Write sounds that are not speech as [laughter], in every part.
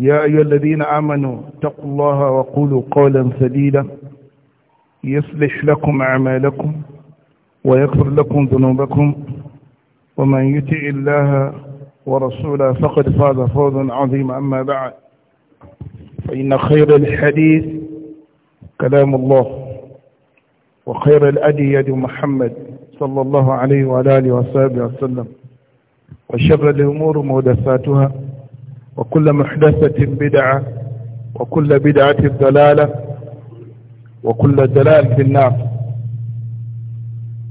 يا أيها الذين آمنوا اتقوا الله وقولوا قولا سديدا يصلح لكم أعمالكم ويغفر لكم ذنوبكم ومن يطع الله ورسوله فقد فاز فوزا عظيما أما بعد فإن خير الحديث كلام الله وخير الأدي يد محمد صلى الله عليه وعلى آله وصحبه وسلم وشر الأمور مودساتها وكل محدثة بدعة وكل بدعة ضلالة وكل دلال في النار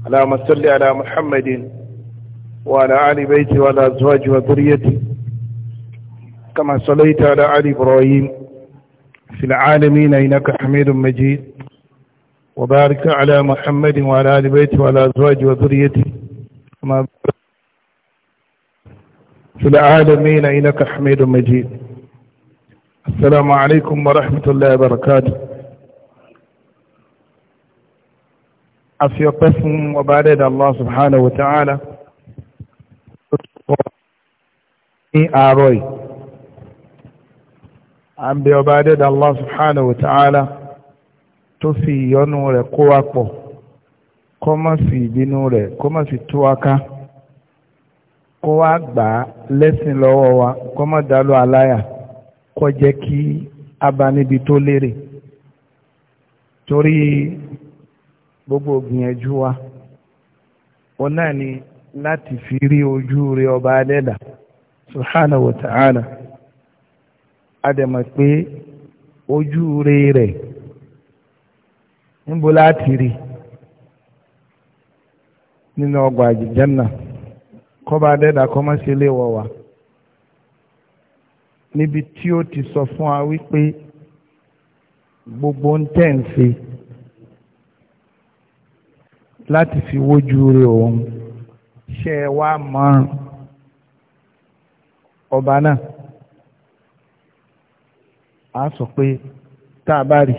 اللهم صل على محمد وعلى آل بيته وعلى أزواجه وذريته كما صليت على آل إبراهيم في العالمين إنك حميد مجيد وبارك على محمد وعلى آل بيته وعلى أزواجه وذريته كما بارك في العالمين إنك حميد مجيد السلام عليكم ورحمة الله وبركاته أفيقفهم وبعدد الله سبحانه وتعالى أروي أم بيبادد الله سبحانه وتعالى تفي ينور قواكو كما في بنور كما في تواكا kó wá gbà á lẹ́sìn lọ́wọ́ wa kó má dálọ́ aláyà kó jẹ́ kí a bá níbi tó lérè torí gbogbo gbìyànjú wa òun náà ni láti fi rí ojú rẹ ọba adẹ́dà subhanahu wa ta'ala adẹ̀mọ̀ pé ojú rẹ rẹ̀ níbo láti rí nínú ọgbà àjẹjẹ́ náà kọba dẹ́dà kọ́mọ́sí lè wọ̀ wá níbi tí ó ti sọ fún wa wípé gbogbo ń tẹ̀ ń ṣe láti fi wójú rẹ òun ṣe é wá mọ ọba náà a sọ pé tá a bá rí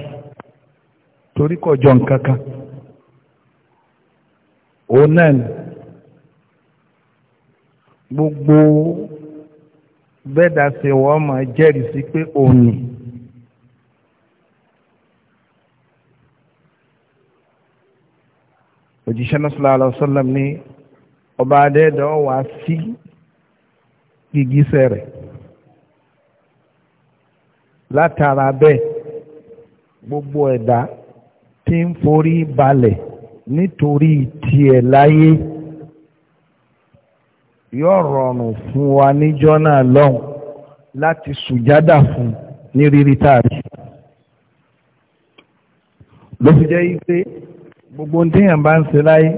torí kò nǹkan kan òun náà ni gbogbo bẹ́ẹ̀dá ṣe wọ́n máa jẹ́rìí sí pé òun ni. òjíṣẹ́ náà sallallahu alaihi wasallam ní ọba adẹ́ẹ̀dọ́ wá sí gìgísẹ̀ rẹ̀ látara bẹ́ẹ̀ gbogbo ẹ̀dá tí ń forí balẹ̀ nítorí tiẹ̀ láyé. yóò rọrùn fún wa níjọ́ náà lọ́hùn láti sùjádà fún ní rírí táàrí ló fi jẹ́ wípé gbogbo ohun téèyàn bá ń ṣe láyé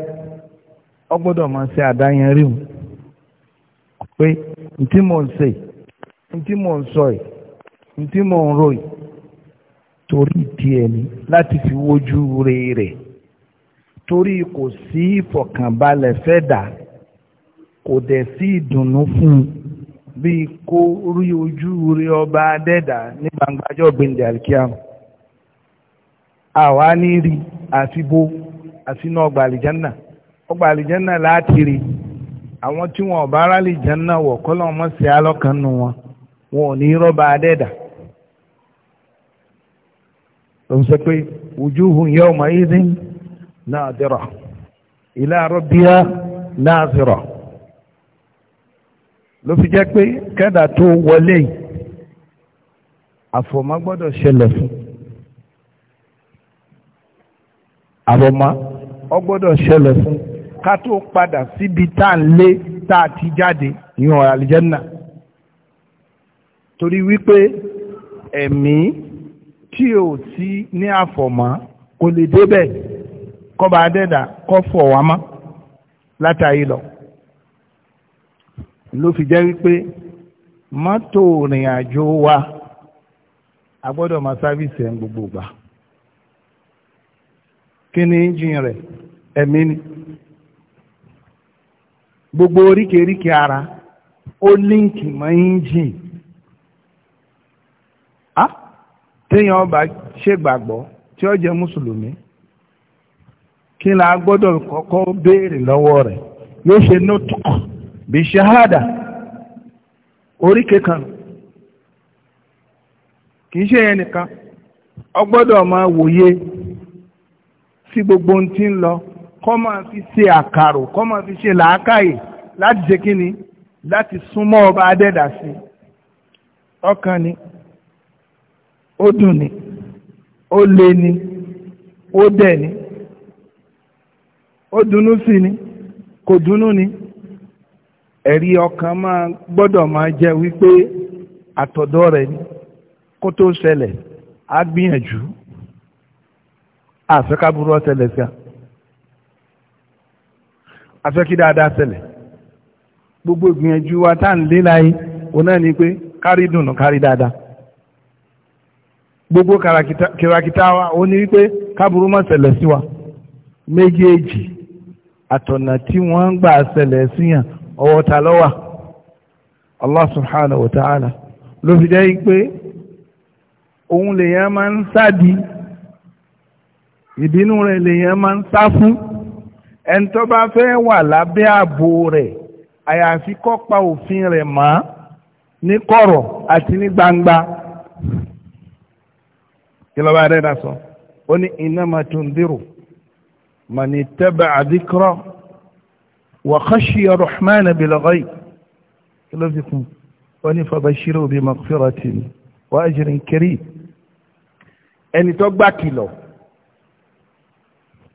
ọ gbọ́dọ̀ máa ṣe àdáyanrí hùn pé ntí mò ń ṣe ntí mò ń sọ yìí ntí mò ń rò yìí torí tiẹ̀ ni láti fi wojú rere torí kò sí ìfọ̀kànbalẹ̀ fẹ́ dà kò dẹ̀ sí ìdùnnú fún un bíi kó rí ojú rí ọba adẹ́dà ní gbangbajọ́ gbẹ̀ndẹ̀ alikiam àwa ní rí àfi bo àfi náà ọgbà àlìjánà ọgbà àlìjánà láti rí àwọn tí wọn ọba ara àlìjánà wọ̀ kọ́lọ́ wọn sì alọ́kan nu wọn wọn ní rọ́ba adẹ́dà ló ń sọ pé wujuhun yawma idhin nadira ila rabbiha nazira ló fi jẹ́ pé kẹ́dà tó wọlé yìí àfọ̀mọ́ gbọ́dọ̀ ṣẹlẹ̀ fún àfọ̀mọ́ ọ gbọ́dọ̀ ṣẹlẹ̀ fún ká tó padà síbi tá à ń lé tá a ti jáde ìyọ̀n àlìjẹ́nà torí wípé ẹ̀mí tí ò sí ní àfọ̀mọ́ kò lè débẹ̀ kọ́ba adẹ́dà kọ́ fọ̀ wá mọ́ látàrí lọ ló fi jẹ́ wípé mọ́tò rìn àjò wa a gbọ́dọ̀ máa sáfíìsì ẹ̀ ń gbogbo gbà kí ni engine rẹ̀ ẹ̀mí ni gbogbo oríkèéríkèé ara ó líǹkì mọ́ engine á téèyàn ọba ṣègbàgbọ́ tí ó jẹ́ mùsùlùmí kí la gbọ́dọ̀ kọ́kọ́ béèrè lọ́wọ́ rẹ̀ yóò ṣe nótùkọ̀. No bí ṣahada oríkè kan kìí ṣe yẹn nìkan ọgbọ́dọ̀ máa wòye sí gbogbo ohun tí ń lọ kọ́ máa fi ṣe àkàrò kọ́ máa fi ṣe làákàyè láti ṣe kíni láti súnmọ́ ọba adẹ́dà sí ọkàn ni ó dùn ni ó le ni ó dẹ̀ ni ó dunnú sí ni kò dunnú ni. ẹ̀rí ọkàn máa gbọ́dọ̀ máa jẹ́ wípé àtọ̀dọ̀ rẹ̀ kó tó ṣẹlẹ̀ á gbìyànjú àfẹ́kábúrú sí a gbogbo ìgbìyànjú wa tá à ń lé pé kárí dùnú kárí dáadáa gbogbo kìràkìtà wa òun ni wípé kábúrú má ṣẹlẹ̀ sí wa méjèèjì àtọ̀nà tí wọ́n ń ọwọ́ ta lọ́wà Allah subhanahu wa ta'ala ló fi jẹ́ pé òun lèyàn máa ń sádi ìbínú rẹ̀ lèyàn máa ń sá fún ẹni tó bá fẹ́ wà lábẹ́ ààbò rẹ̀ àyàfi kó òfin rẹ̀ mọ́ ní kọ̀rọ̀ àti ní gbangba kí ló bá rẹ̀ dà sọ ó ní innama tundhiru man ittaba'a dhikra wa khashiya rahman bil ghaib kí ló fi kún wọ́n ní fabashiru bi maghfiratin wa ajrin karim ẹni tó gbà kìlọ̀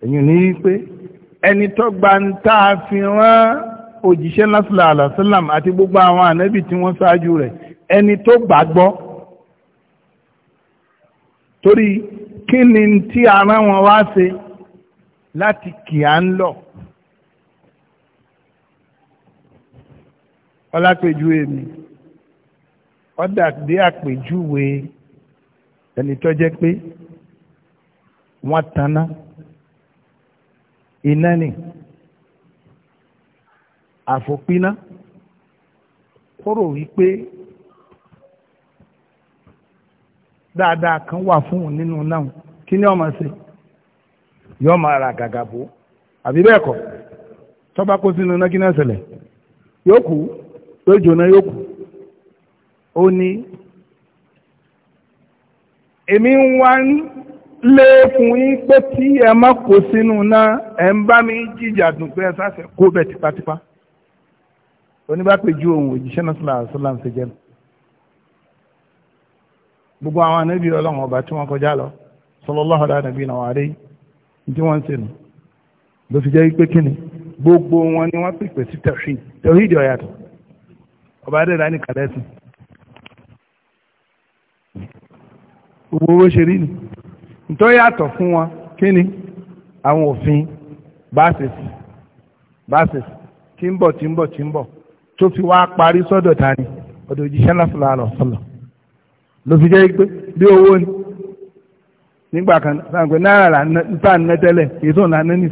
ẹ̀yìn ní pé ẹni tó gbà ń tà fi òjíṣẹ́ lásìlá àlàsílàm àti gbogbo àwọn ànábì tí wọ́n ṣáájú rẹ̀ ẹni tó gbàgbọ́ torí kí ni tí ara wọn wá ṣe láti kì á ń lọ. ọlápèjúwe mi ọ̀dà bí àpèjúwe ẹni tó jẹ́ pé wọ́n taná iná ni àfòpiná kóró wípé dáadáa kan wà fún òun nínú náà kí ni ọmọ ṣe yọ máa ra gàgàbó àbí bẹ́ẹ̀ kọ́ tọ́ba kó sínú náà kí náà ṣẹlẹ̀ yóò kú yóò jóná yóò kù ó ní èmi ń wá ń lé fún yín pé tí ẹ má kó sínú náà ẹ ń bá mi jíjà dùn pé ẹ sáfẹ́ kó bẹ̀ tipátipá oníbàpẹ̀jú òun òjíṣẹ́ náà sílá àṣọlá ń ṣe jẹ́ gbogbo àwọn anábì ọlọ́run ọba tí wọ́n kọjá lọ sallallahu ala nabina wa alayhi tí wọ́n ń ṣe nù ló fi jẹ́ pé kíni gbogbo wọn ni wọ́n pèpè sí tẹ̀sí tẹ̀sí ìdí ọ̀yàtọ̀ ọba adé ìdání gbogbo owó ṣe rí ni yàtọ̀ fún wọn kí ni àwọn òfin báṣẹ̀sì báṣẹ̀sì tí ń bọ̀ tí ń bọ̀ tí ń bọ̀ tó fi wá parí sọ́dọ̀ ta ni ọ̀dọ̀ òjíṣẹ́ lásìlá lọ ló fi jẹ́ pé bí owó ni nígbà kan sáàgbé náírà là ń tà ń nẹ́tẹ́lẹ̀ èso ń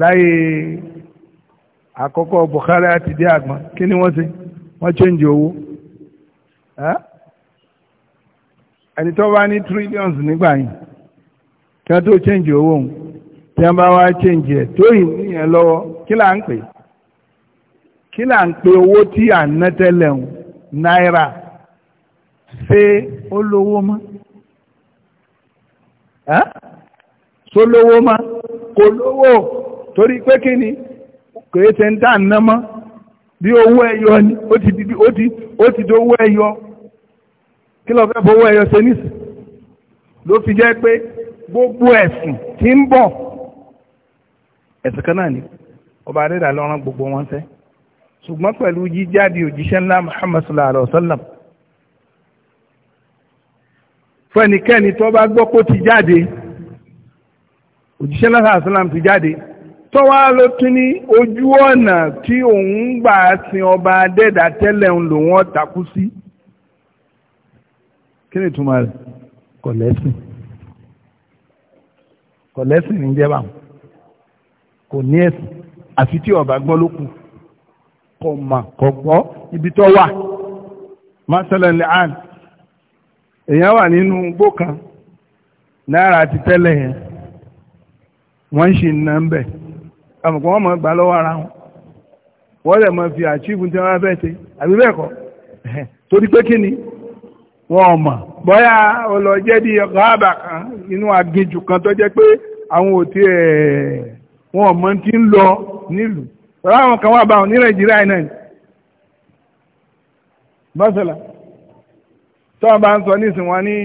láyé àkọ́kọ́ Bukhari àti dé àgbọn kí ni wọ́n ṣe wọ́n change owó ẹni tó bá ní trillions nígbà yìí kí wọ́n tó change owó òun tí wọ́n bá wá change ẹ̀ tó yìí níyẹn lọ́wọ́ kí là ń pè kí là ń pè owó tí à ń ná tẹ́lẹ̀ ń náírà ṣé ó lówó mọ́ ṣó lówó mọ́ kò lówó torí pé kí ni kòye ṣe ń dà ná mọ́ bí owó ẹyọ ni ó ti di ó ti ó ti di owó ẹyọ kí lọ́ọ́ fẹ́ fowó ẹyọ ṣe nísì ló fi jẹ́ pé gbogbo ẹ̀sìn tí ń bọ̀ ẹ̀sìn kan náà ni ọba adéda lọ́rán gbogbo wọn sẹ́ ṣùgbọ́n pẹ̀lú jíjáde òjíṣẹ́ ńlá Muhammad sallallahu alaihi wa sallam fẹ́nikẹ́ni tó bá gbọ́ kó ti jáde òjíṣẹ́ ńlá sallallahu alaihi wa sallam ti jáde tọ́wá ló tún ní ojú ọ̀nà tí òun gbà sin ọba adẹ́dà tẹ́lẹ̀ ń lò wọ́n takú sí kí ni túmọ̀ rẹ̀ kọ̀lẹ́sìn kọ̀lẹ́sìn ní jẹ́ báwọn kò ní ẹ̀sìn àfi tí ọba gbọ́ ló kù kò mà kò gbọ́ ibi tó wà masalan lehan èèyàn wà nínú igbó kan náírà ti tẹ́lẹ̀ yẹn wọ́n ń ṣe nà ń àmọ̀kọ́ wọn mọ̀ gbà lọ́wọ́ ara wọn wọ́n lè mọ̀ fi àchíìfù tí wọ́n fẹ́ ṣe àbí bẹ́ẹ̀ kọ́ torí pé kí ni wọ́n mọ̀ bóyá ọlọ́jẹ́ di ọ̀gáàbà kan inú aginjù kan tó jẹ́ pé àwọn ò ti ẹ̀ wọ́n mọ̀ ti ń lọ nílùú pẹ̀lú àwọn kan wà báwọn ní nàìjíríà náà bọ́sẹ̀lá tó bá ń sọ nísìn wọn ní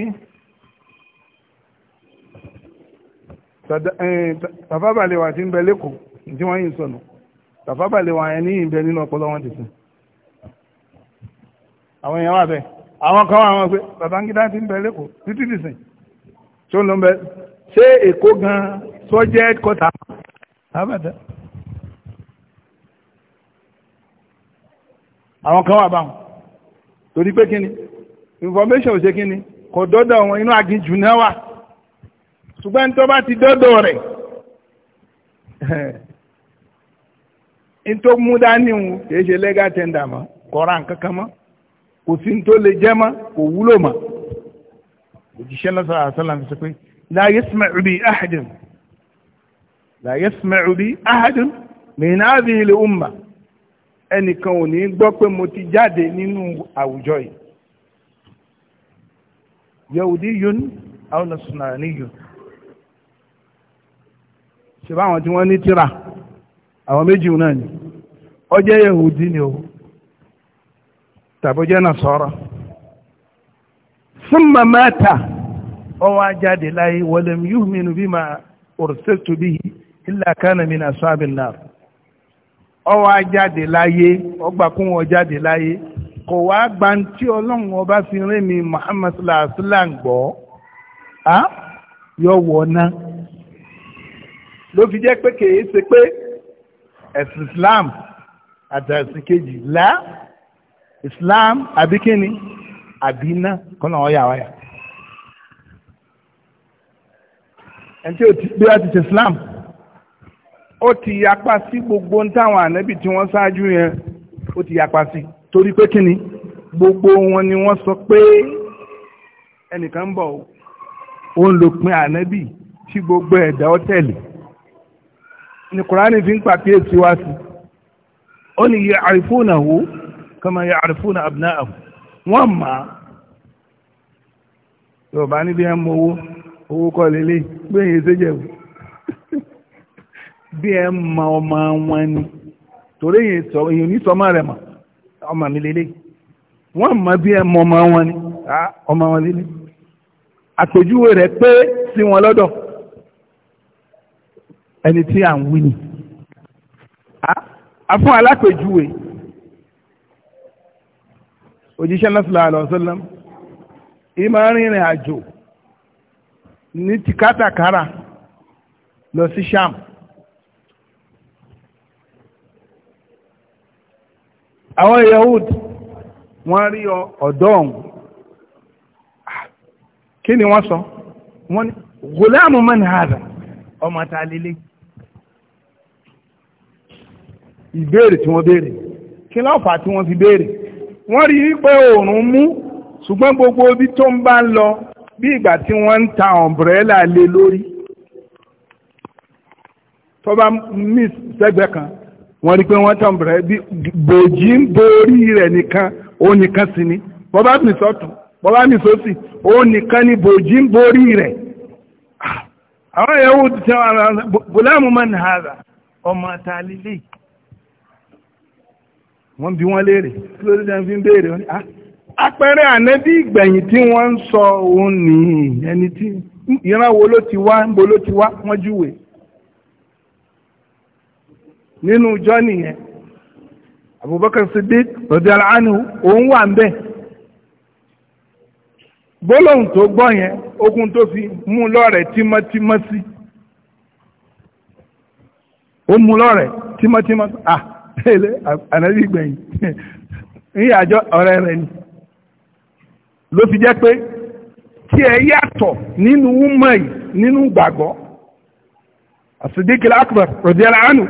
tàfàbàlẹ̀ wà sí ń bẹ lẹ́kọ̀ọ́ tí wọ́n yìí sọnù tàfábàlẹ̀ wọn ẹni ìbẹ nínú ọpọlọ wọn ti sìn àwọn èèyàn wà bẹ́ẹ̀ àwọn kan wà wọn pé Babangida ti ń bẹ lẹ́kọ̀ọ́ títí ti sìn tí ó lọ bẹ ṣé Èkó gan sọ́jẹ́ kọ́tà àbàdà àwọn kan wà báwọn torí pé kí ni information ò ṣe kí ni kò dọ́dọ̀ wọn inú aginjù náà wà ṣùgbọ́n tó bá ti dọ́dọ̀ rẹ̀ n tó mú dání wọn kìí ṣe legal tender mọ́ kọ́ra nkankan mọ́ ko sí n tó lè jẹ́ mọ́ kò wúlò mọ́ òjíṣẹ́ lọ́sọ̀ àṣàlàn sọ pé la yasma'u bi ahadun la yasma'u bi ahadun min hadhihi al umma ẹnìkan ò ní gbọ́ pé mo ti jáde nínú àwùjọ yìí yahudi yun àwọn nasarani yun ṣe báwọn tí wọ́n ní tírà. àwọn méjì náà ni ó jẹ́ yahudi ni o tàbí ó jẹ́ nasara summa mata ó wá jáde láyé walam yu'minu bima ursiltu bihi illa kana min ashabin nar ó wá jáde láyé ọgbà kún wọn jáde láyé kò wá gba tí ọlọ́run ọba fi rẹ́ mi Muhammad sallallahu gbọ́ yọ wọ̀ ná ló fi jẹ́ pé kèé ṣe pé ẹ̀sìn islam àti ẹ̀sìn kejì là islam àbí abina àbí iná kọ́ náà wọ́n tí ó ti gbé láti ṣe islam ó ti yapa sí gbogbo ń táwọn ànábì tí wọ́n ṣáájú yẹn ó ti yapa sí torí pé kíni gbogbo wọn ni wọ́n sọ pé ẹnìkan ń bọ̀ ó ń lòpin ànábì tí gbogbo ẹ̀dá ó ni kùránì fi ń si. o ni ó arifuna ya'rifunahu kama ya'rifuna abna'ahu wọ́n ma á yorùbá níbi ẹ̀ mọ owó owó kọ́ lélẹ̀ gbẹ̀yìn ṣẹ́jẹ̀wò [laughs] bí ma mọ ọmọ wọn ni torí èyàn ní sọmọ rẹ̀ ma ọmọ mi lélẹ̀ wọ́n mọ bí ẹ̀ mọ ọmọ wọn ni ah, ọmọ wọn àpèjúwe pé sí wọn ẹni tí à ń wí ni a fún alápèjúwe òjíṣẹ́ lọ́sọ̀lá àlọ́sọ́lọ́m ìmọ̀ rìnrìn àjò ní ti kátàkárà lọ sí sham àwọn yahud wọ́n rí ọ̀dọ́ ọ̀hún kí ni wọ́n sọ wọ́n ní gùlámù man hàdà ọmọ ta ìbéèrè tí wọ́n béèrè kí lọ́fà tí wọ́n fi béèrè wọ́n rí wípé oòrùn mú ṣùgbọ́n gbogbo ibi tó ń bá ń lọ bí ìgbà tí wọ́n ń ta ọ̀mbrẹ́là lé lórí tó bá mí sẹ́gbẹ́ kan wọ́n rí pé wọ́n ta ọ̀mbrẹ́là bí bòjì ń borí rẹ̀ nìkan ó nìkan sí ni bọ́bá mi sọ́tún bọ́bá mi sósì ó nìkan ni bòjì ń borí rẹ̀ ah, àwọn yẹn ti tẹ́ wọn bùlámù mọ́ nìhàrà ọmọ àtàlílẹ̀ wọ́n bí wọ́n léèrè fi ń béèrè wọn ni àpẹẹrẹ ah, ànẹ́bí ìgbẹ̀yìn tí wọ́n ń sọ òun ní ẹni tí ló ti wá ń bo ló ti wá wọ́n júwèé nínú ìjọ nìyẹn Abubakar òun wà ń gbólóhùn tó gbọ́ yẹn tó fi mú lọ́rẹ̀ tímọ́tímọ́ sí ó mú lọ́rẹ̀ tímọ́tímọ́ sí ah ilé ànábì gbẹ̀yìn ní àjọ ọ̀rẹ́ rẹ̀ ni ló fi jẹ́ pé tí ẹ yàtọ̀ nínú wúmọ̀ yìí nínú gbàgbọ́ àsìdíkìlá akbar rọ̀díẹ́lá ánù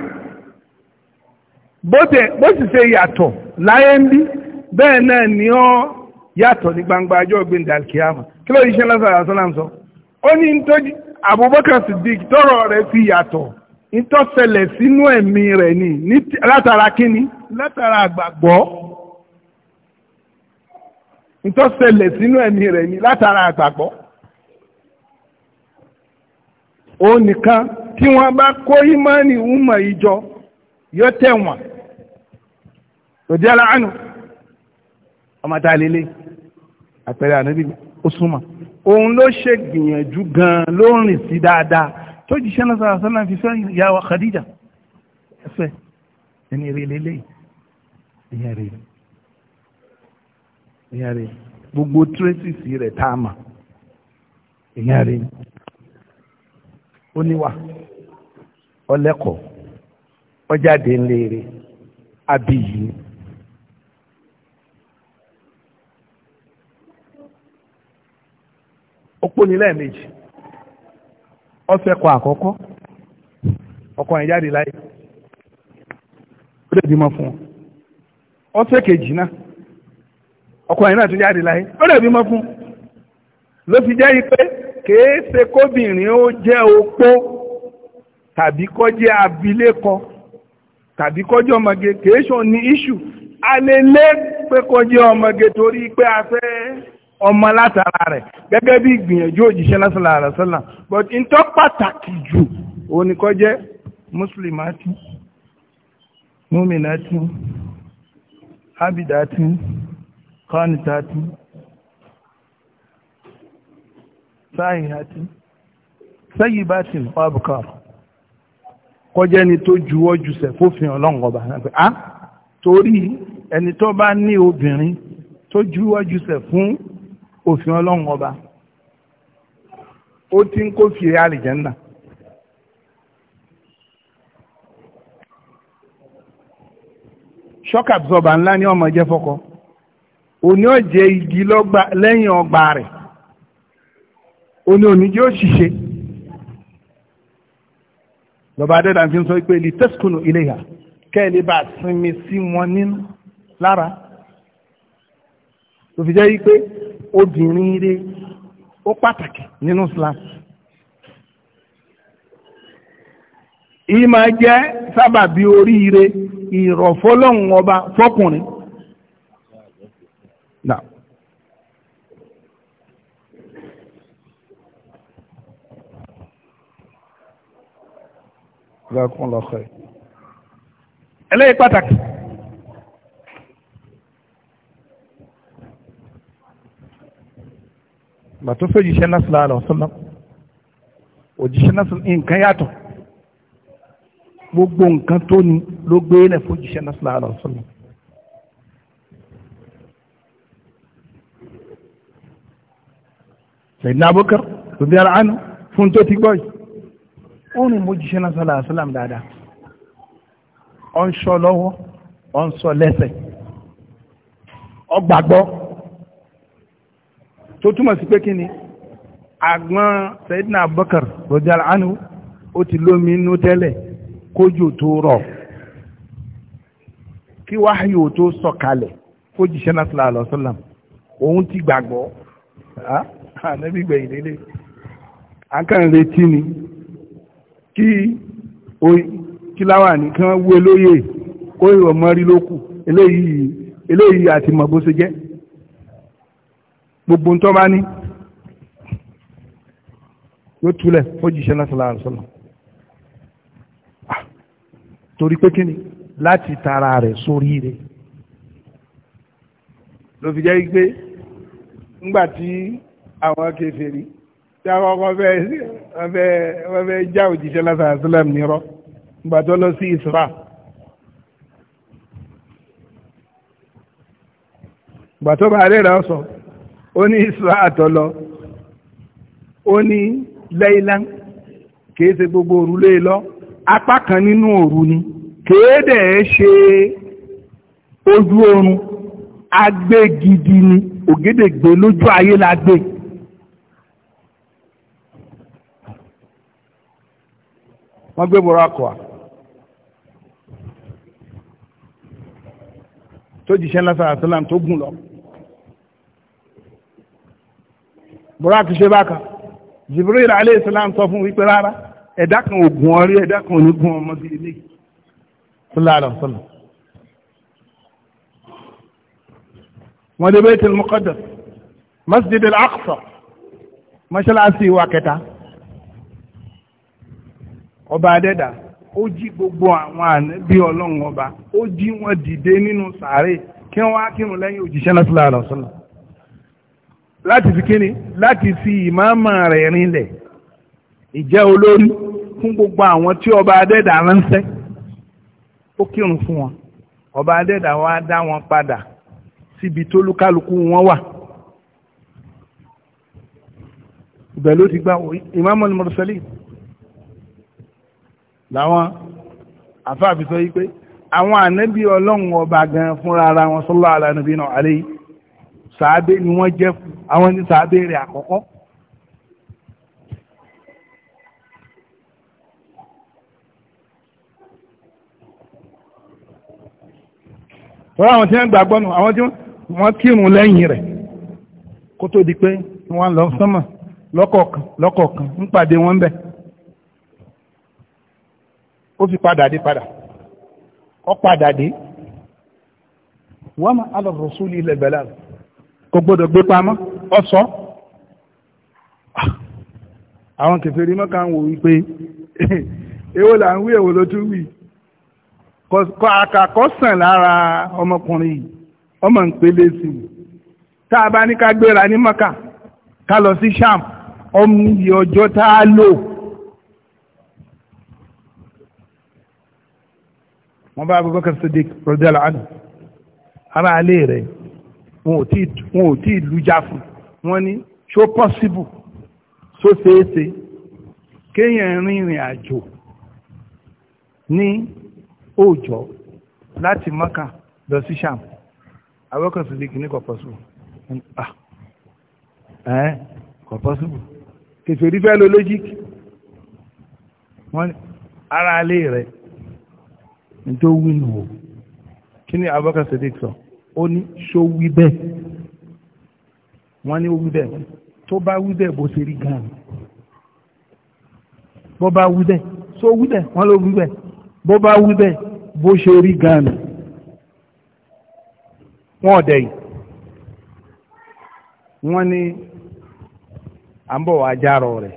bó sì ṣe yàtọ̀ láyé ń bí bẹ́ẹ̀ náà ni ó yàtọ̀ ní gbangba ajọ́ gbẹ̀ndà alkiyama kí ló yìí ṣe lọ́sàrà sọ́lá ń sọ ó ní tó Abubakar Siddiq tọrọ rẹ̀ fi yàtọ̀ ìtọ́sẹlẹ̀ sínú ẹ̀mí rẹ̀ ni látara kíni látara àgbàgbọ́ ìtọ́sẹlẹ̀ sínú ẹ̀mí rẹ̀ ni látara àgbàgbọ́ ó nìkan tí wọ́n bá kó ìmánì ìwúmọ̀ ìjọ yóò tẹ̀wọ̀n òdí aláàánú ọmọ tá a lélẹ̀ àpẹẹrẹ ànábì ó súnmọ́ òun ló ṣe gbìyànjú gan-an ló sí dáadáa tó jíṣẹ́ náà sọ̀rọ̀ sọ́nà fi fẹ́ ìyá wa Khadija ẹ̀fẹ́ ẹni rí lélẹ̀ ìyá rí ìyá rí gbogbo tírẹ́sìsì rẹ̀ tá a mà ìyá rí ó ọjáde ńlẹ́rẹ́ abiyì ó pọ́ni lẹ́ẹ̀mejì ọfẹ́ kọ àkọ́kọ́ ọkọ yẹn jáde láyé ó lè bímọ fún ọ ọfẹ́ kejì náà ọkọ yẹn náà tún jáde láyé ó lè bímọ fún ló fi jẹ́ pé kèé ṣe kóbìnrin ó jẹ́ opó tàbí kó jẹ́ abilékọ tàbí kó jẹ́ ọmọge kèé òní iṣu a lé pé kó jẹ́ ọmọge torí pé a fẹ́ ọmọ látara rẹ̀ gẹ́gẹ́ bí ìgbìyànjú òjíṣẹ́ lásìlá rẹ̀ sọ́là but in tó pàtàkì jù òun ni kọ́ jẹ́ mùsùlùmáàtì múmìnàtì ábìdàtì kọ́nìtàtì sáyìnàtì sáyìbàtì ọ̀bùkọ̀ kọjá ẹni tó juwọ́ jùsẹ̀ fófin ọlọ́ngọba torí ẹni tó bá ní obìnrin tó juwọ́ jùsẹ̀ fún òfin ọlọ́run ọba ó ti ń kó fi àlìjẹ́ńdà. shock absorber ńlá ní ọmọ jẹ́ fọ́kọ òní ọ̀jẹ̀ igi lẹ́yìn ọgbà rẹ̀ òní òní jẹ́ òṣìṣẹ́ lọ́ba adẹ́dà fi ń sọ pé lè tẹ́sùkùnù ilé yà kẹ́ẹ̀lẹ́ bá sinmi sí wọn nínú lára òfin jẹ́ pé obìnrin rẹ ó pàtàkì nínú Islam. ìmọ̀ jẹ́ sábàbí oríire ìrọ̀fọ́lọ́hún ọba fọkùnrin. Now. Ẹlẹ́yìn pàtàkì. bàtó fẹ́ òjíṣẹ́ náà sílára ọ̀sánná òjíṣẹ́ náà nǹkan yàtọ̀ gbogbo nǹkan tó ni ló gbé lẹ̀ fún òjíṣẹ́ náà sílára ọ̀sánná. sẹ̀dínà abúkar rọ̀bí aláàánú fún tó ti gbọ́ yìí ó rìn mú jíṣẹ́ náà sọ́lá àṣálàm dáadáa ọ ń sọ lọ́wọ́ ọ ń sọ lẹ́sẹ̀ ọ gbàgbọ́ tó túmọ̀ sí pé kí ni àgbọn Sayyidina Abubakar rọjàlá ánú ó ti lómi inú tẹ́lẹ̀ kójú tó rọ̀ kí wáhíù tó sọ̀kalẹ̀ kó jíṣẹ́ náà sallallahu alaihi wasallam òun ti gbàgbọ́ ah, ànábì gbẹ̀yìn lélẹ̀ akànretí ni kí kíláwà ní kí wọ́n wú eléyè kó ìrọ̀mọ́rí lókù eléyìí àti mọ̀ jẹ́ gbogbo ń tọ́ bá ní yóò túlẹ̀ ó jíṣẹ́ lásìlá àrùsọ́lá ah, torí pé kíni láti tara rẹ̀ sórí rẹ̀ ló fi jẹ́ pé ńgbà tí àwọn kèfèrí tí àwọn ọkọ̀ wọ́n fẹ́ já òjíṣẹ́ lásìlá àrùsọ́lá nírọ́ ńgbà tó lọ sí Isra gbàtọ́ bá rẹ̀ rà sọ̀rọ̀. ó ní ìsọ àtọlọ ó ní lẹ́ilá kìí ṣe gbogbo òru lé lọ apá oru nínú òru ni kéèdè ṣe ojú oorun agbé gidi ni ògédègbè lójú ayé la gbé. wọ́n gbé bọ̀rọ̀ akọ̀ tó jíṣẹ́ lásán àtàlám tó gùn lọ. burak ṣe bákan jibril alayhi salam sọ fún wípé rárá ẹ̀dá kan ò gun ọrí ẹ̀dá kan ò ní gun ọmọ bíi ilé sọláàlá sọlá wọn dé Baitul Muqaddas masjid al-aqsa mọ́ṣáláṣí wa kẹta ọba adẹ́dà ó jí gbogbo àwọn ànábì ọlọ́run ọba ó jí wọn dìde nínú sàárè kí wọ́n á kírun lẹ́yìn òjíṣẹ́ náà sọlá sọlá láti fi kíni láti fi ìmáàmà rẹ̀ rinlẹ̀ ìjẹ́ olórí fún gbogbo àwọn tí ọba adẹ́dà ránṣẹ́ ó kírun fún wọn ọba adẹ́dà wa dá wọn padà síbi tó lúkálukú wọn wà ibẹ̀ ló ti gbá ìmáàmù mursalin làwọn àfáàfi sọ yí pé àwọn ànábì ọlọ́run ọba gan fúnra ara wọn sallallahu ala nabina alayhi sàábé ni wọ́n jẹ́ fún àwọn ní sàábé rẹ̀ àkọ́kọ́. wọ́n àwọn tí wọ́n gbàgbọ́ nù àwọn tí wọ́n kírun lẹ́yìn rẹ̀ kó tó di pé wọ́n lọ lọ́kọ̀ọ̀kan lọ́kọ̀ọ̀kan ń pàdé wọn ó fi padà dé padà padà kò gbọ́dọ̀ gbé pamọ́ ọ̀sọ́ ah. àwọn kèfèrí mọ́ka ń wò wípé [laughs] èwo là ń wí èwo ló tún wí àkàkọ́ sàn lára ọmọkùnrin yìí ọmọ ń pélé sí i tá a bá ní ká gbéra ní mọ́ka ká lọ sí sham ọmọ iye ọjọ́ tá a lò wọ́n bá Abubakar Siddiq rọ̀dẹ́lá ara alẹ́ rẹ̀ wọn ò tí ì lújá fún wọn ní ṣó pọ́síbù ṣó ṣeéṣe kéèyàn rìnrìn àjò ní òòjọ́ láti mọ́kà lọ sí sàm awẹ́kọ̀ sí lè kìíní kò pọ́síbù ẹ̀ kò pọ́síbù kèfèrí lo lójíkì wọ́n ara alé rẹ̀ nítorí wínú o kí ni abọ́kọ̀ sí lè sọ ó ní ṣó wí bẹ́ẹ̀ wọ́n ní ó wí bẹ́ẹ̀ tó bá wí bẹ́ẹ̀ bó ṣe rí gan-an bó bá wí bẹ́ẹ̀ ṣó wí bẹ́ẹ̀ wọ́n ló wí bẹ́ẹ̀ bó bá wí bẹ́ẹ̀ bó ṣe rí gan wọ́n ọ̀dẹ̀ yìí wọ́n ní à ń bọ̀ wá járọ rẹ̀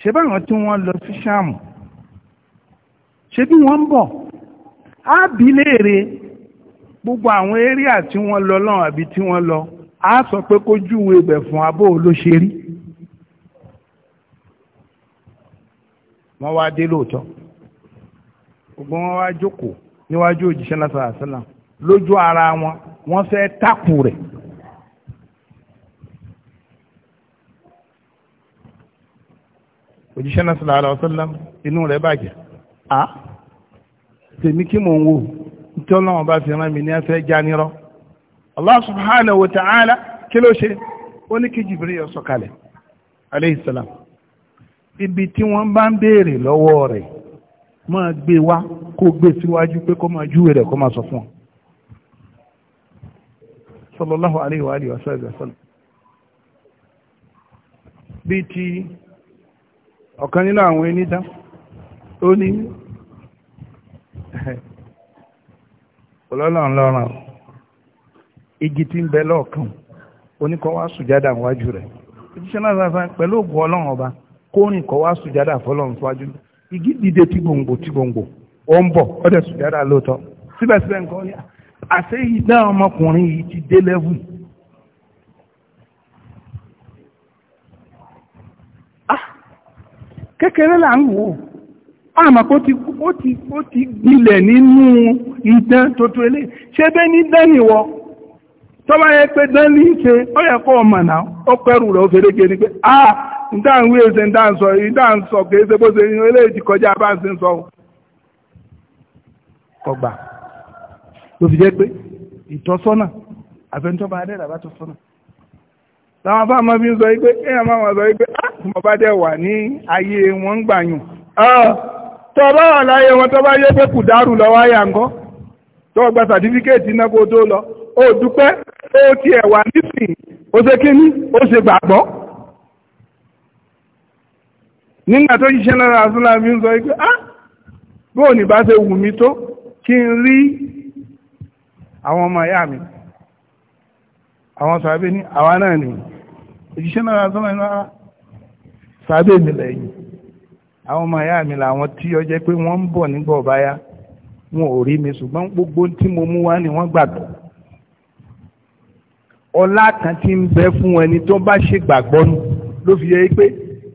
ṣé báwọn tí wọ́n lọ sí ṣáàmù ṣé bí wọ́n ń bọ̀ á bí léèrè gbogbo àwọn éríà tí wọ́n lọ lọ́hùn àbí tí wọ́n lọ á sọ pé kó júwe ibẹ̀ fún abó ló ṣe rí wọ́n wá dé lóòótọ́ gbogbo wọn wá jókòó níwájú òjíṣẹ́ lásán lójú ara wọn wọ́n fẹ́ tákù rẹ̀. òjíṣẹ́ náà inú rẹ̀ bàjẹ́ à ah, tèmi kí mò ń wò tí ọlọ́run bá fi rán mi ní ẹfẹ́ já nírọ́ Allah subhanahu wa ta'ala kí ló ṣe ó ní kí ibi tí wọ́n bá ń béèrè lọ́wọ́ rẹ̀ máa gbé wá kó gbé síwájú pé kó máa júwe rẹ̀ kó máa sọ fún ọ sallallahu wa ti ọ̀kan nínú àwọn ẹni dá ó ọlọ́lọ́run lọ́rùn igi tí ń bẹ lọ́ọ̀kan oníkọ́ wá sùjádà wájú rẹ̀ òjíṣẹ́ náà sáfà pẹ̀lú ògùn ọlọ́run ọba kórìn kọ́ wá sùjádà fọlọ́run síwájú igi dìde tí gbòǹgbò tí gbòǹgbò ó ń bọ̀ ó dẹ̀ sùjádà lóòótọ́ síbẹ̀síbẹ̀ nǹkan ní àṣeyìí náà ọmọkùnrin yìí ti dé lẹ́vù ah! kékeré là ń wò àmà kó ti ó ti ó ti gbilẹ̀ nínú ìdán tó ilé ṣe bẹ́ ní dánìwọ tó bá pé dán ní ṣe ó yẹ ọmọ náà ó pẹ́rù rẹ̀ ó fèrèkè ní pé a ìdáhùn bó ṣe kọjá bá ṣe ń sọ ọgbà ló fi jẹ́ pé ìtọ́sọ́nà adẹ́rẹ́ sọ́nà bá máa fi ń sọ máa ah mo bá dẹ̀ wà ní ah tó bá wà láyé wọn tó bá yé pé kù dárù lọ wáyà ńkọ́ tó gba sàtífíkèètì iná kó tó lọ ó dúpẹ́ ó ti ẹ̀wà nísìn ó ṣe kíní ó ṣe gbàgbọ́ nígbà tó yíṣẹ́ lára àtúnlá mi ń sọ pé á ah, bóò ní bá ṣe wù mí tó kí n rí àwọn ọmọ ìyá mi àwọn sàbẹ̀ ní àwa náà nìyí òjíṣẹ́ náà àtúnlá mi rárá sàbẹ̀ mi lẹ́yìn àwọn ọmọ ìyá mi làwọn tí ó jẹ́ pé wọ́n ń bọ̀ nígbà ọ̀báyá wọn ò rí mi ṣùgbọ́n gbogbo tí mo mú wá ni wọ́n gbàgbọ́ ọlá kan tí ń bẹ fún ẹni tó bá ṣe gbàgbọ́ nù ló fi yẹ pé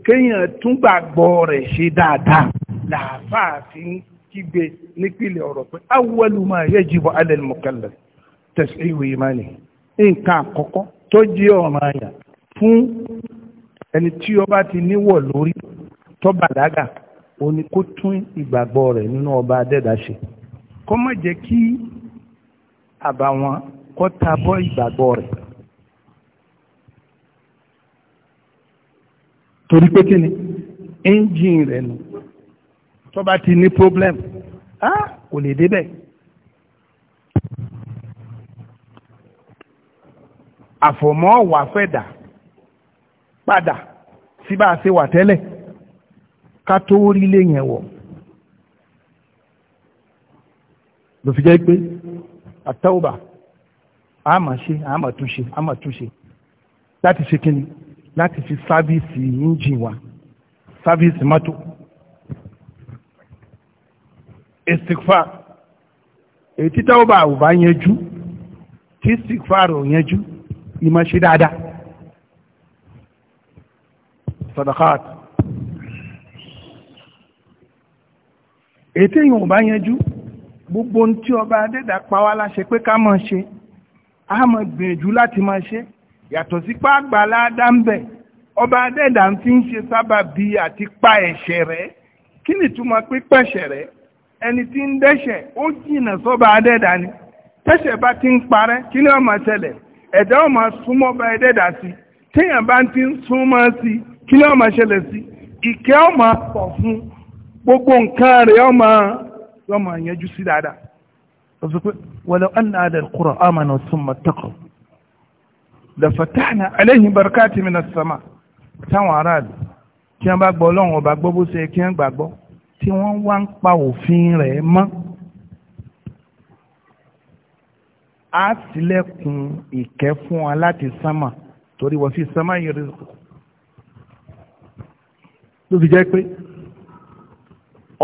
kéèyàn tún gbàgbọ́ rẹ̀ ṣe dáadáa làáfàá fi ń kígbe nípìnlẹ̀ ọ̀rọ̀ pé awwalu ma yajibu ala al-mukallaf tashihu imani nǹkan àkọ́kọ́ tó jẹ́ ọ̀ranyàn fún ẹni tí ó bá ti níwọ̀ lórí tó bàlágà ó ní kó tún ìgbàgbọ́ rẹ̀ nínú ọba adẹ́dà ṣe kó má jẹ́ kí àbàwọ́n kó ta bọ́ ìgbàgbọ́ rẹ̀ torí pé kí ni ẹ́ńjìn rẹ̀ nù tó ti ní problem ah kò lè débẹ̀. àfọ̀mọ́ wà fẹ́ dà padà sí wà tẹ́lẹ̀ ká tó rí lé yẹn wọ̀ ló fi jẹ́ pé àtẹ́wọ̀bà àmà ṣe àmà túnṣe àmà túnṣe láti ṣe kíni láti fi sáfíìsì yíjìn wa sáfíìsì mọ́tò istikfar èyí títà ó bá àwùbá yanjú tí istikfar ò yanjú ìmọ̀ ṣe dáadáa sadakat ètè yìí ò bá yanjú gbogbo ohun tí ọba adẹ́dà pa wá láṣẹ pé ká máa ṣe á máa gbìyànjú láti máa ṣe yàtọ̀ sí pé àgbà aládá ọba adẹ́dà ń fi ń ṣe sábà bí àti pa ẹ̀ṣẹ̀ rẹ̀ kí ni túmọ̀ pé pẹ̀ṣẹ̀ rẹ̀ ẹni tí ń dẹ́ṣẹ̀ ó jìnnà sọ́ba adẹ́dà ni tẹ́ṣẹ̀ bá ti ń parẹ́ kí ni ó ṣẹlẹ̀ ẹ̀dá ó súnmọ́ ọba adẹ́dà sí téèyàn bá ti ń súnmọ́ sí kí ni ó ṣẹlẹ̀ sí ìkẹ́ ó pọ̀ fún un gbogbo nǹkan rẹ̀ ọmọ ọmọ yẹnjú sí dáadáa ọ̀sọ̀ pé wàlẹ̀ ọ̀nà àdàl kúrọ̀ àmàna thumma taqaw la fatahna alayhim barakati minas sama táwọn aráàlú tí wọ́n bá gbọ́ ọlọ́run ọba gbọ́ bó ṣe kí wọ́n gbàgbọ́ tí wọ́n wá ń pa òfin rẹ̀ mọ́ á tilẹ̀kùn ìkẹ́ fún wa láti sánmà torí wọ́n fi sánmà yìí rí ló jẹ́ pé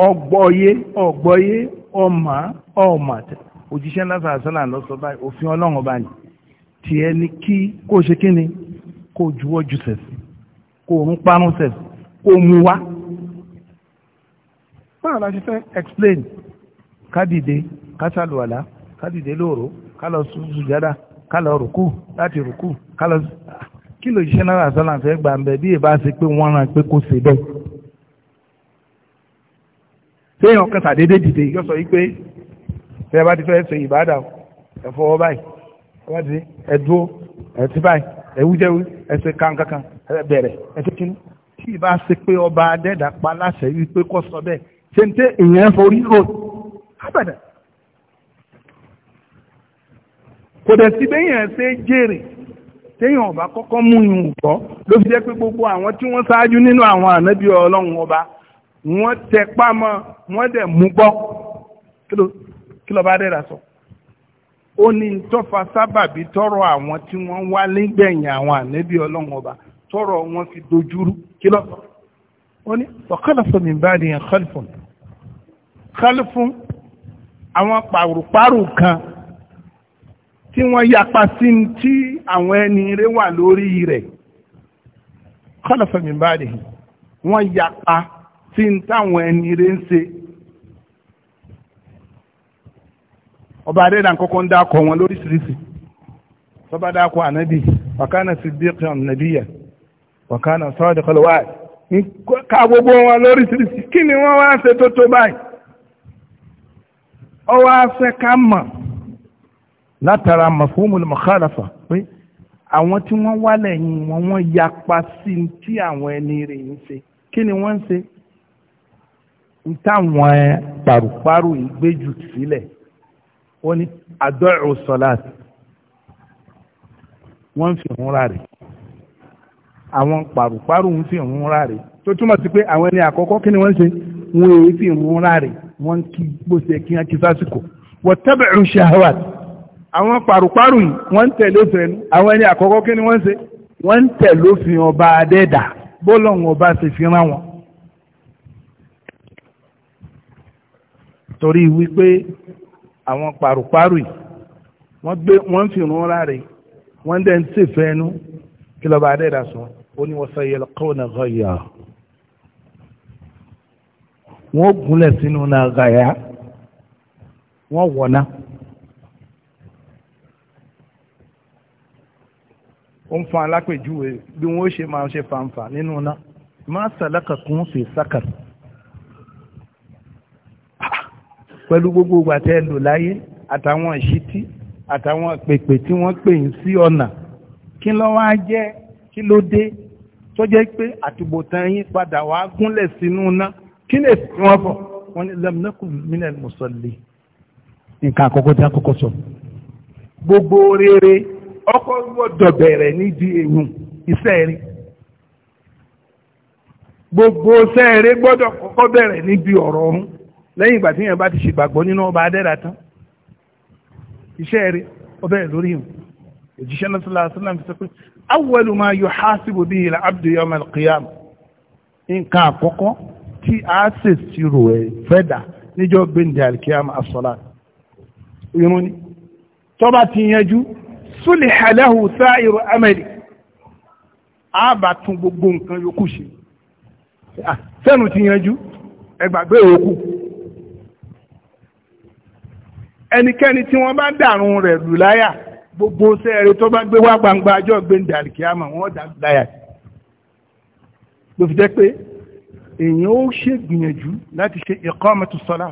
ọgbọ́yé ọgbọ́yé ọmọ ọmọ òjíṣẹ́ lásán àṣálà lọ sọ báyìí òfin ọlọ́run bá ní tiẹ̀ ni kí kó ṣe kí ni kó juwọ́ ju sẹ̀sì kó òun parun sẹ̀sì kó mu wá. báwo la ṣe fẹ́ explain ká dìde ká ṣàlùwàlá ká dìde lóòró ká lọ sùjádà ká lọ rùkù láti rùkù ká lọ kí lòjíṣẹ́ lásán àṣálà fẹ́ gbà ń bẹ bí ìbá ṣe pé wọ́n rán pé kó ṣe bẹ́ẹ̀ téèyàn kan sàdédé dìde yóò sọ wípé tẹ́ ẹ bá ti fẹ́ ṣe ìbádà ẹ fọwọ́ báyìí ẹ bá ti ẹ dúró ẹ ti báyìí ẹ wújẹ́wú ẹ ṣe kankankan ẹ bẹ̀rẹ̀ ẹ tó kínú. tí ìbá ṣe pé ọba adẹ́dà pa láṣẹ wípé kó sọ bẹ́ẹ̀ ṣe ń tẹ́ èèyàn forí rò ábàdà. kò dẹ̀ sí bẹ́yàn ṣe jèrè téèyàn ọba kọ́kọ́ mú ìhùn gbọ́ ló fi jẹ́ pé gbogbo àwọn tí wọ́n ṣáájú nínú àwọn ànábì ọlọ́run ọba wọ́n tẹ pámọ́ wọ́n dẹ̀ mú bọ́ kí ló bá dẹ̀ rà sọ. ó ní tọ́fà sábàbí tọrọ àwọn tí wọ́n wá nígbẹ̀yìn àwọn ànẹ́bí ọlọ́run ọba tọrọ wọn fi dojúrú kí ló sọ. ó ní khalafa min ba'dihim khalfun khalfun àwọn pàrùpàrù kan tí wọ́n yapa sí tí àwọn ẹni rẹ̀ wà lórí rẹ̀ khalafa min ba'dihim wọ́n yapa tí ń táwọn ẹni rẹ̀ ń ṣe ọba adẹ́dà kọ́kọ́ ń dákọ̀ wọn lóríṣiríṣi tọ́ba dákọ̀ ànábì wàkánà siddiqan nabiyya wàkánà sadiqal wa'd ká gbogbo wọn lóríṣiríṣi kí ni wọ́n wá ṣe tó tó báyìí ọ wá fẹ́ ká mọ̀ látara mafhumul mukhalafa pé àwọn tí wọ́n wá lẹ́yìn wọn wọ́n yapa sí tí àwọn ẹni rẹ̀ ń ṣe kí ni wọ́n ń ṣe ń táwọn paru-paru ìgbéjù sílẹ̀ ó ní àdọ́rò sọ́láàtì wọ́n ń fi ìhúnra rẹ̀ àwọn paru-paru ń fi ìhúnra rẹ̀ tó túmọ̀ sí pé àwọn ẹni àkọ́kọ́ kí ni wọ́n ń ṣe wọ́n èyí fi ìhúnra rẹ̀ wọ́n ń kí gbóṣe kí wọ́n kí sásìkò wọ́n tẹ́bẹ̀rù ṣahawat àwọn paru-paru yìí wọ́n ń tẹ̀lé òfin àwọn ẹni àkọ́kọ́ kí ni wọ́n ń ṣe wọ́n ń tẹ̀lé òfin ọba adẹ́dà bọ́lọ̀ wọn ọba ṣe fi rán wọn torí wípé àwọn pàrùpàrù yìí wọ́n gbé wọ́n fi rún ra rẹ̀ wọ́n dẹ̀ ń tì fẹ́nu kí lọ́ba adẹ́dà sọ ó ní wọ́n sọ yẹ lọ́kọ́ náà gọ́ yà wọ́n gúnlẹ̀ sínú náà gàyà wọ́n wọ̀nà. ó ń fa alápèjúwe bí wọ́n ṣe máa ṣe fanfa nínú náà má sàlákà kún sí sákàtà. pẹ̀lú gbogbo gbàtẹ́ lò láyé àtàwọn ìṣítí àtàwọn pèpè tí wọ́n pè ń sí ọ̀nà kí ló wá jẹ́ kí ló dé tó jẹ́ pé àtúbọ̀tán yín padà wá gúnlẹ̀ sínú iná kí lè sí wọn bọ̀ wọn ni lẹ́mìnẹ́kù mílẹ̀ mùsọ̀lì nǹkan àkọ́kọ́ tí a kọ́kọ́ sọ gbogbo rere ọkọ̀ gbọ́dọ̀ bẹ̀rẹ̀ nídìí èèyàn iṣẹ́ rí gbogbo iṣẹ́ rí gbọ́dọ̀ kọ́kọ́ níbi ọ̀rọ̀ ọ̀hún lẹ́yìn ìgbà tí yẹn bá ti ṣègbàgbọ́ nínú ọba adẹ́ra tán iṣẹ́ rẹ̀ ọbẹ̀ lórí ìwọ̀n òjíṣẹ́ náà sallallahu alaihi wasallam fi sọ pé awwalu ma yuhasibu bihi al-abdu yawm al-qiyam nǹkan àkọ́kọ́ tí a ṣe ṣírò ẹ̀ fẹ́dà níjọ́ gbẹ̀ǹdẹ̀ al-qiyam ẹnikẹ́ni tí wọ́n bá dàrún rẹ̀ lù láyà gbogbo sẹ́ẹ̀rẹ̀ tó bá gbé wá gbangba ajọ́ gbéǹdà àlìkíyàmà wọ́n dà láyà ló fi jẹ́ pé èèyàn ó ṣe gbìyànjú láti ṣe ìkọ́mọ̀tò sọ́lá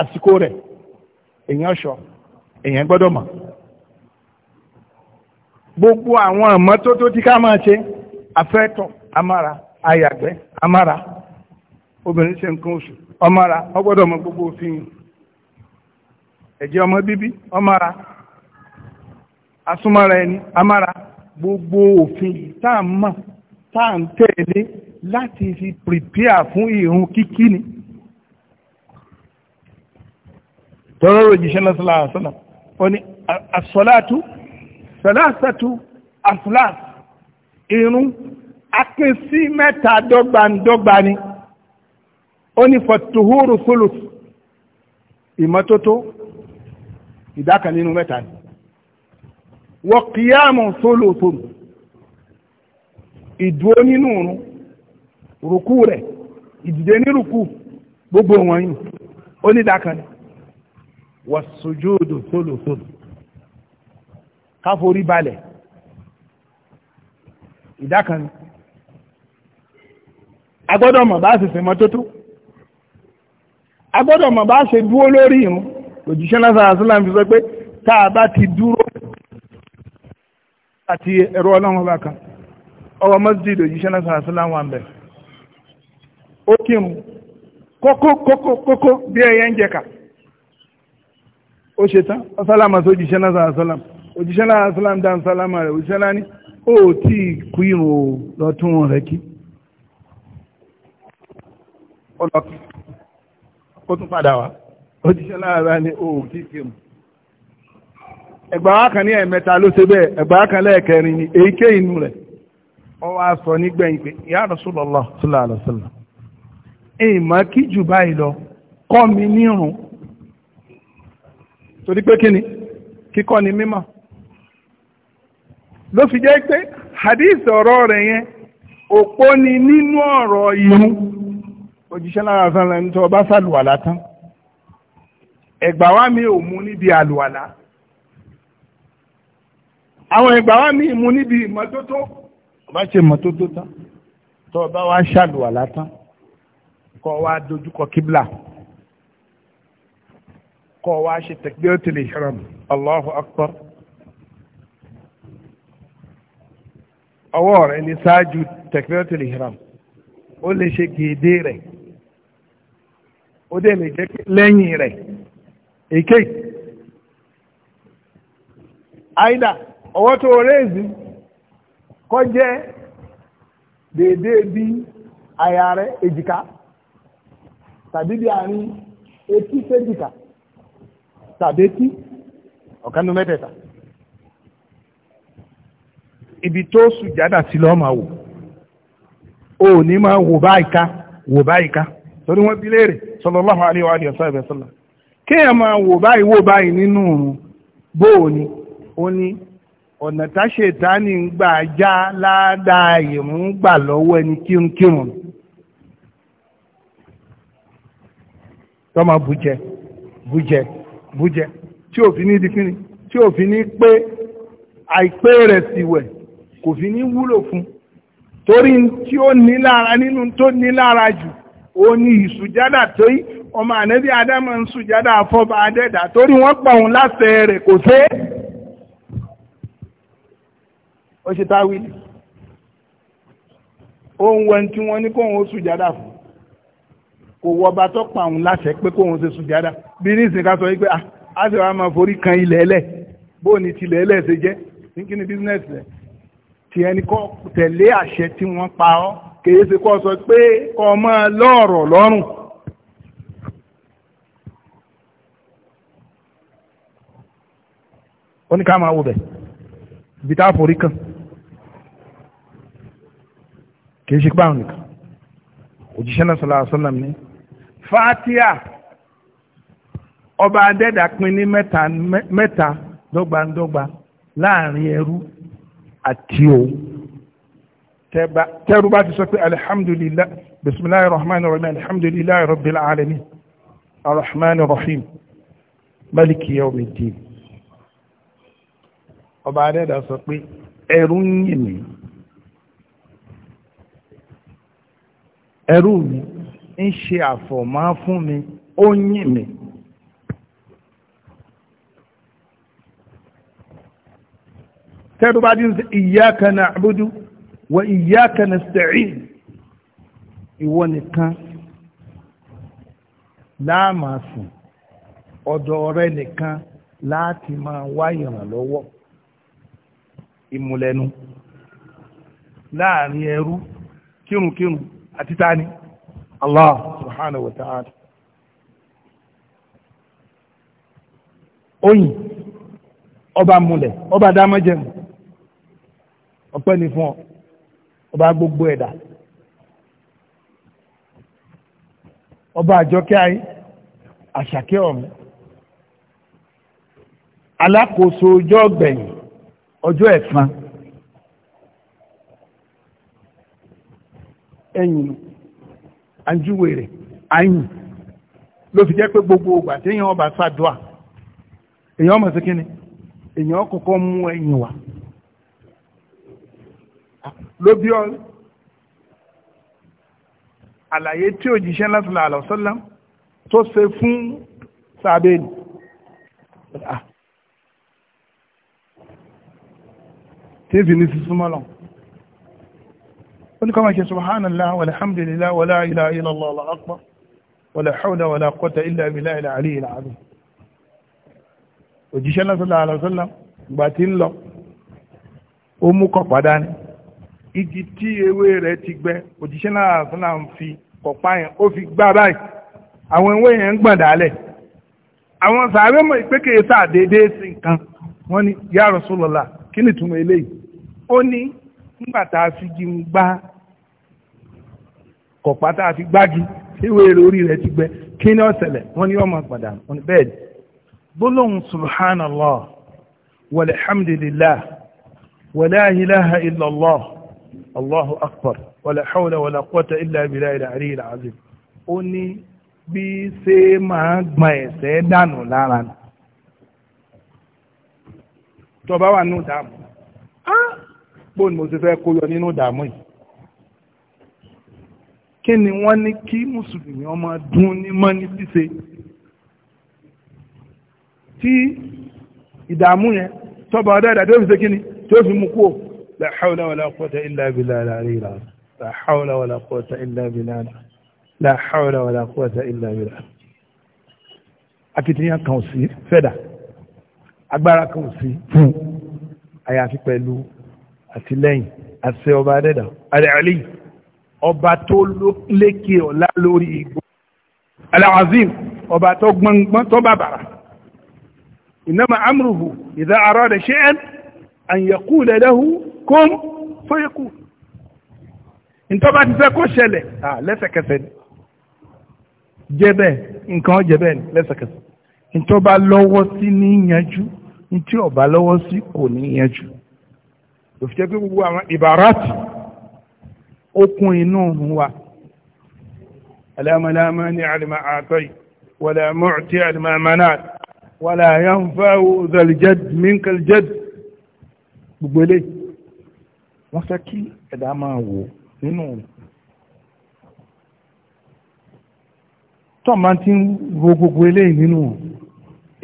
àsìkò rẹ̀ èèyàn ṣọ èèyàn gbọ́dọ̀ mọ̀ gbogbo àwọn àmọ́tótó tí ká máa ṣe afẹ́tọ̀ amára ayàgbẹ́ amára obìnrin ṣe nǹkan oṣù ọmọra ọgbọ́dọ̀ mọ̀ gbogbo òfin ẹ̀jẹ̀ ọmọ bíbí ọmọra asúmọ́ra ẹni amára gbogbo òfin tá à ń mọ̀ tá à ń tẹ̀lé láti fi prepare fún ìrun kíkí ni. tọ́rọ̀ òjíṣẹ́ lọ́sọ̀lá àṣọ́nà ó ní àṣọ́láàtú ṣọláṣàtú àṣọ́láàs irun akin mẹ́ta dọ́gbandọ́gba ni ó ní fọ̀tùhúrù fúlùs ìmọ́tótó ìdá kan nínú mẹ́ta ni wọ́n kìyàmù sólòtòm ìdúró nínú òrùn rùkú rẹ̀ ìdìde ní rùkú gbogbo wọn yìí ó ní ìdá kan ni wọ́n sojúdò sólòtòm káforí balẹ̀ ìdá kan ni agbọ́dọ̀ mọ̀ bá ṣe ṣe mọ́tótó agbọ́dọ̀ mọ̀ bá ṣe dúó lórí ìrún òjíṣẹ́ lásán àṣìlá fi sọ pé tá a bá ti dúró àti ẹ̀rọ ọlọ́run ọba kan ọwọ́ masjid òjíṣẹ́ lásán àṣìlá wà ń bẹ̀ ó kírun kókó kókó kókó bí ẹyẹ ń jẹka ó ṣe tán ọsálàmà sí òjíṣẹ́ lásán àṣìlá òjíṣẹ́ lásán àṣìlá ń dá ọsálàmà rẹ̀ òjíṣẹ́ lásán ní ó tí kú irun ò lọ́tún rẹ̀ kí ó lọ́kì ó tún padà wá. òjíṣẹ́ láàrá ní òòrùn kíkì mù ẹgbàá ní ẹ̀mẹ́ta ló ṣe bẹ́ẹ̀ ẹgbàá lẹ́ẹ̀kẹrin ní èyíké inú rẹ̀ sọ nígbẹ̀yìn pé ya Rasulullah sallallahu alaihi ìmọ̀ kí jù báyìí lọ kọ́ mi nírun torí pé kíni kíkọ́ ni mímọ̀ ló fi jẹ́ pé hadith ọ̀rọ̀ rẹ̀ yẹn òpó ni nínú ọ̀rọ̀ òjíṣẹ́ bá sàlùwà ẹ̀gbà wá mi ò mú níbi àlùwàlá àwọn ẹ̀gbà wá mi mú níbi ìmọ́tótó ọba ṣe mọ́tótó tán tó ọba wá ṣàlùwàlá tán kọ́ wá dojúkọ kíbla kọ́ wá ṣe takbiratul ihram Allahu akbar ọwọ́ rẹ̀ ní ṣáájú takbiratul ihram ó lè ṣe gèdè rẹ̀ ó dẹ̀ lè jẹ́ lẹ́yìn rẹ̀ èké aina, ọwọ́ tó rẹ́ẹ̀zì kọ́ jẹ́ déédéé bí àyà rẹ̀ èjìká tàbí bí àárín etí séjìká tàbí etí ọ̀kanú mẹ́tẹ̀ẹ̀ta ibi tó sùjádà sí lọ́ọ́ máa wò ó ní máa wò báyìí ká wò báyìí ká torí wọ́n bí léèrè sallallahu alaihi wa sallam kéèyàn máa wò báyìí wò báyìí nínú òun bóò ni ó ní ọ̀nà táṣetánì ń gbà já ládàá ìmú gbà lọ́wọ́ ẹni kírunkírun tọ́mọ bùjẹ bùjẹ bùjẹ tí òfin ní dikínni tí òfin ní pé àìpé rẹ̀ sì wẹ̀ kò fi ní wúlò fún torí tí ó ní lára nínú tó ní lára jù ó ní ìsùjádà tó yí ọmọ ànẹ́bí adámọ̀ ń sùjádà fọ́bà adẹ́dà torí wọ́n pa òun láṣẹ rẹ̀ kò sé ó ṣe táwí ó ń wẹ́n tí wọ́n ní kóhun ó sùjádà fún kò wọba tó pa òun láṣẹ pé kóhun ṣe sùjádà bí ní ìsìn ká sọ wípé ah, a ṣe wàá máa forí kan ilẹ̀ ẹlẹ̀ bóò ní tilẹ̀ ẹlẹ̀ ṣe jẹ́ ní kí ni bísínẹ́sì rẹ̀ tiẹ̀ ní kọ́ tẹ̀lé àṣẹ tí wọ́n pa ọ́ kìí ṣe kọ́ sọ pé kọ́ máa lọ́ọ̀rọ̀ lọ́rùn ó ní ká máa wo bẹ̀ ibi tá forí kan kìí ṣe báwọn nìkan òjíṣẹ́ náà sọ̀rọ̀ àṣọ́nàm ní fatia ọba adẹ́dà pín ní mẹ́ta mẹ́ta dọ́gbandọ́gba láàrin ẹrú àti òun tẹ́rù bá ti sọ pé alhamdulillah bisimilahi rahman rahim alhamdulillahi rabbil alamin arrahman rahim maliki yawmi din ọba adẹ́dà sọ pé ẹ̀rù ń yìn mí ẹ̀rù mi ń ṣe àfọ̀mọ́ fún mi ó ń yìn mí tẹ́rù bá ti sọ iyyaka na'budu wa iyyaka nasta'in ìwọ nìkan láàmà sùn ọ̀dọ̀ rẹ nìkan láti máa wá ìrànlọ́wọ́ ìmúlẹ́nu láàrin ẹrú kírunkírun àti tani Allah subhanahu wa ta'ala oyin ọba múlẹ̀ ọba dámọ́jẹun ọpẹ́ ni fún ọ ọba gbogbo ẹ̀dà ọba àjọkẹ́ ayé àṣàkẹ́ ọ̀run alákòóso ọjọ́ ọ̀gbẹ̀yìn ọjọ́ ẹ̀fọn ẹ̀yìn anjúwèrè ayìn ló fi jẹ́ pé gbogbo ògbà tí èèyàn ọba ṣàdúà èèyàn ọmọ sí kíni èèyàn kọ́kọ́ mú ẹ̀yìn wá ló bí ọ àlàyé tí òjíṣẹ́ lásìlá àlọ́sọ́lá tó ṣe fún sàbẹ̀lì tí fi ní sísúnmọ́ lọ oníkọ́ máa ṣe subhanallah walhamdulillah wala ilaha illallah wallahu akbar wala hawla wala quwwata illa billahi al-aliyyil azim òjíṣẹ́ lásìlá àlọ́sọ́lá gbà tí ń lọ ó mú kọ̀ padà ni igi tí ewé rẹ̀ ti gbẹ òjíṣẹ́ náà fi kọ̀pá yẹn ó fi gbá báyìí àwọn ewé yẹn ń gbọ̀n dálẹ̀ àwọn sàárẹ̀ mọ̀ ìpékè sàdédé sí nǹkan wọ́n ní ya Rasulullah kí ni túmọ̀ eléyìí ó ní nígbà tá a fi gi ń gbá kọ̀pá tá a fi gbági ewé rẹ̀ orí rẹ̀ ti gbẹ ni wọ́n ní ọmọ wọ́n ní bẹ́ẹ̀ gbólóhùn subhanallah الله أكبر ولا حول ولا قوة إلا بالله العلي العظيم أني azim ó ní bí ṣe máa gbọn ẹ̀ṣẹ̀ dànù lára tó bá wà nínú dààmú á bó ni mo ti fẹ́ kó yọ nínú dààmú yìí kí ni wọ́n ní kí mùsùlùmí ọmọ dún ní mọ́ni ṣíṣe tí ìdààmú yẹn tọ́ba ọ̀dọ́ ìdà fi ṣe kí ni tó fi mú kú ò لا حول ولا قوة إلا بالله العلي العظيم لا حول ولا قوة إلا بالله لا حول ولا قوة إلا بالله akitiyan kan sí fẹ́dà agbára kan sí fún àyàfi pẹ̀lú àtìlẹ́yìn àṣẹ ọba adẹ́dà alẹ́àlì ọba tó lékè ọ̀la lórí igbó alàwazim ọba tó gbọngbọn tó bàbàrà ìnáma amúrùhù ìdá arada shay'an an yaqula lahu kun fayakun ntọ́ bá ti fẹ́ kó ṣẹlẹ̀ lẹ́sẹ̀kẹsẹ̀ ni jẹ́bẹ̀ nǹkan jẹ́bẹ̀ ni lẹ́sẹ̀kẹsẹ̀ ntọ́ bá lọ́wọ́ sí ní yanjú ntí ọ̀bá lọ́wọ́ sí kò ní yanjú òfìjẹ́ pé gbogbo àwọn ìbáraàtì okun inú wa alámàlámà ní àlùmá àtọ́yì wàlá mu'ti àlùmá manáà wàlá yanfa'u zal jadd minkal gbogbo eléyìí wọ́n fẹ́ kí ẹ̀dá máa wò nínú tọ́ máa ti ń wo gbogbo eléyìí nínú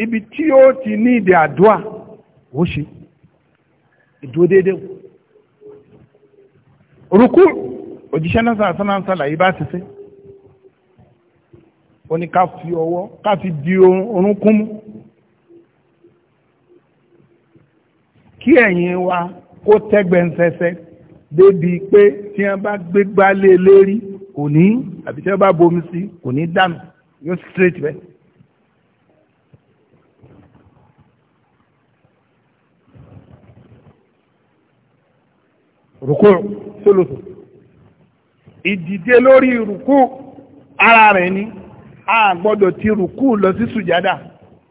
ibi tí ó ti ní ìdè àdúà ó ṣe ìdúró déédéé orúkú òjíṣẹ́ náà sàn sàn sàlàyé bá ti ṣe ó ní ká fi ọwọ́ ká fi di orúnkún mú. kí ẹ̀yìn wa kó tẹ́gbẹ̀nsẹsẹ débi pé tí wọ́n bá gbé gbálé lérí kò ní àbí tí wọ́n bá bomi sí kò ní dànù yóò straight bẹ́ẹ̀. rùkú sólòsò ìdìde lórí rùkú ara rẹ̀ ni a gbọ́dọ̀ ti rùkú lọ sí sùjádà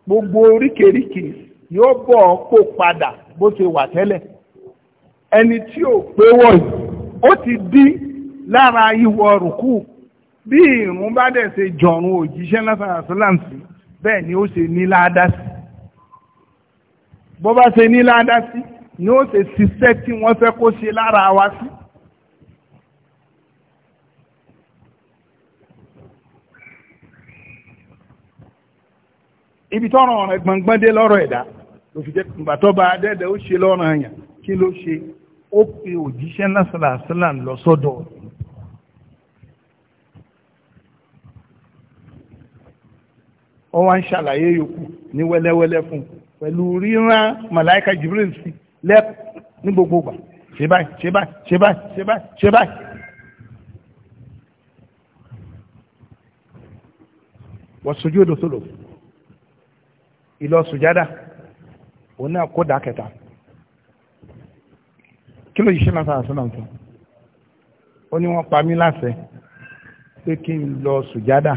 gbogbo oríkèríkè yóò bọ̀ ọ́ kó padà bó ṣe wà tẹ́lẹ̀ ẹni tí ò pé wọ̀nyí ó ti dí lára ìwọ rùkú bí ìrún bá dẹ̀ ṣe jọ̀run òjíṣẹ́ lásán àṣálàǹsì bẹ́ẹ̀ ni ó ṣe ní ládásí bó ṣe ní ládásí ni ó ṣe ṣiṣẹ́ tí wọ́n fẹ́ kó ṣe lára wa sí. ibi tọ́rọ̀ ọ̀rẹ́ gbọ̀ngbọ́n dé lọ́rọ̀ ẹ̀dá òfìjẹ́ ìgbàtọ́ba adẹ́dẹ́ ó ṣe lọ́rùn àyàn kí ló ṣe ó pe òjíṣẹ́ lásìlàsílà lọ sọ́dọ̀ ó wá ń ṣàlàyé yòókù ní wẹ́lẹ́wẹ́lẹ́ fún pẹ̀lú ríran màláìka Jibril sí lẹ́p ní gbogbo gbà ṣe báyìí ṣe báyìí ṣe báyìí ṣe báyìí ṣe báyìí. wọ́n sojú odò sólò ìlọ sùjádà. òun náà kó dákẹ́ta kí ló yìí ṣe lásán àṣọ náà tó ó ní wọ́n pa mí láṣẹ pé kí n lọ sùjádà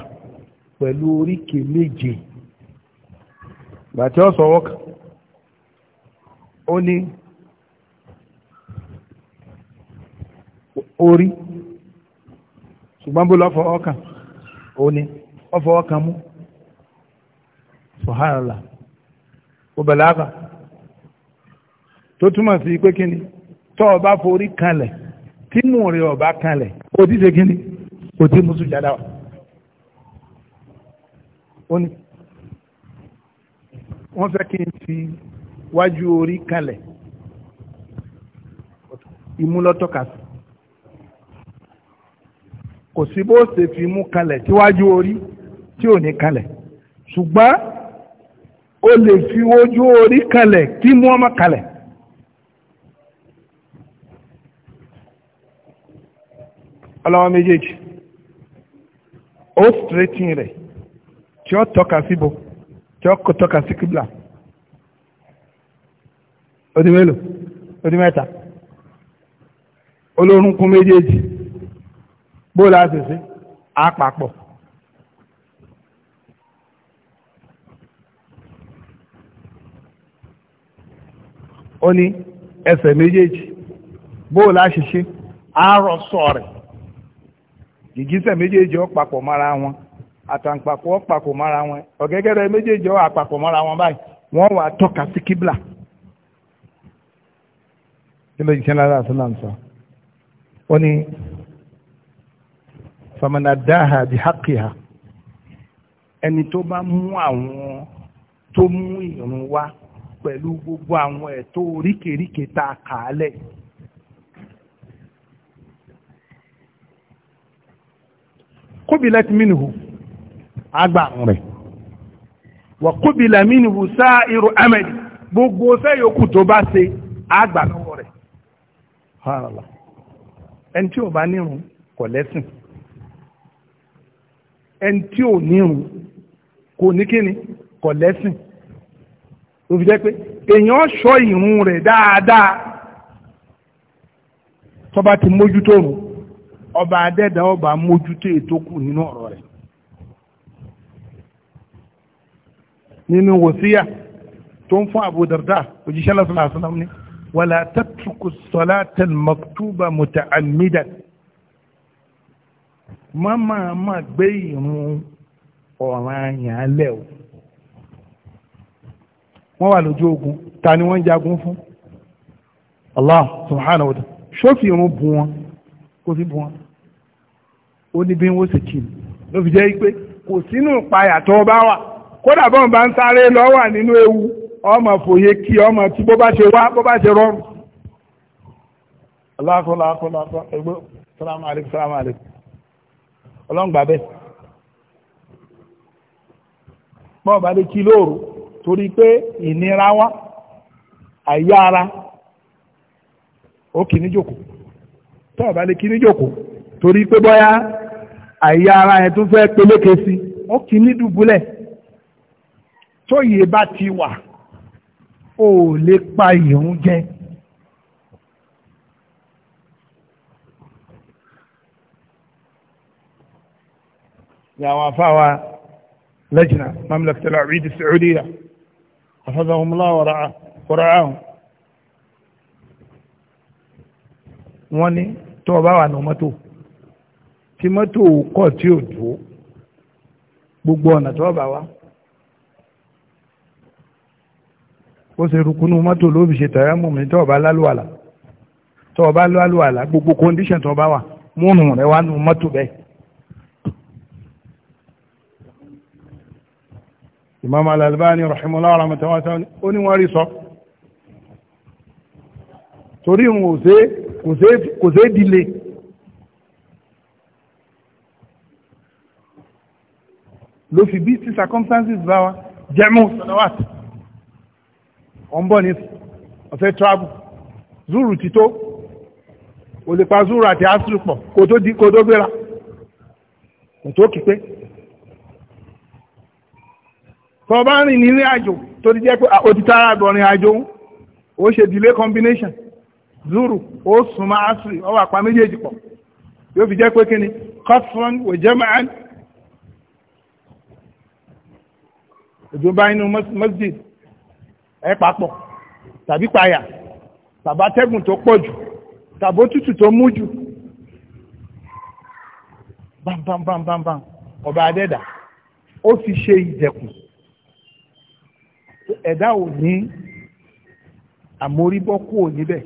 méje ó sọ wọ́kà ó ní orí ṣùgbọ́n bó ó ní mú kò tó túmọ̀ sí pé kíni tó o bá forí kanlẹ̀ tínú rẹ̀ o bá kanlẹ̀ o ti ṣe kíni o ti mú sùjádà wá ó ní wọ́n fẹ́ kí n fi wájú orí kanlẹ̀ ìmúlọ́tọ́ka sí kò sí bó ṣe fi mú kanlẹ̀ tíwájú orí tí ò ní kanlẹ̀ ṣùgbọ́n o lè fi ojú orí kalẹ̀ kí mú ọmọ kalẹ̀ ọlọ́wọ́ méjèèjì ó straighten rẹ̀ tí ó tọ́ka síbo tí ó kò tọ́ka sí kíbla odi mélòó odi mẹ́ta olórúnkún méjèèjì bó láti sí àpapọ̀ ó ní ẹsẹ̀ méjèèjì bóòlù àṣìṣe àárọ̀ sọ̀rẹ̀ gìgísẹ̀ méjèèjì ó papọ̀ mọ́ra wọn àtàǹpàkò ọ̀pàkò mọ́ra wọn ọ̀gẹ́gẹ́rẹ́ méjèèjì ó àpapọ̀ mọ́ra wọn báyìí wọ́n wà tọ́ka sí kíbla ilé ìṣẹ́ lára àtúnláǹsà ó ní famana dáhà bí hákìá ẹni tó bá mú àwọn tó mú ìrún wá pẹ̀lú gbogbo àwọn ẹ̀tọ́ oríkèríkè tá a kà á lẹ̀. kóbìlẹ̀ tí mìnìhù àgbà rẹ̀ wà kóbìlẹ̀ mìnìhù sáà irú amẹ́lì gbogbo sẹ́yọkù tó bá ṣe àgbà lọ́wọ́ rẹ̀ ẹni tí ò bá nírun kò lẹ́sìn ẹni tí ò nírun kò ní kíni kò lẹ́sìn ló fi jẹ́ pé èèyàn ṣọ́ ìrun rẹ̀ dáadáa tọ́ba ti mójútó òun ọba adẹ́dàá ọba mójútó ètò kù nínú ọ̀rọ̀ rẹ̀ nínú wòsíyà tó ń fún Abu Darda òjíṣẹ́ lọ́sọ̀lá àṣọ́lá ní wàlá tatruku salata al-maktuba muta'ammidan má máa má gbé ìrun ọ̀ràn àyàn alẹ́ wọ́n wà lójú ogun ta ni wọ́n ń jagun fún Allah subhanahu wa ta'ala ṣọ́ọ̀fì irun bu wọn kó sí bu wọn ó ní bí wọ́n ṣe kì í ló fi jẹ́ pé kò sínú ìpayà tó bá wà kódà bọ́n bá ń sáré lọ wà nínú ewu ọmọ fòye kí ọmọ tí bó bá ṣe wá bó bá ṣe rọrùn. aláàkọlá akọlá akọlá ẹgbẹ́ salamu aleykum salamu aleykum ọlọ́ngbà bẹ́ẹ̀ bá lè kí lóòrùn torí pé ìnira wá àyà ara ó kì í níjòkó tó ọ̀bá lè kì í níjòkó torí pé bọ́yá àyà ara yẹn tó fẹ́ peléke sí ó kì í nídùbúlẹ̀ tó bá ti wà ó lè pa ìrún jẹ. yàwọn afáwa lẹ́jìnà mamlakatul Arabia Saudiya حفظهم الله ورعاه ورعاهم wọ́n ní tó o bá wà nù mọ́tò tí mọ́tò kọ̀ tí ò dúró gbogbo ọ̀nà tó o bá wá ó ṣe rukunu mọ́tò ló fi ṣe tẹ̀rẹ́ mú mi tó o bá lálùwàlà tó o bá lálùwàlà gbogbo kọ́ndíṣàn tó o bá wà múnú rẹ wà nù mọ́tò bẹ́ẹ̀. Imam Al-Albani rahimahullah rahmatawasa ó ní wọ́n rí sọ torí òun kò sé dìle ló fi bí sí circumstances bá wa jẹ́mú salawat wọ́n bọ̀ ní ọ̀fẹ́ travel zuru ti tó o lè pa àti asiri pọ̀ kò tó gbéra kò tó kìí pé tó bá rìn ní ilé àjò tó ti jẹ́ pé o àgbọ̀nrin zuru ó súnmọ́ asiri ó wà pa méjèèjì pọ̀ yóò fi jẹ́ pé kí ni kọ́fún wò jẹ́ máa inú masjid ẹ papọ̀ tàbí payà tàbátẹ́gùn tó pọ̀ jù tàbótútù tó mú jù ọba adẹ́dà ó fi ṣe ìdẹ̀kùn ẹ̀dá ò ní àmóríbọ́ kúrò níbẹ̀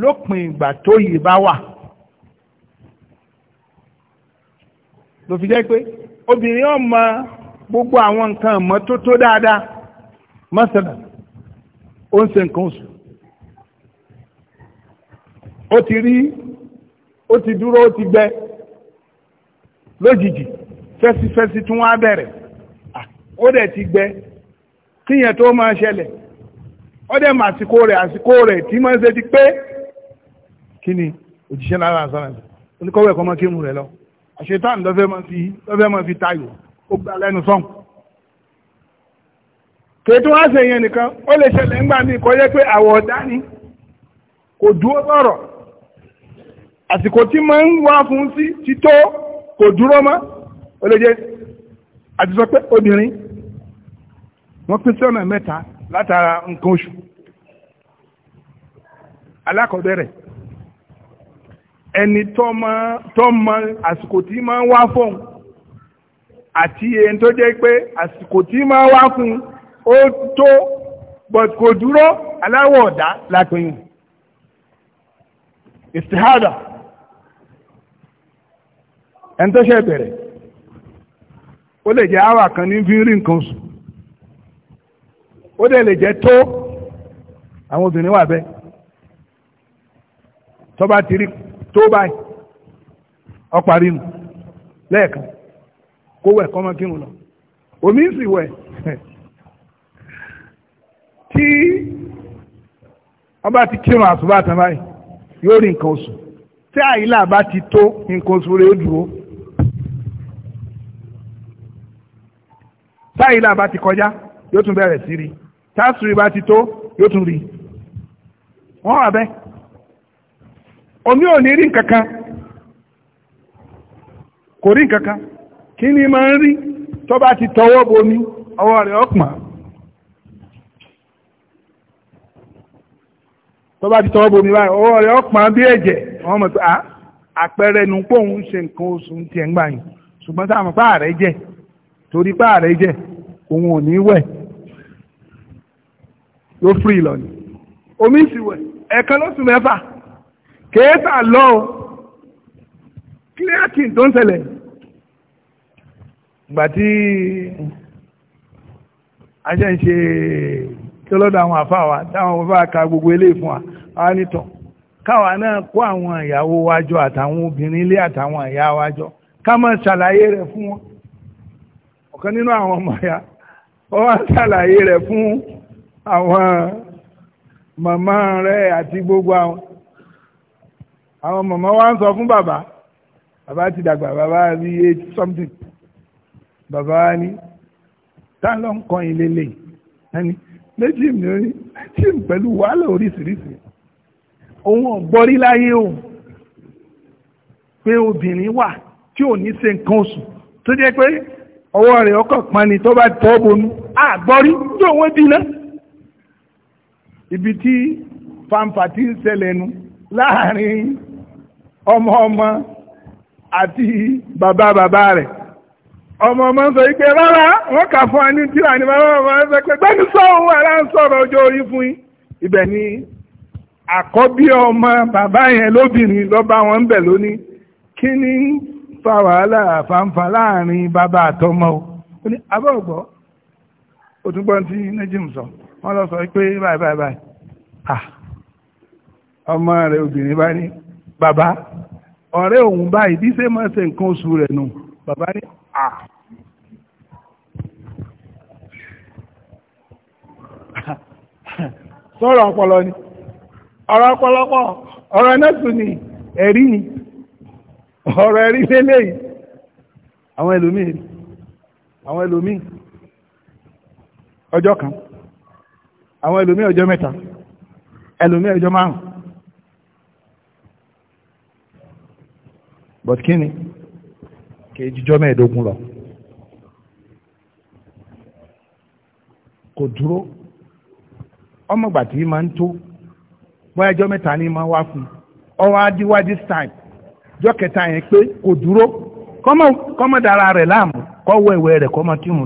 lópin ìgbà tó yìí bá wà ló fi jẹ́ pé obìnrin ọmọ gbogbo àwọn nǹkan ìmọ́tótó dáadáa mọ́sánà ó ń ṣe nǹkan oṣù ó ti rí ó ti dúró ó ti gbẹ lójijì fẹsifẹsi tún wá bẹ̀rẹ̀ ó dẹ̀ ti gbẹ kíyàn tó máa ṣẹlẹ̀ ọdẹ mà àsìkò rẹ̀ àsìkò rẹ̀ tí máa ń ṣe ti pé kí ni òjíṣẹ́ lára àsánà rẹ̀ oníkọ́wé ẹ̀kọ́ máa kéwù rẹ̀ lọ àṣetán lọ́fẹ́ máa fi tayò ó gbà lẹ́nu sọ́n. kètò wá ṣe yẹn nìkan ó lè ṣẹlẹ̀ ńgbà míì kọ́ yẹ pé àwọ̀ ọ̀dá ni kò dúró lọ́rọ̀ àsìkò tí máa ń wá fún sí ti tó kò dúró mọ́ ó lè jẹ́ àti sọ pé obìnrin wọ́n pín sí mẹ́ta látara nǹkan oṣù alákọ̀ọ́bẹ̀rẹ̀ ẹni tó ma àsìkò tí máa ń wá fóun àti ẹni tó jẹ́ pé àsìkò tí máa ń wá fún ó tó but kò dúró aláwọ̀ ọ̀dá lápẹ̀yìn istihada ẹni tó ṣe bẹ̀rẹ̀ ó lè jẹ́ àwà kan ní fi ń rí nǹkan sùn ó dẹ̀ lè jẹ́ tó àwọn obìnrin wà bẹ́ẹ̀ tó bá ti rí tó báyìí ó nù lẹ́ẹ̀kan kó wẹ̀ kọ́mọ kírun lọ omi sì wẹ̀ [laughs] tí ó ti kírun àsùbá tán báyìí yóò rí nǹkan oṣù tí àyílà bá ti tó nǹkan oṣù rẹ̀ ó dúró táyílà bá ti kọjá yóò tún bẹ̀rẹ̀ sí rí tásìrì bá ti tó yóò tún rí wọ́n wà bẹ́ẹ̀ omi ò rí nkankan kò rí nkankan kí ni máa ń rí tó bá ti tọwọ́ bomi ọwọ́ rẹ̀ ọ̀pọ̀n tó bá ti tọwọ́ báyìí ọwọ́ rẹ̀ bí ẹ̀jẹ̀ wọ́n ah, àpẹẹrẹ nu ṣe nǹkan oṣù tiẹ̀ ń gbà yìí ṣùgbọ́n táwọn pààrẹ̀ ló fún ìlọ́ni omi sì wẹ̀ ẹ̀ẹ̀kan lóṣù mẹ́fà kèéta lọ́ọ̀ clearing tó ń ṣẹlẹ̀ ìgbà tí a ṣe ń ṣe tí ọlọ́dọ̀ àwọn àfáà wa táwọn bá ka gbogbo ilé fún wa wá nítọ̀ káwa náà kó àwọn ìyàwó wájọ àtàwọn obìnrin ilé àtàwọn ìyá wájọ ká máa ṣàlàyé rẹ̀ fún wọn ọ̀kan nínú àwọn ọmọ ya wọ́n wá ṣàlàyé rẹ̀ fún wọn àwọn màmá rẹ̀ àti gbogbo àwọn àwọn màmá wa ń sọ fún bàbá bàbá ti dàgbà bàbá rí eight something bàbá wa ní tá ló ń kọ́ ilé lè ẹni méjì mi ní méjì mi pẹ̀lú wàhálà oríṣiríṣi òun ọ̀gbọ́rí láyé o pé obìnrin wà tí ò ní ṣe nǹkan oṣù tó jẹ́ pé ọwọ́ rẹ̀ ọkọ̀ pani tó bá tọ́ bonú àgbọ́rí tí òun bí náà ibi tí fanfa ti ń ṣẹlẹ̀ nu láàrin ọmọ ọmọ àti bàbá bàbá rẹ̀ ọmọ ọmọ ń sọ wípé rárá wọ́n kà fún wa ní tíra ní bàbá bàbá rẹ̀ sọ pé gbẹ́nu sọ òun ara ń sọ̀rọ̀ ọjọ́ orí fún yín ibẹ̀ ni àkọ́bí ọmọ bàbá yẹn lóbìnrin lọ́ba wọn ń bẹ̀ lónìí kí ni fa wàhálà fanfa láàrin bàbá àtọmọ o ní abọ́ ọ̀gbọ́ ó tún gbọ́n tí nẹ́jìm sọ wọ́n lọ sọ pé báyìí báyìí ah ọmọ rẹ̀ obìnrin bá ní bàbá ọ̀rẹ́ òun báyìí bí ṣe máa ṣe nǹkan oṣù rẹ̀ nù bàbá ní ah sọ̀rọ̀ ọpọlọ ni ọ̀rọ̀ ọpọlọpọ̀ ọ̀rọ̀ nẹ́sùn ni ẹ̀rí ni ọ̀rọ̀ ẹ̀rí lélẹ́yìí àwọn ẹlòmíì àwọn ẹlòmíì ọjọ́ kan àwọn ẹlòmí ọjọ́ mẹ́ta ẹlòmí ọjọ́ márùn but kí ni kejìjọ́ mẹ́ẹ̀ẹ́dógún lọ kò dúró ọmọgbà tí máa ń tó bóyá mẹ́ta ni ma wá fún ọwọ́ adíwá this jọ́ kẹta yẹn pé kò dúró kọ́mọ̀dára rẹ̀ láàmú kọ́wọ́ ẹ̀wẹ̀ rẹ̀ kọ́mọ̀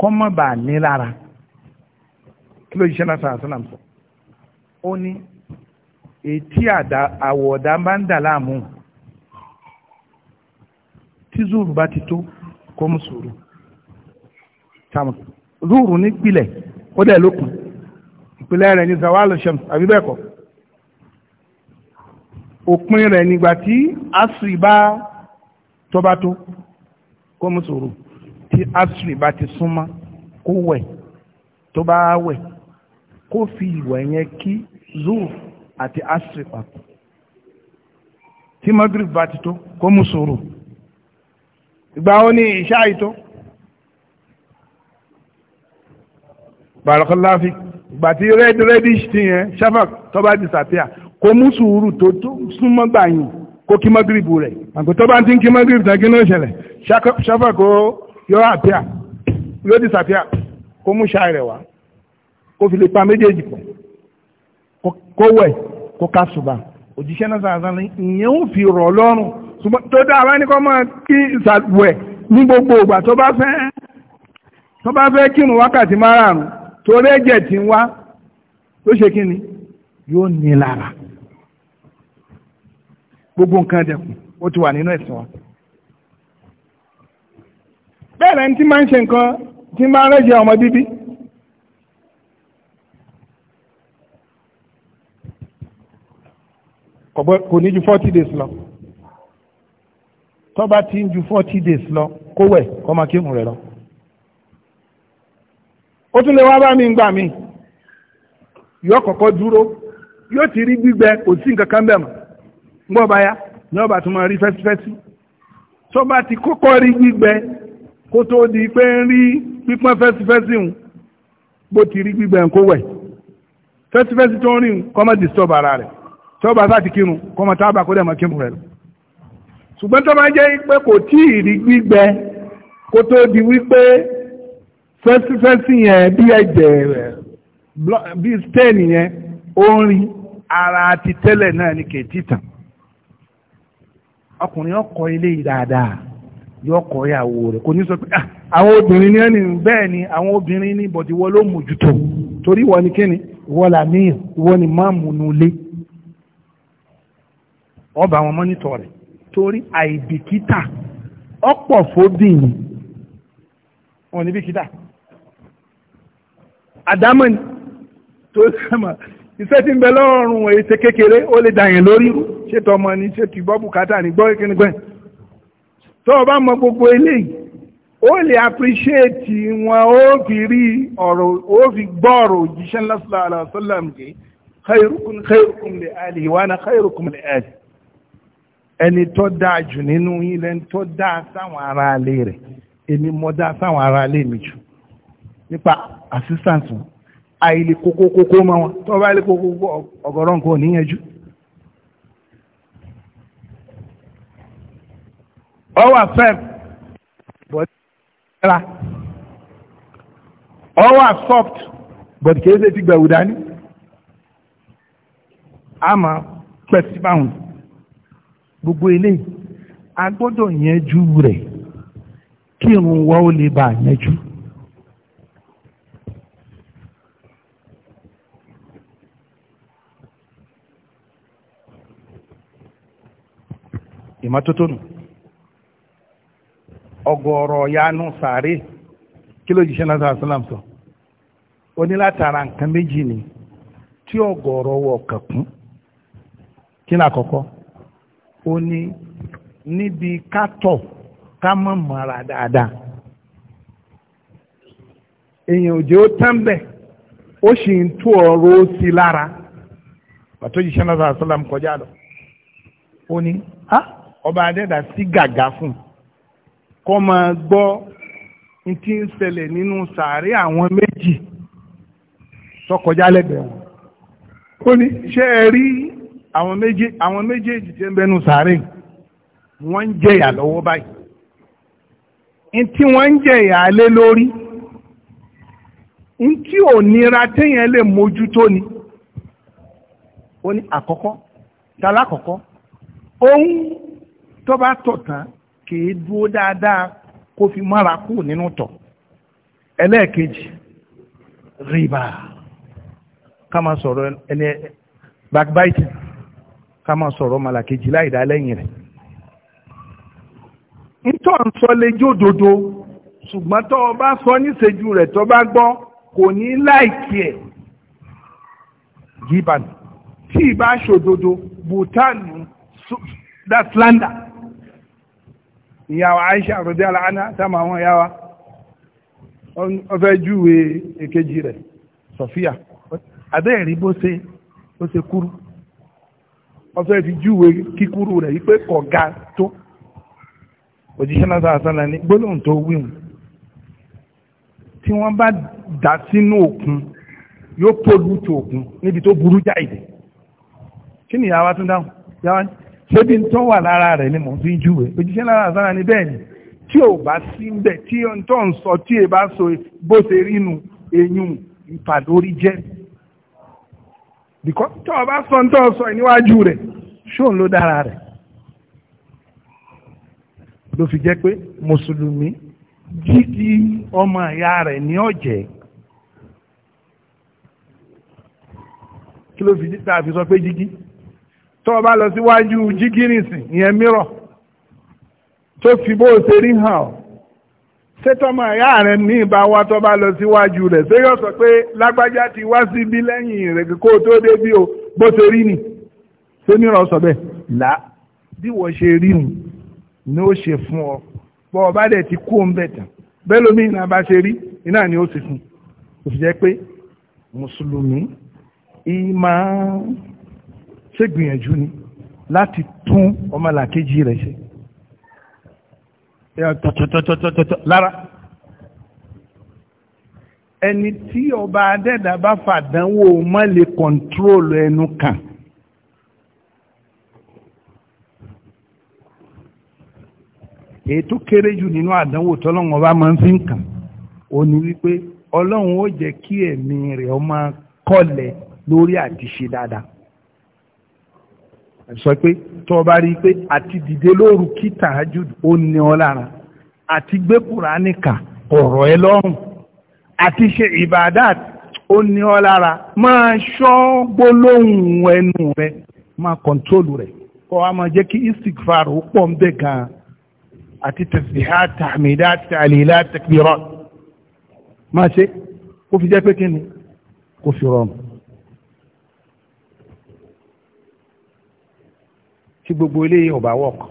kọ́ mọ́ bá ní lára kí ló ṣiṣẹ́ náà sàásùn náà sọ ó ní etí àwọ̀dá bá ń dà láàmú tí zúùrù bá ti tó kó mú sùúrù zúùrù nípìlẹ̀ ó dẹ̀ lókun ìpìlẹ̀ rẹ̀ ní zawalu shams àbí bẹ́ẹ̀ kọ́ òpin rẹ̀ nígbà tí asri bá tọ́ba tó kó mú sùúrù tí asiri bá ti súnmọ́ kó wẹ̀ tó bá wẹ̀ kó fi ìwẹ̀ yẹn kí zuru àti asiri papọ̀ tí magrib bá ti tó kó mú sùúrù ìgbà wo ni ìṣá ìtó barakallahu fik red reddish ti yẹn shafak tó bá disappear kó mú sùúrù tó tó súnmọ́ gbà yìí kó kí magrib rẹ̀ àgbẹ̀tọ́ bá ti ń kí magrib tán kí ló ṣẹlẹ̀ shafak ó yóò àpíà yóò disappear kó mú ṣáà rẹ̀ wá kó fi lè pa méjèèjì pọ̀ kó wẹ̀ kó ká ṣùgbà òjíṣẹ́ náà sàásán ní ìyẹn ò fi rọ̀ lọ́rùn ṣùgbọ́n tó dáa wá ní kọ́ máa kí ìsàwẹ̀ ní gbogbo ìgbà tó bá fẹ́ tó bá fẹ́ kírun wákàtí márààrún torí ẹ̀jẹ̀ tí ń wá ló ṣe kí ni yóò ní gbogbo nǹkan dẹkùn ó ti wà nínú ẹ̀sìn wa bẹ́ẹ̀ lẹ́ni tí máa ń ṣe nǹkan tí máa ń rẹ́jẹ ọmọ bíbí. kò ní ju forty days lọ tó bá ti ń ju forty days lọ kó wẹ̀ kó máa kírun rẹ̀ lọ. ó tún lè wá bá mi ń gbà mí yóò kọ́kọ́ dúró yóò ti rí gbígbẹ kò sí nǹkan kan bẹ́ẹ̀ mọ́ ń gbọ́ bá yá ní ọba tó máa rí fẹ́sífẹ́sí tó bá ti kọ́kọ́ rí gbígbẹ kó tó di pé ń rí pípọ́n fẹ́sifẹ́sì ń bó ti rí gbígbẹ̀ kó wẹ̀ fẹ́sifẹ́sì tó ń rìn kó má ara rẹ̀ tó bá ti kírun kó má kó dẹ̀ kírun rẹ̀ ṣùgbọ́n tó bá jẹ́ pé kò rí gbígbẹ ara ti tẹ́lẹ̀ náà ni kè títàn ọkùnrin ọkọ̀ ilé yìí dáadáa yóò kọ́ ìyàwó rẹ̀ kò ní sọ pé ah, àwọn obìnrin ní ẹni bẹ́ẹ̀ ni àwọn obìnrin ní bọ̀dìwọ́ ló mójútó torí wọ́n ni kíni wọ́n là ní ìwọ́n ni máa múnú lé ọba àwọn mọ́nítọ̀ rẹ̀ torí àìbìkítà ọ̀pọ̀ fóbìnrin wọn ní bìkítà àdámọ̀ ni tó sẹ́mà iṣẹ́ tí ń bẹ lọ́rùn èyí ṣe kékeré ó lè dàyìn lórí ṣètò ọmọ ni ṣètò ìgbọ́ bùkátà ní gbọ́ kíni gbẹ́yìn tó o bá mọ gbogbo eléyìí ó lè appreciate wọn ó fi rí ọ̀rọ̀ ó fi gbọ́ ọ̀rọ̀ òjíṣẹ́ sallallahu alaihi wasallam gé khairukum khairukum li ahlihi wa ana khairukum li ahli ẹni tó dáa jù nínú yín lẹ́ni tó dáa sáwọn ará ilé rẹ̀ èmi ọ wà fẹ́m bọ̀dì kẹ́ra ọ wà soft bọ̀dì kìí ṣe ti gbẹ̀wù dání a máa pẹ̀sí báwọn gbogbo eléyìí a gbọ́dọ̀ yanjú rẹ̀ kí irun wa ó lè bá yanjú. ìmọ́tótó nù ọgọ́rọ̀ yanu sàárè kí ló jíṣẹ́ náà sàlám sọ ó ní látara nǹkan méjì ni tí ọgọ́rọ̀ wọ kẹkún kí ni àkọ́kọ́ ó ní níbi kátọ̀ ká mọ̀ mọ́ra dáadáa èèyàn òjò ó tán bẹ̀ ó sì ń tú ọ̀rọ̀ ó sí lára pàtó jíṣẹ́ náà sàlám kọjá lọ ó ní ah, ọba adẹ́dà sí gàgà fún un kọ́ máa gbọ́ ní tí ń ṣẹlẹ̀ nínú sàárè àwọn méjì tọkọjá lẹ́gbẹ̀ẹ́ wọn. ó ní ṣé ẹ rí àwọn méjèèjì tí ń bẹnu sàárè wọ́n ń jẹ̀yà lọ́wọ́ báyìí. ní tí wọ́n ń jẹ̀yà lé lórí tí ò nira téèyàn lè mójútó ni ó ní àkọ́kọ́ tàlákọ̀ọ́kọ́ ohun tó bá tọ̀ tán kìí dúó dáadáa kó fi mára kú nínú tọ̀ ẹlẹ́ẹ̀kejì rìbá ká máa sọ̀rọ̀ ẹni backbiting ká máa sọ̀rọ̀ màlàkejì láìdá lẹ́yìn rẹ̀ nítọ́ ń sọ lè jódodo ṣùgbọ́n tó o bá sọ níṣẹ́jú rẹ̀ tó bá gbọ́ kò ní láìkí ẹ̀ gíban tí ì bá ṣòdodo bhutan that's slander ìyàwó Aisha rọ̀dí aláàánà táàmù àwọn ìyàwó ọfẹ́ júwe èkejì rẹ̀ Sofia àbẹ́ẹ̀rí bó ṣe bó ṣe kúrú ọfẹ́ fi júwe kíkúrú rẹ̀ wípé kọ̀ga tó òjíṣẹ́ náà sàásánà ní gbólóhùn tó wíwùn tí wọ́n bá dà sínú òkun yóò pòlù tó òkun níbi tó burú jáì kí ni ìyàwó tún dáhùn yàwó ṣé bí n wà lára rẹ̀ ni mò ń fi júwe òjíṣẹ́ lára sára ni bẹ́ẹ̀ ni tí ò bá sí ń bẹ̀ tí n tó ń sọ tí ì bá sọ bó ṣe rí nu eyín ìfàdórí jẹ́ bìkọ́ tó o bá sọ ń tó sọ níwájú rẹ̀ ṣóun ló dára rẹ̀ ló fi jẹ́ pé mùsùlùmí jíjí ọmọ ìyá rẹ̀ ní ọ̀jẹ̀ kí ló fi jí tá a fi sọ pé jíjí tó o bá lọ síwájú jígírìsì ìyẹn mírọ̀ tó fi bó o ṣe rí hàn ọ́ sétọ́mọ ẹ̀yà rẹ̀ ní ìbá wa tó bá lọ síwájú rẹ̀ ṣé yóò sọ pé lágbájá ti wá síbí lẹ́yìn rẹ̀ kó o tó débí o bó ṣe rí ni ṣé mírọ̀ sọ bẹ́ẹ̀ là bí wọ́n ṣe rí hùn ni ó ṣe fún ọ bọ́ ọ dẹ̀ ti kú òun bẹ̀ tán bẹ́ẹ̀ lómi ìrìn àbá ṣe rí iná ni ó sì fún kò pé mùsùlùmí ìmọ̀ ṣé gbìyànjú ni láti tún ọmọlàkejì rẹ̀ ṣe tọ̀tọ̀tọ̀tọ̀tọ̀ lára ẹni tí ọba adẹ́dà bá fàdánwò mọ́ lè kọ̀ntróòlù ẹnu kàn èyí tó kéré jù nínú àdánwò tọ́lọ́run ọba máa ń fi ń kàn ó ní wípé ọlọ́run ó jẹ́ kí ẹ̀mí rẹ̀ ó máa lórí àti dáadáa sọ pé tó o bá rí i pé àti dìde lóru kí tahajud ó ní ọ lára àti gbé kùránì kà ọ̀rọ̀ ẹ lọ́rùn àti ṣe ìbàdàt ó ní ọ lára máa ṣọ́ gbólóhùn ẹnu rẹ máa kọ̀ǹtólù rẹ kọ́ a máa jẹ́ kí istikfar ó pọ̀ ń gan-an àti tasbihat tahmidat ta'lilat takbirat máa ṣe kó fi jẹ́ pé kí ni kó fi rọrùn. tí gbogbo eléyìí ò bá wọ̀kọ̀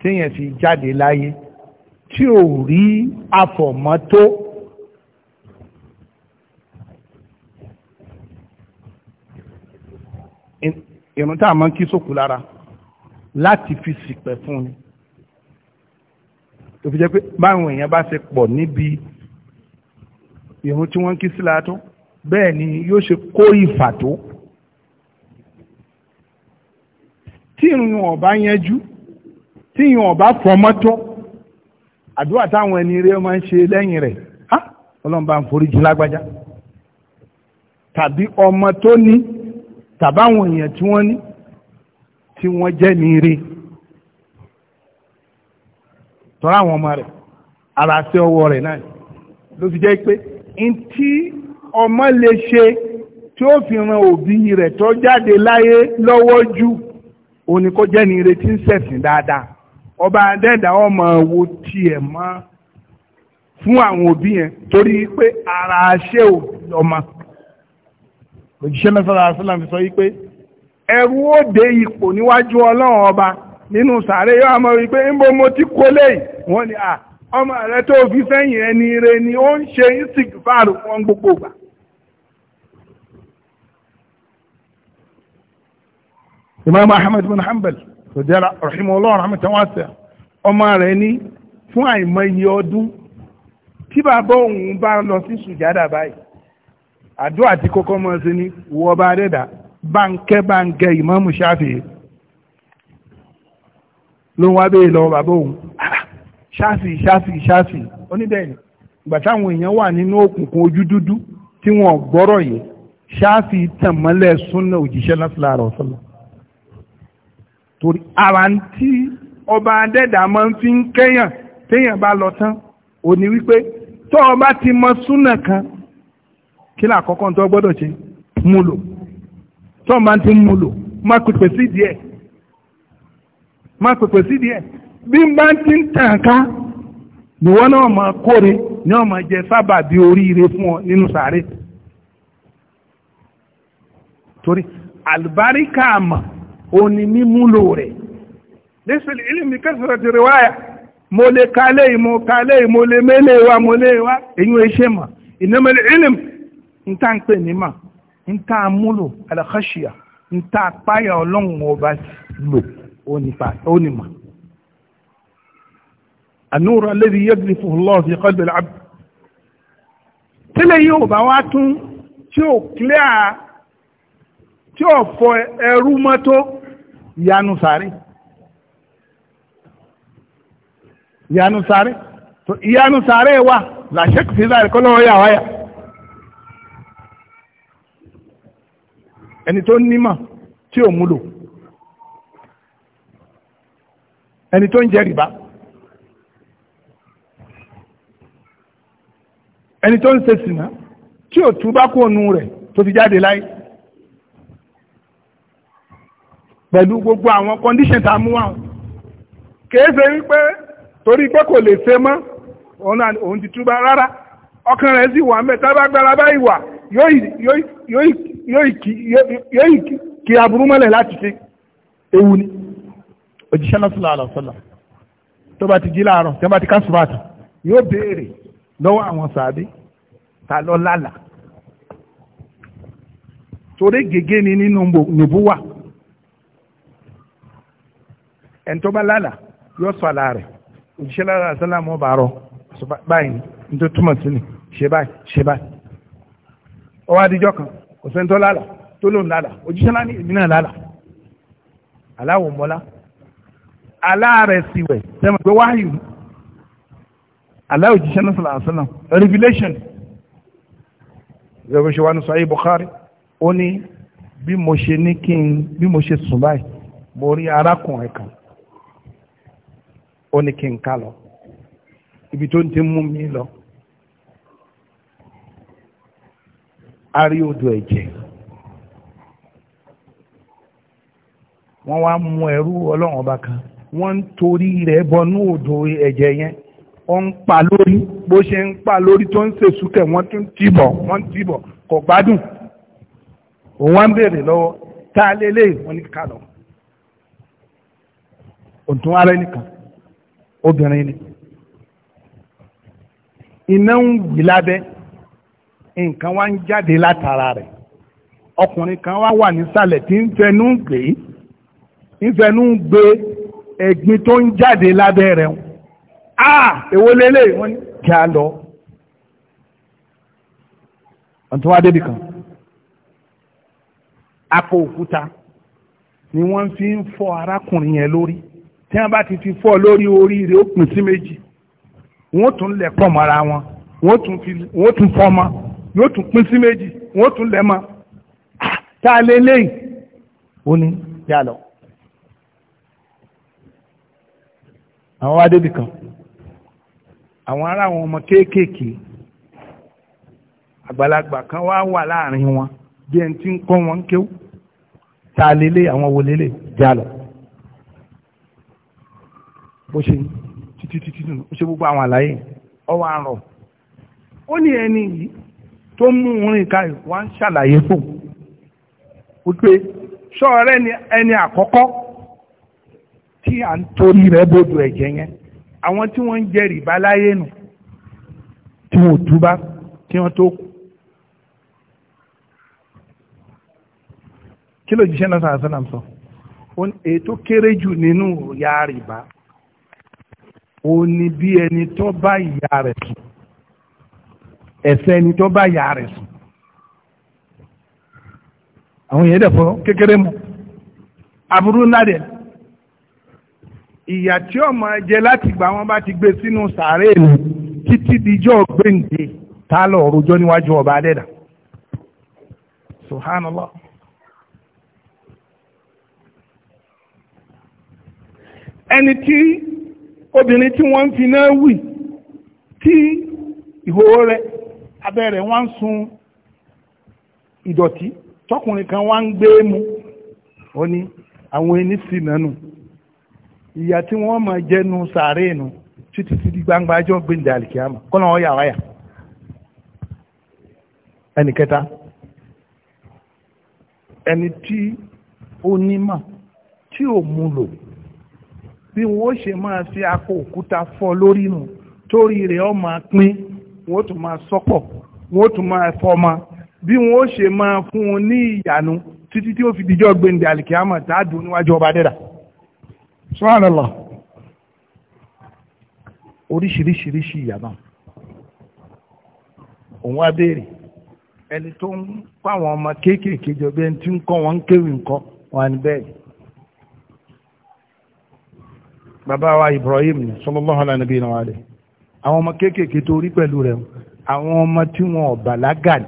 téèyàn fi jáde láyé tí ò rí àfọ̀mọ́tó ìrun tá a máa ń kí sókù lára láti fi ṣìpẹ̀ fún ni tó fi jẹ́ pé báwọn èèyàn bá ṣe pọ̀ níbi ìrun tí wọ́n ń kí sílá tó bẹ́ẹ̀ ni yóò ṣe kó ìfà tó. tí ìrùn ọ̀bá yanjú tí ìyàn ọ̀bá fọmọ́tọ́ àdúrà táwọn ẹni rẹ̀ máa ń ṣe lẹ́yìn rẹ̀ á ọlọ́run bá ń foríjì lágbájá tàbí ọmọ tó ní tàbáwọn èèyàn tí wọ́n ní tí wọ́n jẹ́ ní rí tọ́ra àwọn ọmọ rẹ̀ ara sí ọwọ́ rẹ̀ náà ló fi jẹ́ pé n tí ọmọ lè ṣe tí ó fi ran òbí rẹ̀ tó jáde láyé lọ́wọ́ jù òní kó jẹ́ ní ìrètí ń sẹ̀sìn dáadáa ọba adẹ́dà ọmọ wo tiẹ̀ mọ́ fún àwọn òbí yẹn torí pé ara ṣé ò lọ́mọ òjíṣẹ́ mẹ́fàlá asọ́làm fi sọ yí ẹrú ó dé ipò níwájú ọlọ́run ọba nínú sàárè yóò àmọ́ rí pé ńbọ mo ti kó wọ́n ọmọ rẹ tó fi sẹ́yìn ẹni ni ó ń ṣe fáàrù gbogbo ìgbà imam ahmed bin hanbal sọjá rahimu ọlọ́run rahmatan wasi'a ọmọ rẹ̀ ní fún àìmọye ọdún tí bàbá òun bá lọ sí sùjádà báyìí àdúrà tí kọ́kọ́ mọ́ sí ní wọ́n bá dẹ́dà báńkẹ́ báńkẹ́ ìmámù ṣáfì ló wá bẹ́ẹ̀ lọ bàbá òun ṣáfì ah, ṣáfì ṣáfì oníbẹ̀ẹ̀ni ìgbà táwọn èèyàn wà nínú òkùnkùn ojú dúdú tí wọ́n gbọ́rọ̀ yìí ṣáfì tàn súnà òjíṣẹ́ láti láàárọ̀ sọ́lọ́ torí ara tí ọba adẹ́dà máa ń fi ń kẹ́yàn téèyàn bá lọ tán ò ní wípé tó ọba ti mọ súnà kan kí ni àkọ́kọ́ tó gbọ́dọ̀ ṣe mú lò tó ọba ti mú lò má pèpè sí díẹ̀ má pèpè sí díẹ̀ bí n bá ti ń tàn ká nìwọ náà máa kóre ní ọmọ jẹ sábà bí oríire fún ọ nínú sàárè torí àlùbáríkà àmà òun ni mímúlò rẹ̀ nísìlì ilmi kẹsìrẹ̀ ti riwáyà mo lè kalẹ̀ yìí mo kalẹ̀ yìí mo lè mẹ́lẹ̀ wa mo lè wa èyí ò ṣe mà ìnámẹ́lẹ̀ ilim ń tà ń pè ní mà ń tà múlò alakhashia ń tà páyà ọlọ́run ọba lò ó ní mà. النور الذي يذلفه الله في قلب العبد tẹ́lẹ̀ yóò bá wá tún tí ó clear tí ọ̀fọ̀ ẹrú mọ́tò yanu sáré yanu sáré yanu sáré wà làṣẹ́kù sí sáré kọ́ lọ́wọ́ yà wáyà ẹni tó nímọ̀ tí ò múlò ẹni tó ń jẹ rìbá ẹni tó ń ṣe sìnà tí ò túbá kó rẹ̀ tó ti jáde láyé. pẹ̀lú gbogbo àwọn condition tá a mú àwọn kèése wípé torí pé kò lè ṣe mọ́ òun ti túbà rárá ọkàn rẹ̀ sì wà mẹ́ta bá gbára báyìí wà yóò kí aburú mọ́lẹ̀ láti ṣe ewu ni òjíṣẹ́ náà sọ̀rọ̀ àlọ́sọ̀lá tó bá ti jí láàárọ̀ tó bá ti ká sùbàtà yóò béèrè lọ́wọ́ àwọn sàbí ta lọ lálàá torí gègé ni nínú nùbú ẹni tó bá lálà yóò sọ àlà rẹ̀ òjíṣẹ́ lára àṣálà mọ́ bàárọ̀ báyìí ní tó túmọ̀ sí ni ṣe báyìí ṣe báyìí ọwọ́ adijọ́ kan kò sẹ́ni tó lálà tó lòun lálà òjíṣẹ́ lára èmi náà lálà aláwọ̀ mọ́lá àlá rẹ̀ sì wáyù àlá òjíṣẹ́ náà sọ̀rọ̀ àṣálà revelation ìrẹ̀wọ̀n ṣe wà ní sọ́yí Bukhari ó ní bí mo ṣe ní kí n bí mo ṣe sùn báyìí mo rí arákùnrin kan ó ní kí n ká lọ ibi tó ń ti mú mi lọ a rí odò ẹ̀jẹ̀ wọ́n wá mú ẹrú ọlọ́run ọba kan wọ́n ń torí rẹ̀ bọnú odò ẹ̀jẹ̀ yẹn ó ń pa lórí bó ṣe ń pa lórí tó ń ṣèṣúkẹ̀ wọ́n tún tìbọ̀ wọ́n tìbọ̀ kò gbádùn òun wá ń béèrè lọ́wọ́ tá a lélẹ́yìn wọ́n ní ká lọ òtún ara ẹnìkan obìnrin ni iná ń wì lábẹ́ nǹkan wá ń jáde látara rẹ̀ ọkùnrin kan wá wà nísàlẹ̀ tí ń fẹnu gbé ń fẹnu gbé ẹ̀gbin tó ń jáde lábẹ́ rẹ̀ a èwo lélẹ̀ wọ́n ní lọ ọ̀tún wá débi kan akọ òkúta ni wọ́n fi ń fọ arákùnrin yẹn lórí tí wọ́n bá ti fi fọ́ lórí oríire ó pín sí méjì wọ́n tún lẹ̀ pọ̀ mọ́ra wọn wọ́n tún fọ́ mọ́ yóò tún pín sí méjì wọ́n tún lẹ̀ mọ́ ah, tá a lé léyìn ó ní yà lọ. àwọn wá débì kan àwọn ará àwọn ọmọ kéékèèké àgbàlagbà kan wá wà láàrin wọn bí ẹni tí ń kọ́ wọn ń kéwú tá a lélẹ̀ àwọn wo lélẹ̀ já lọ bó ṣe títí ó ṣe gbogbo àwọn àlàyé ọwọ́ àrọ̀ ó ní ẹni yìí tó mú orin ká wá ń ṣàlàyé fún wípé ṣọ́ọ̀rẹ́ ni ẹni àkọ́kọ́ tí à ń torí rẹ̀ bódò ẹ̀jẹ̀ yẹn àwọn tí wọ́n ń jẹ rìbá láyé nù tí wọ́n túbá kí wọ́n tó kú. kí ló jíṣẹ́ náà sàásánà sọ èyí kéré jù nínú ìyá rìbá ó ní bí ẹni tó bá ìyá rẹ̀ sùn ẹ̀ṣẹ̀ ẹni tó bá ìyá rẹ̀ sùn àwọn èèyàn dẹ̀fọ́ kékeré mu aburú ńlá dẹ̀ ìyà tí ó máa jẹ láti gbà wọn bá ti gbé sínú sàárè nù títí dijọ́ gbèǹde tá a lọ rojọ́ níwájú ọba adẹ́dà subhanallah. ẹni tí obìnrin tí wọ́n ń fi náà wì tí ìhòòhò rẹ̀ abẹ́ rẹ̀ wọ́n ń sun ìdọ̀tí tọkùnrin kan wá ń gbé mu ó ní àwọn ẹni sì nánu ìyà tí wọ́n máa jẹ́nu sàárè nu títí tí di gbangba ajọ́ gbẹ̀ǹdà àlìkíyàmà kọ́nà ọ̀ yàrá yà ẹnì kẹta ẹni tí ó nímà tí ò mú lò. bí wọ́n ṣe máa fi akọ òkúta fọ́ lórí nù torí rẹ̀ ọ máa pín wọ́n tún máa sọ́pọ̀ wọ́n tún máa ma bí wọ́n ṣe máa fún un ní ìyànú títí tí ó fi dijọ́ gbẹ̀ǹdẹ̀ níwájú ọba dẹ́dà. oríṣiríṣiríṣi òun béèrè ẹni tó ń ọmọ kéékèèké jọ tí ń kọ́ wọn ń kéwì bàbá wa Ibrahim ni sallallahu ala nabiyina wa alayhi àwọn ọmọ kéékèèké tó rí pẹ̀lú rẹ̀ àwọn ọmọ tí wọn ò bàlágà ni.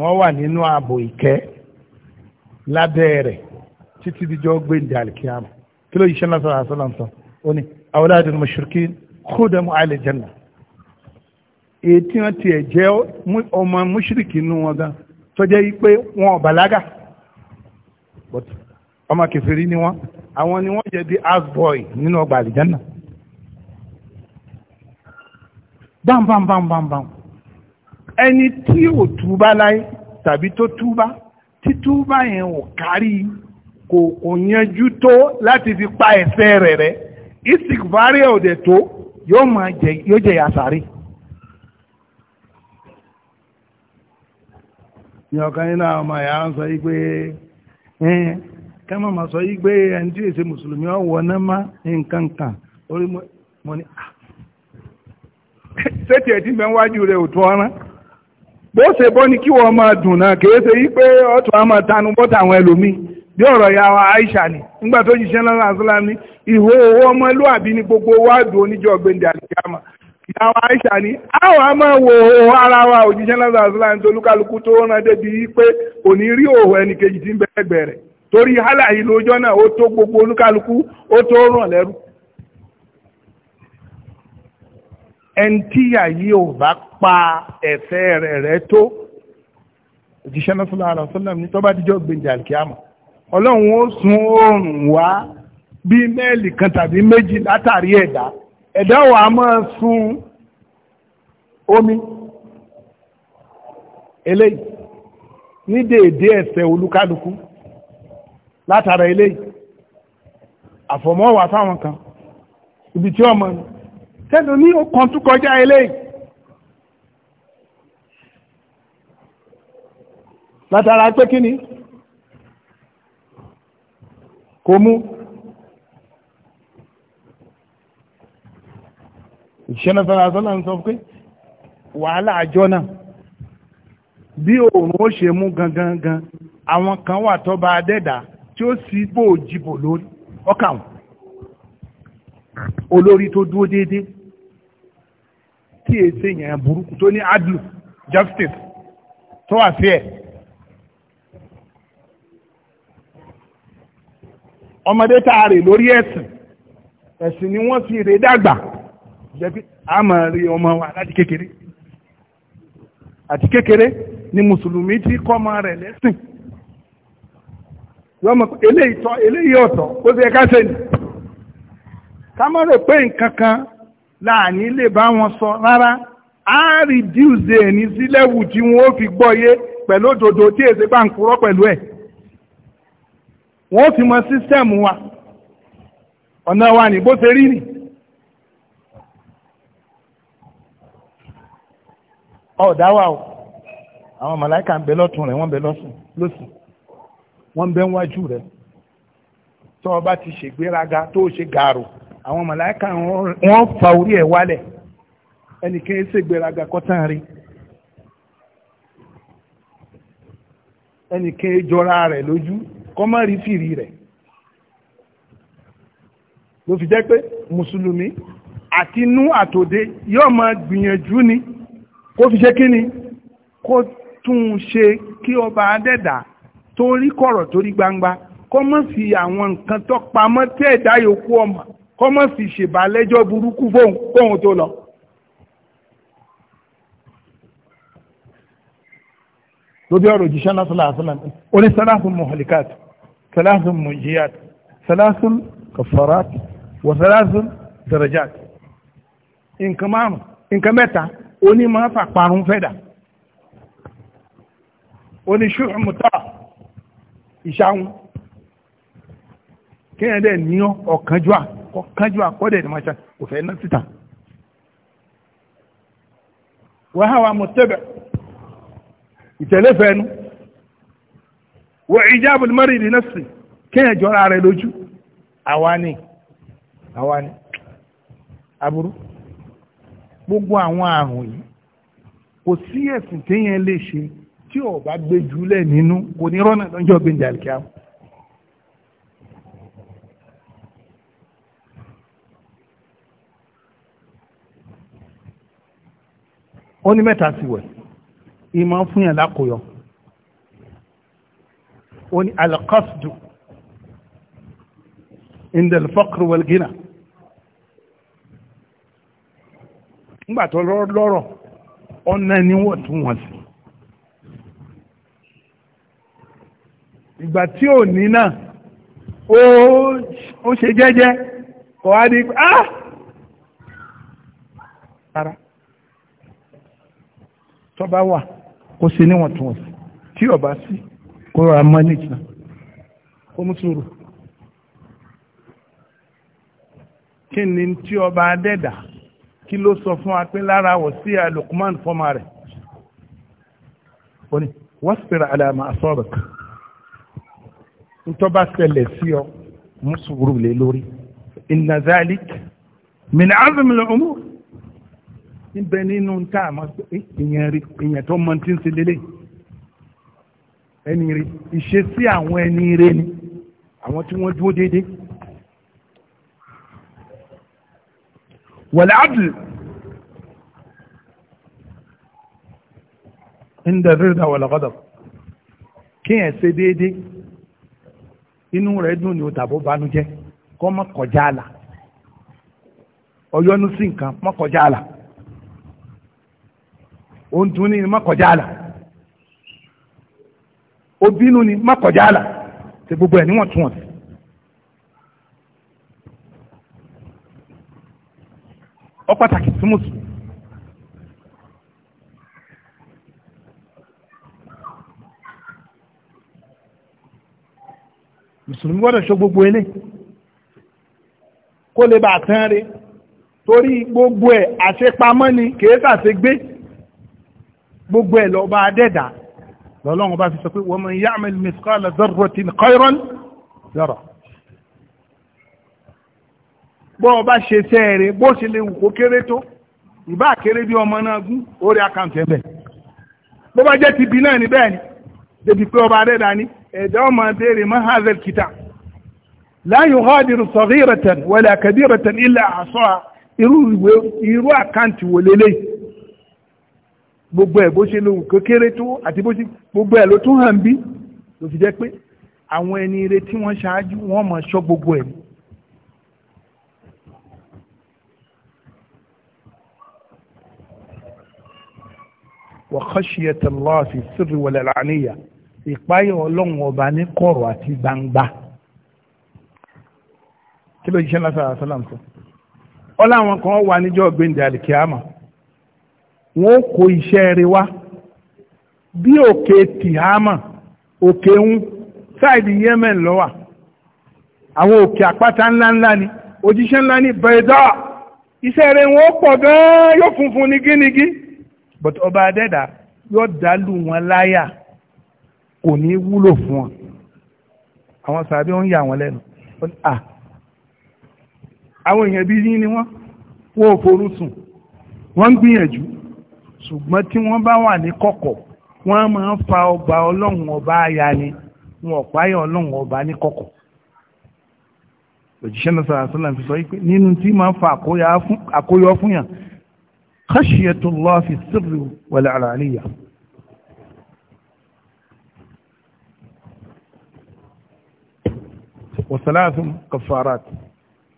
wọ́n wà nínú ààbò ìkẹ́ lábẹ́ rẹ̀ títí dijọ́ gbéǹde àlìkíyàmù kí ló yìí ṣe lásán àṣọlá sọ ó ní awladul mushrikin khudamu ala janna èyí tí wọ́n tiẹ̀ jẹ́ ọmọ mushriki nínú wọn gan tó jẹ́ pé wọn ò bàlágà ọmọ kẹfìrí ni wọn àwọn ni wọn jẹ di house boy nínú ọgbà àlìjánà bámbámbámbámbám ẹni tí ò túbá láyé tàbí tó túbá tí túbá yẹn ò kárí kò kò yanjú tó láti fi pa ẹ̀ṣẹ̀ rẹ̀ rẹ́ ìsìkfàárẹ̀ òdẹ̀ tó yóò máa jẹ ní ọ̀kan ọmọ ìyá ń sọ yí pé kẹ́mọ̀ mà sọ yí ẹni tí èsè mùsùlùmí ọ̀wọ́ náà nǹkan kan orí mo ní à ah. [laughs] ṣé tiẹ̀ tí bẹ́ẹ̀ ń wájú rẹ̀ ò tó bó ṣe bọ́ ni kí wọ́n máa dùn náà ṣe yí pé á máa ya wa Aisha ni nígbà tó ìyàwó Aisha ni àwọn a máa wo ohun ara wa òjíṣẹ́ náà sàásìlá ní tolúkálukú tó rán débi pé kò ní rí òhò ẹnìkejì tí torí hálà yìí náà ó tó gbogbo ó tó ràn ẹni bá pa ẹ̀fẹ́ rẹ̀ rẹ̀ tó ní tọ́ba díjọ́ ọlọ́run ó sun oòrùn wá bíi mẹ́ẹ̀lì kan tàbí méjì látàrí ẹ̀dá wà máa sun omi eléyìí ní déédé ẹ̀sẹ̀ olúkálukú látara eléyìí àfọ̀mọ́ wà fáwọn kan ibi tí ọmọ ni tẹ́lẹ̀ ní ọkàn tún kọjá eléyìí látara pé kí ni kò mú ìṣẹ́nà sọ́nà sọ́nà ń sọ pé wàhálà àjọ náà bí òòrùn ó ṣe mú gangan gan àwọn kan wà tọ́ba adẹ́dà tí ó sì bò jìbò lórí ọkà olórí tó dúró déédé tí èsè yẹn burúkú tó ní adlu justice tó wà sí ẹ̀ ọmọdé tá a rè lórí ẹ̀sìn ẹ̀sìn ni wọ́n fi rè dàgbà jẹ́ pé a máa rí ọmọ wa láti kékeré àti kékeré ni mùsùlùmí ti kọ́ ọmọ rẹ̀ lẹ́sìn yọmọ eléyìí tọ́ eléyìí ọ̀tọ̀ ó ti ẹ̀ka ṣe ni ká má rò pé nǹkan kan láàní lè bá wọn sọ rárá á rìdíùsì ẹni sílẹ̀wù tí wọn fi gbọ́ pẹ̀lú òdòdó tí èsì bá ń kúrọ́ pẹ̀lú ẹ̀ wọ́n fi mọ sísẹ́ẹ̀mù wa ọ̀nà wa ní bó ṣe rí nìí ọ̀dá wà o àwọn màláìka ń bẹ lọ́tún rẹ̀ wọ́n bẹ lọ́sùn lọ́sùn wọ́n bẹ wájú rẹ̀ tó o bá ti ṣègbéraga tó o ṣe gàrò àwọn màláìka wọ́n fa orí ẹ̀ wálẹ̀ ẹnìkan ẹ̀ ṣègbéraga kọ́tàn rí ẹnìkan ẹ̀ jọra rẹ̀ lójú kọ́ má rí fìrí rẹ̀ ló jẹ́ pé mùsùlùmí àtinú àtòdé yóò máa gbìyànjú ni kó fi ṣe kí ni kó tún un ṣe kí ọba adẹ́dà torí kọ̀rọ̀ torí gbangba kó mọ̀ sí àwọn nǹkan tó pamọ́ tẹ́ ẹ̀dá yòókù ọmọ kó mọ̀ sí ṣèbálẹ́jọ́ burúkú fóun tó lọ. lóbi ọ̀rọ̀ òjíṣẹ́ lásìlá àṣìlá ó ní sálásùn mọ̀hálíkàt sálásùn mọ̀jíyàt sálásùn kàfàràt wà sálásùn dàrájàt nǹkan márùn nǹkan mẹ́ta oní máa fàparun fẹ́dà oní ṣùgbọ́n ìṣàhun kéèyàn dẹ̀ ní ọ̀kánjúà ọ̀kánjúà kọ́dẹ̀ ní maṣá kò fẹ́ náà síta wàháwà mọ̀tẹ́bẹ̀ ìtẹ̀lẹ́fẹ́nu wọ ìjábùl mari li nafsi kéèyàn jọra rẹ̀ lójú àwa ni àwa ni aburú gbogbo àwọn àrùn yìí kò sí ẹ̀sìn téèyàn lè ṣe tí ò bá gbé jùlẹ̀ nínú kò ní rọ́nà lọ́jọ́ gbẹ̀ǹdà kíá. ó ní mẹ́ta sí wẹ̀ ìmọ̀ fún yàn lákòóyọ̀ ó ní alqasdu indal faqr nígbà lọrọ lọ́rọ̀ ọ̀nà níwọ̀ntúnwọ̀nsì ìgbà tí ò ní náà ó ṣe jẹ́jẹ́ kọ̀ wá di pé ah rárá tó bá wà kó ṣe tí ọba si sí kó ra manage kó mú ni tí ọba adẹ́dàá kí ló sọ fún wa pé lára wọ̀ sí Lukman fọ́mà rẹ̀ ó ní wasbir ala ma asabak ntọ́ba ṣẹlẹ̀ sí ọ mùsùlùmí lè lórí inna zalik min azmi al-umur níbẹ̀ nínú tá a eh, ìyẹn rí ìyẹn tó mọ tí ń ṣe lélẹ̀ ẹni rí ìṣesí àwọn ẹni rí ni àwọn tí wọ́n dúró déédéé. wàláàdì ìndẹ̀rẹ́dà wàlàkọ́dọ̀ kíyàn ṣe déédé inú rẹ̀ dùn ní òtàbó banújẹ́ kọ́ mọ́ kọjá àlà ọyọ́nú sí nǹkan mọ́ kọjá àlà òun tún ní mọ́ kọjá àlà òbínú ni mọ́ kọjá àlà ṣe gbogbo ẹ̀ níwọ̀ntúnwọ̀nsì ọ pàtàkì sí mùsùlùmí. mùsùlùmí gbọ́dọ̀ ṣe gbogbo ilé kó lè bà tán rí torí gbogbo ẹ̀ àṣepamọ́ ni kìí sàṣe gbé gbogbo ẹ̀ lọ́ba adẹ́dà lọ́lọ́run bá fi sọ pé wa man ya'mal mithqala dharratin khayran yara bọ́ ọba ṣe sẹ́ẹ̀rẹ̀ bó ṣe lè wù kó kéré tó ìbá kéré bí ọmọ náà gún orí àkàǹtì ẹ̀bẹ̀ bó bá jẹ́ ti bí náà ní bẹ́ẹ̀ ni débi pé ọba adẹ́dà ni ẹ̀dá ọmọ béèrè mọ́ hazel kita la yughadiru saghiratan wala kabiratan illa ahsaha irú ìwé irú àkáǹtì wò lélẹ̀ gbogbo ẹ̀ bó ṣe lè wù kéré tó àti bó ṣe gbogbo ẹ̀ ló tún hàn bí ló fi jẹ́ pé àwọn ẹni ire tí wọ́n ṣáájú wọ́n mọ̀ ṣọ́ gbogbo ẹ̀ ni wa khashiyata Allah fi sirri wal alaniya ìpáyọ̀ ọlọ́run ọba gbangba kí ló jíṣẹ́ lásán àṣálàm sọ ọlá àwọn kan wà níjọ́ gbẹ̀ǹdẹ̀ wọn ó kó iṣẹ́ rẹ̀ wá bí òkè tìhámà òkè ń Yemen lọ́wà àwọn òkè àpáta ni but ọba adẹ́dà yóò dálù wọn láyà kò ní wúlò fún wọn àwọn sàbí ń yà wọn lẹ́nu àwọn èèyàn bí yín ni wọ́n wọ́n ò forú sùn wọ́n ń gbìyànjú ṣùgbọ́n tí wọ́n bá wà ní kọ̀kọ̀ wọ́n máa ń fa ọba ọlọ́run ọba aya ni wọn ò páyà ọlọ́run ọba ní kọ̀kọ̀ òjíṣẹ́ náà sọ̀rọ̀ àṣọ làǹfi sọ pé nínú tí máa ń fa àkóyọ fún yàn khashiyatullah fi sirri wal alaniya wasalaatum kafarat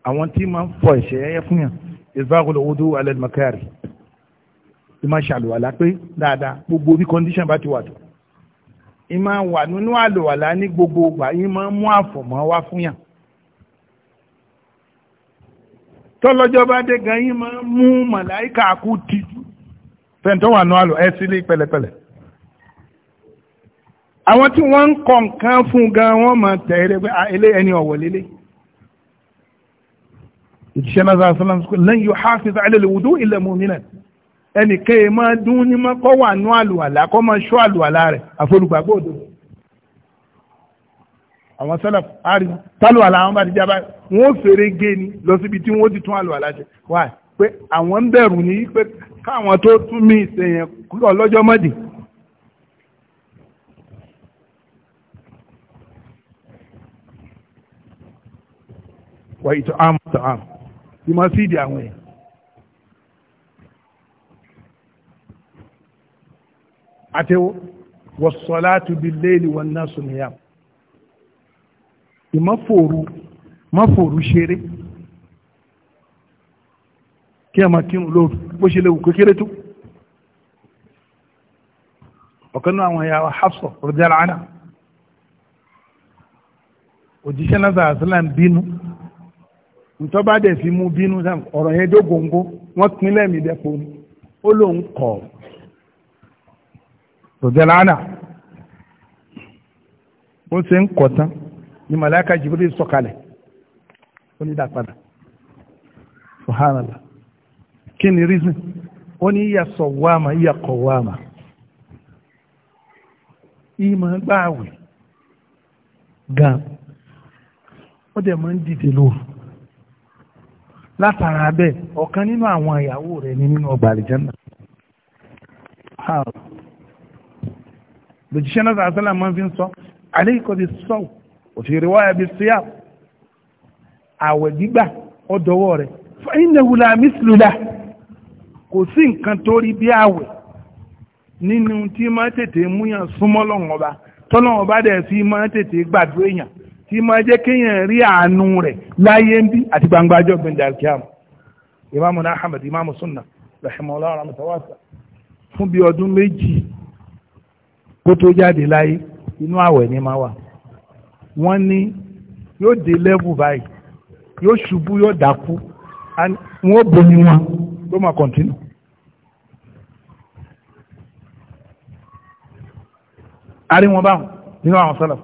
àwọn tí máa ń fọ ẹ̀ṣẹ̀ ẹ̀yẹ fún yàn ìzáàgùlọ̀ odó alẹ́ makari ìmá ṣàlùwàlá pé dáadáa gbogbo bí condition bá ti wà tó ìmá wà nínú àlùwàlá ní gbogbo ìgbà ìmá mú àfọ̀mọ́ wá fún yàn tọ́lọ́jọ́ bá dé gan yín máa mú màláìka kú tìjú fẹ́ntọ́ wà náà lọ ẹ sílé pẹ̀lẹ́pẹ̀lẹ́ àwọn tí wọ́n ń kọ̀ nǹkan fún gan wọ́n máa tẹ̀lé pé ilé ẹni ọ̀wọ̀ lélẹ̀ ìṣiṣẹ́ náà sáà sọ́kọ́ lẹ́yìn yóò hafiz ala alwudu illa mu'minan ẹnì kẹ́ẹ̀ máa dún ní máa kọ́ wà nú àlùwàlà kọ́ máa ṣọ́ àlùwàlà rẹ̀ àforùgbàgbọ́ òdodo àwọn sẹlẹf ari tálù àlà àwọn bá ti jábá wọn fèrè gé ni lọ síbi tí wọn ti tún àlù àlà jẹ wá pé àwọn ń bẹ̀rù ní pé káwọn tó tún mí ìsẹyìn kúrò lọ́jọ́ mọdì. wà ìtọ àmọ ìtọ àmọ ìmọ̀ sí ìdí àwọn èèyàn. àtẹwọ́ wọ́n sọ láti bi léèlì wọn náà sùn nìyàwó. ìmọ̀fòrú mọ̀fòrú ṣeré kí ẹ máa kírun lóru bó ṣe léwu kékeré tó ọ̀kan náà àwọn ẹ̀yà Hafsa radiyallahu anha òjíṣẹ́ náà sàásìlà ń bínú ntọ́ba dẹ̀ fi mú bínú ọ̀rọ̀ yẹn dó góńgó wọ́n mi dẹ́po ni ó lóun kọ̀ radiyallahu anha ó ṣe ń kọ̀ ni malaka Jibril sọ̀kalẹ̀ ó ní dàpadà subhanallah kí ni reason ó ní ìyà sọ̀wáàmà ìyà kọ̀wáàmà ìmọ̀ gbáàwẹ̀ gan ó dẹ̀ máa ń dìde lóru látara bẹ́ẹ̀ ọ̀kan nínú àwọn ìyàwó rẹ̀ ní nínú ọgbà àlìjẹ́nà lòjíṣẹ́ náà sàásálà máa fi ń sọ àlékòdì sọ́ọ̀ وفي رواية بالصيام àwẹ̀gbígbà ọdọwọ́ rẹ̀ fẹ́yìnlẹ̀wùlà mísìlúlà kò sí nǹkan tó rí bí àwẹ̀ nínú tí máa tètè múyàn súnmọ́ lọ́wọ́ba tọ́lọ́wọ́ bá dẹ̀ sí máa tètè gbàdúrà èèyàn tí máa jẹ́ kéèyàn rí àánú rẹ̀ láyé ń bí àti gbangba ajọ́ gbẹ̀ndẹ̀ alkiam imaamu na ahmed imaamu sunna rahimahullah rahmatawasa fún bí ọdún méjì kó tó jáde láyé inú àwẹ̀ ni máa wà wọ́n ní yóò dé lẹ́bù báyìí yóò ṣubú yóò dákú wọ́n bomi wọn ló máa kọ̀ntínú. ari wọn báwọn nínú àwọn sọlọ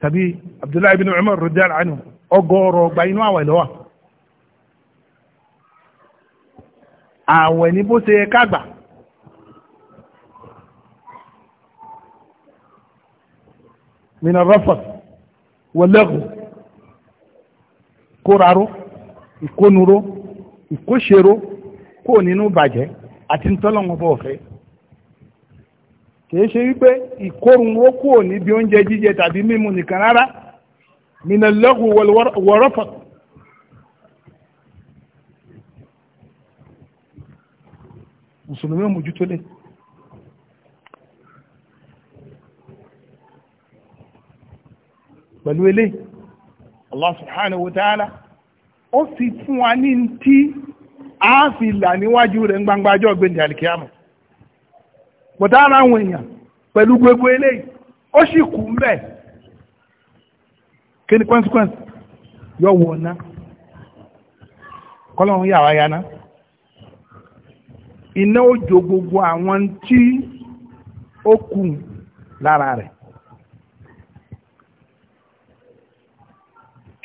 tàbí abdullahi ibn umar radial anhu ọgọ́rọ̀ gba inú àwẹ̀ lọ́wọ́ àwẹ̀ ní bó ṣe yẹ ká gbà. min arrafas wọlẹ́gùn kóraró ìkónuró ìkóṣeró kó nínú bàjẹ́ àti ntọ́lọ́mọbọ ọ̀fẹ́ kìí ṣe wípé ìkórunró kó níbi oúnjẹ jíjẹ tàbí mímu nìkan rárá minna lẹ́gùn wọ̀rọ̀fọ̀. mùsùlùmí ò mójútó pẹ̀lú eléyìí Allah subhanahu wa ta'ala ó fi fún wa ní tí a fi là níwájú rẹ̀ gbangba ọjọ́ gbẹ̀ndẹ̀ àlìkíyàmù pọ̀tá ara èèyàn pẹ̀lú gbogbo eléyìí ó sì kú mẹ́ kí ni yọ wọ̀ ná yaná iná ó gbogbo àwọn tí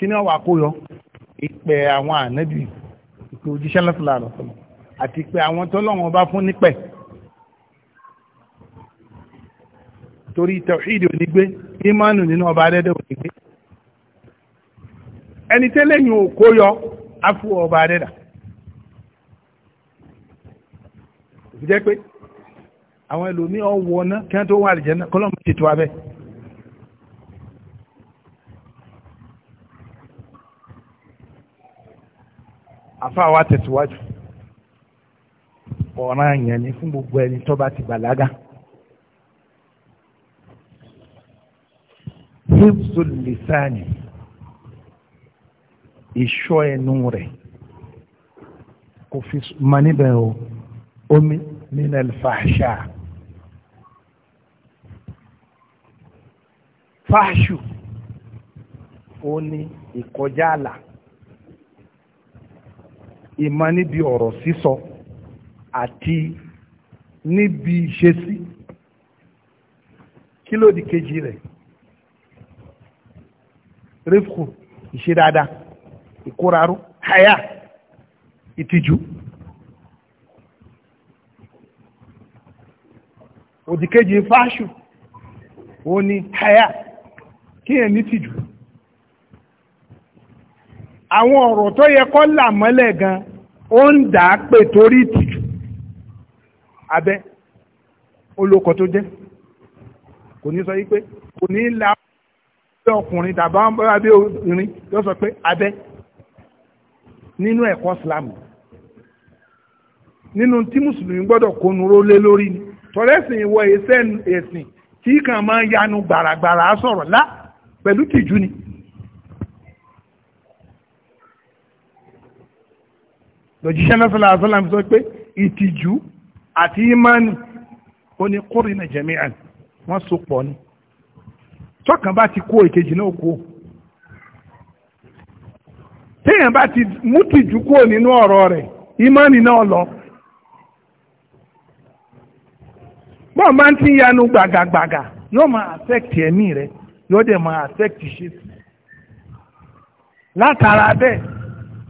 kí ni ọwọ́ àkóyọ ìpè àwọn ànábì ìpè òjíṣẹ́ lọ́sọ̀lá àlọ́sọ̀lá àti ìpè àwọn tọ́lọ́wọ́n bá fún nípẹ̀ torí tẹ̀wíìdì ò ní gbé ìmánu nínú ọba adẹ́dẹ́ ò ní gbé ẹni tẹ́lẹ̀yìn ò kó yọ afú ọba adẹ́dà jẹ́ pé àwọn ẹlòmíọ́ wọ ná kí wọ́n tó wà àlìjẹ́ náà kọ́lọ́mù ti tu abẹ́. àfa wa tẹ̀síwájú ọ̀ràn yẹn ni fún gbogbo ẹni tó bá ti bàlágà. hibsul lisani ìṣọ́ ẹnu rẹ̀ kò fi mọ níbẹ̀ o omi nínú ẹlfàṣà fáṣù ó ní ìkọjá àlà ìmọ̀ níbi ọ̀rọ̀ sísọ àti níbi ìṣesí kí ló di kejì rẹ̀ rifku ìṣe dáadáa ìkóraró haya ìtìjú òdìkejì fáṣù ó ní haya kí èèyàn ní tìjú àwọn ọ̀rọ̀ tó yẹ kọ́ là mọ́lẹ̀ gan ó ń dà á pè torí ìtìjú abẹ́ olóko tó jẹ́ kò ní sọ yí pé kò ní la ọkùnrin tàbá abẹ́ obìnrin yóò sọ pé abẹ́ nínú ẹ̀kọ́ sílámù nínú tí mùsùlùmí gbọ́dọ̀ kónúró lé lórí ni tọ́lẹ́sìn ìwọ ẹ̀sìn tí kàn máa ń yanu gbàràgbàrà sọ̀rọ̀ lá pẹ̀lú tìjú ni. lòjíṣẹ́ mẹ́fẹ́lá àṣọ́làm sọ pé ìtìjú àti ìmánì ó ní kórìnà jẹ̀míàn wọ́n so pọ̀ ni tọ́kàn bá ti kó èkejì náà kó téèyàn bá ti mú tìjú kó nínú ọ̀rọ̀ rẹ̀ ìmánì náà lọ bọ́ọ̀ máa ń ti yanu gbàgàgbàgà yóò máa affect ẹ̀mí rẹ̀ yóò dẹ̀ máa affect ṣe látara bẹ́ẹ̀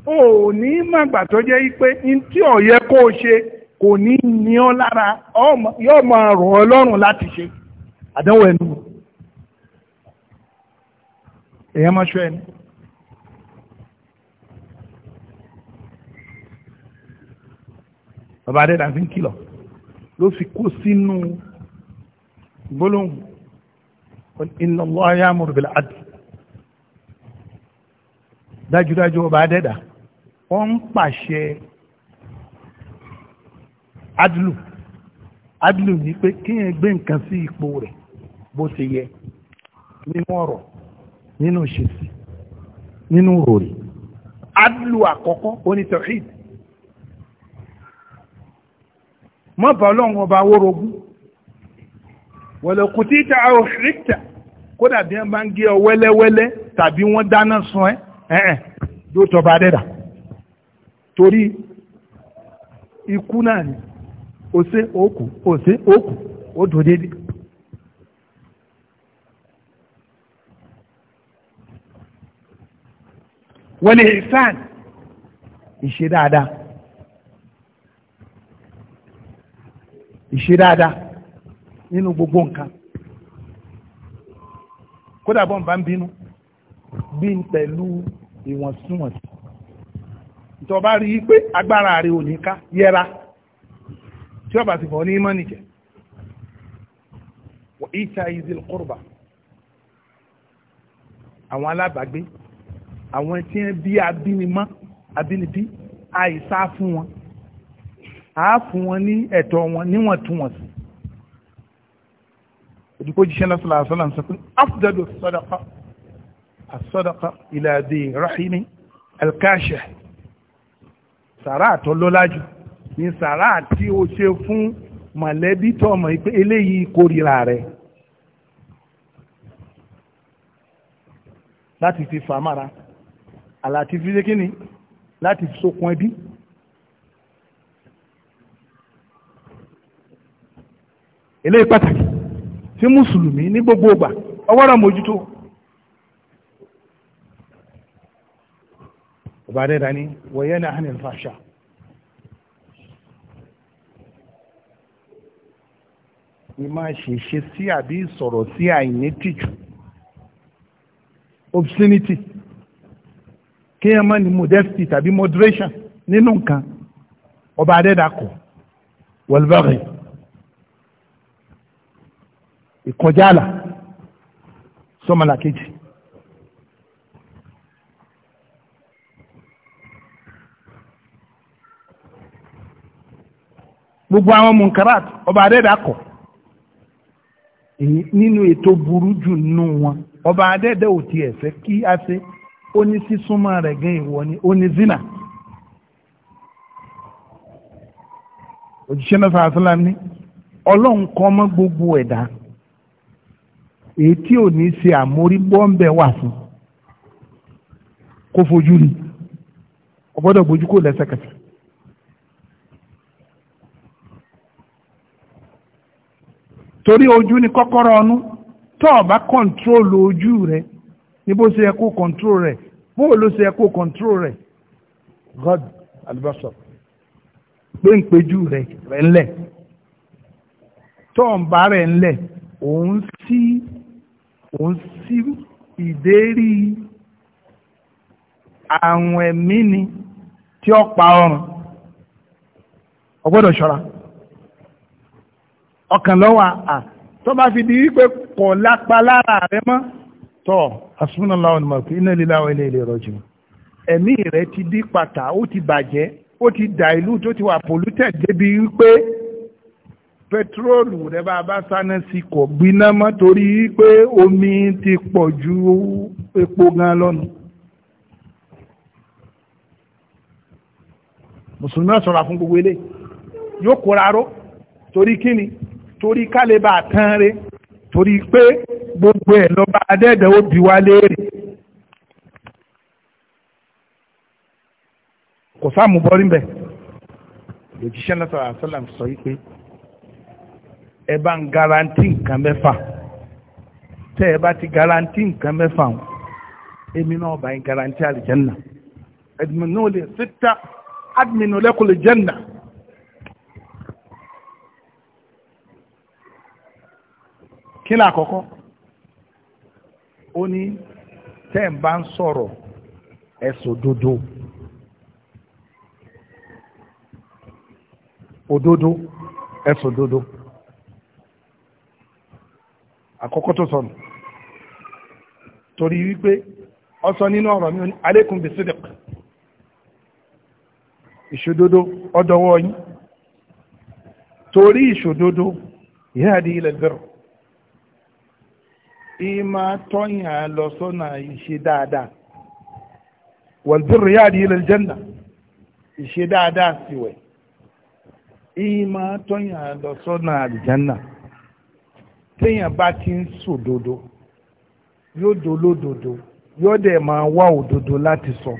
o ò ní màgbà tó jẹ́ pé tí ò yẹ kó o ṣe kò ní ní ọ lára yóò máa rọ̀ ọ́ lọ́rùn láti ṣe àdánwò ẹnu èèyàn máa ṣọ ẹni. bàbá fi ń kìlọ̀ ló fi sínú gbólóhùn wọ́n ń pàṣẹ adlu adlu ni pé kíyàn gbé nǹkan sí ipò rẹ̀ bó ti yẹ nínú ọ̀rọ̀ nínú ìṣesí nínú òrì adlu àkọ́kọ́ oní tawhid mọ́bà ọlọ́run ọba awórogún wọ̀lọ̀kù tí ìta àròṣìríkìtà kódà bí wọ́n bá ń gé ọ wẹ́lẹ́wẹ́lẹ́ tàbí wọ́n dáná sun ẹ́ ẹ̀ẹ́ dótọ́ bá dẹ́dà torí ikú náà ni òsè òkú òsè òkú ó dùn dédé. wal ihsan ìṣe dáadáa ìṣe dáadáa nínú gbogbo nǹkan kódà bọ́n ń bínú bí pẹ̀lú ìwọ̀ntúnwọ̀nsì tó bá rí pé agbára rẹ̀ ò ní ká yẹra tí ó bá ti fọ́ ní mọ́nì jẹ́ wọ ìta ìzil kúrùbà àwọn alábàágbé àwọn tí ń bí abínimọ́ abínibí àìsá fún wọn a fún wọn ní ẹ̀tọ́ wọn níwọ̀ntúnwọ̀nsì òdìkó jíṣẹ́ náà sọ̀rọ̀ àṣọ náà sọ pé afdadu sadaqa asadaqa ila rahimi alkashah sàrà tó ni sàrà tí o ṣe fún mọ̀lẹ́bí tó mọ̀ pé eléyìí kórìíra rẹ̀ láti fi fàmára àlàtí fi ṣe kíni láti sokun ẹbí. eléyìí pàtàkì tí mùsùlùmí ní gbogbo ìgbà ọwọ́rọ̀ mójútó ọba dẹ́dà ní wọ̀nyẹ́ náà hàn fasha. fàṣà ni máa ṣe ṣe sí àbí sọ̀rọ̀ sí àìní tìjú obscenity kéèyàn má ní modesty tàbí moderation nínú nǹkan ọba adẹ́dà kọ̀ wọlbẹ́rẹ̀ ìkọjá àlà sọmọlà gbogbo àwọn munkarat ọba adẹ́dà kọ̀ nínú ètò burú jù nù wọn ọba adẹ́dà ò tiẹ̀ fẹ́ kí a ṣe ó ní sísúnmọ́ rẹ̀ gan ìwọ ni ó ní zina òjíṣẹ́ náà fàásùlá ní ọlọ́run kọ́ mọ́ gbogbo ẹ̀dá èyí tí ò ní ṣe àmórí wà fún kó fojú rí ọgbọ́dọ̀ gbójú kò lẹ́sẹ̀kẹsẹ̀ torí ojú ni kọ́kọ́rọ́ ọnú tó ọba bá ojú rẹ ní bó ṣe yẹ kó kọ́ńtrólù rẹ bó o ló ṣe yẹ kó kọ́ńtrólù rẹ god alibasa pé ń pejú rẹ rẹ ńlẹ̀ tó o bá rẹ ńlẹ̀ òun sí òun sí ìdérí àwọn ẹ̀mí ni tí ọ pa ọrùn ọgbọ́dọ̀ ṣọ́ra. ọkàn lọ́wọ́ à tó bá fi di wípé kò lápá lára rẹ mọ́ tọ́ asúnmọ́láwọ̀ ni mọ̀ pé iná líláwọ̀ ilé ilé rọ̀jù ẹ̀mí rẹ ti di pàtà ó ti bàjẹ́ ó ti dà ìlú tó ti wà polluted débi wípé pẹtrólù rẹ bá bá sáná sí kò gbiná mọ́ torí wípé omi ti pọ̀ ju epo gan lọ́nu. mùsùlùmí ọ̀sọ̀rọ̀ fún gbogbo ilé yóò kóra ró torí kíni torí kálíbà tán rẹ torí pé gbogbo ẹ̀ lọ́ba adẹ́dẹ̀ ó bi wá léèrè. kò sáàmù bọ́rí mbẹ́ lójíṣẹ́ náà sọ̀rọ̀ àṣọlàm sọ yìí pé ẹ bá ń garanti nǹkan mẹ́fà tẹ́ ẹ bá ti garanti nǹkan mẹ́fà o èmi náà bá yín garanti àlìjẹ́nà ẹ̀dùnmí náà lè ṣe ta adùnmí lẹ́kọ̀ọ́ lè jẹ́nà. kí là kọ́kọ́ ó ní tẹ́ ń bá ń sọ̀rọ̀ ẹ sọ òdodo òdodo ẹ sọ òdodo àkọ́kọ́ tó sọnù torí wípé ó sọ nínú ọ̀rọ̀ mi ó ní alaykum bisidq ìṣòdodo ọdọwọ́ yín torí ìṣòdodo yahdi ila albir ihe maa toyin alọsọ na ise daadaa wọnturu ya ri iri jenda ise daadaa si wee ihe maa toyin alọsọ na iri ba ki n so dodo yodo lo dodo yode maa wa udo lati so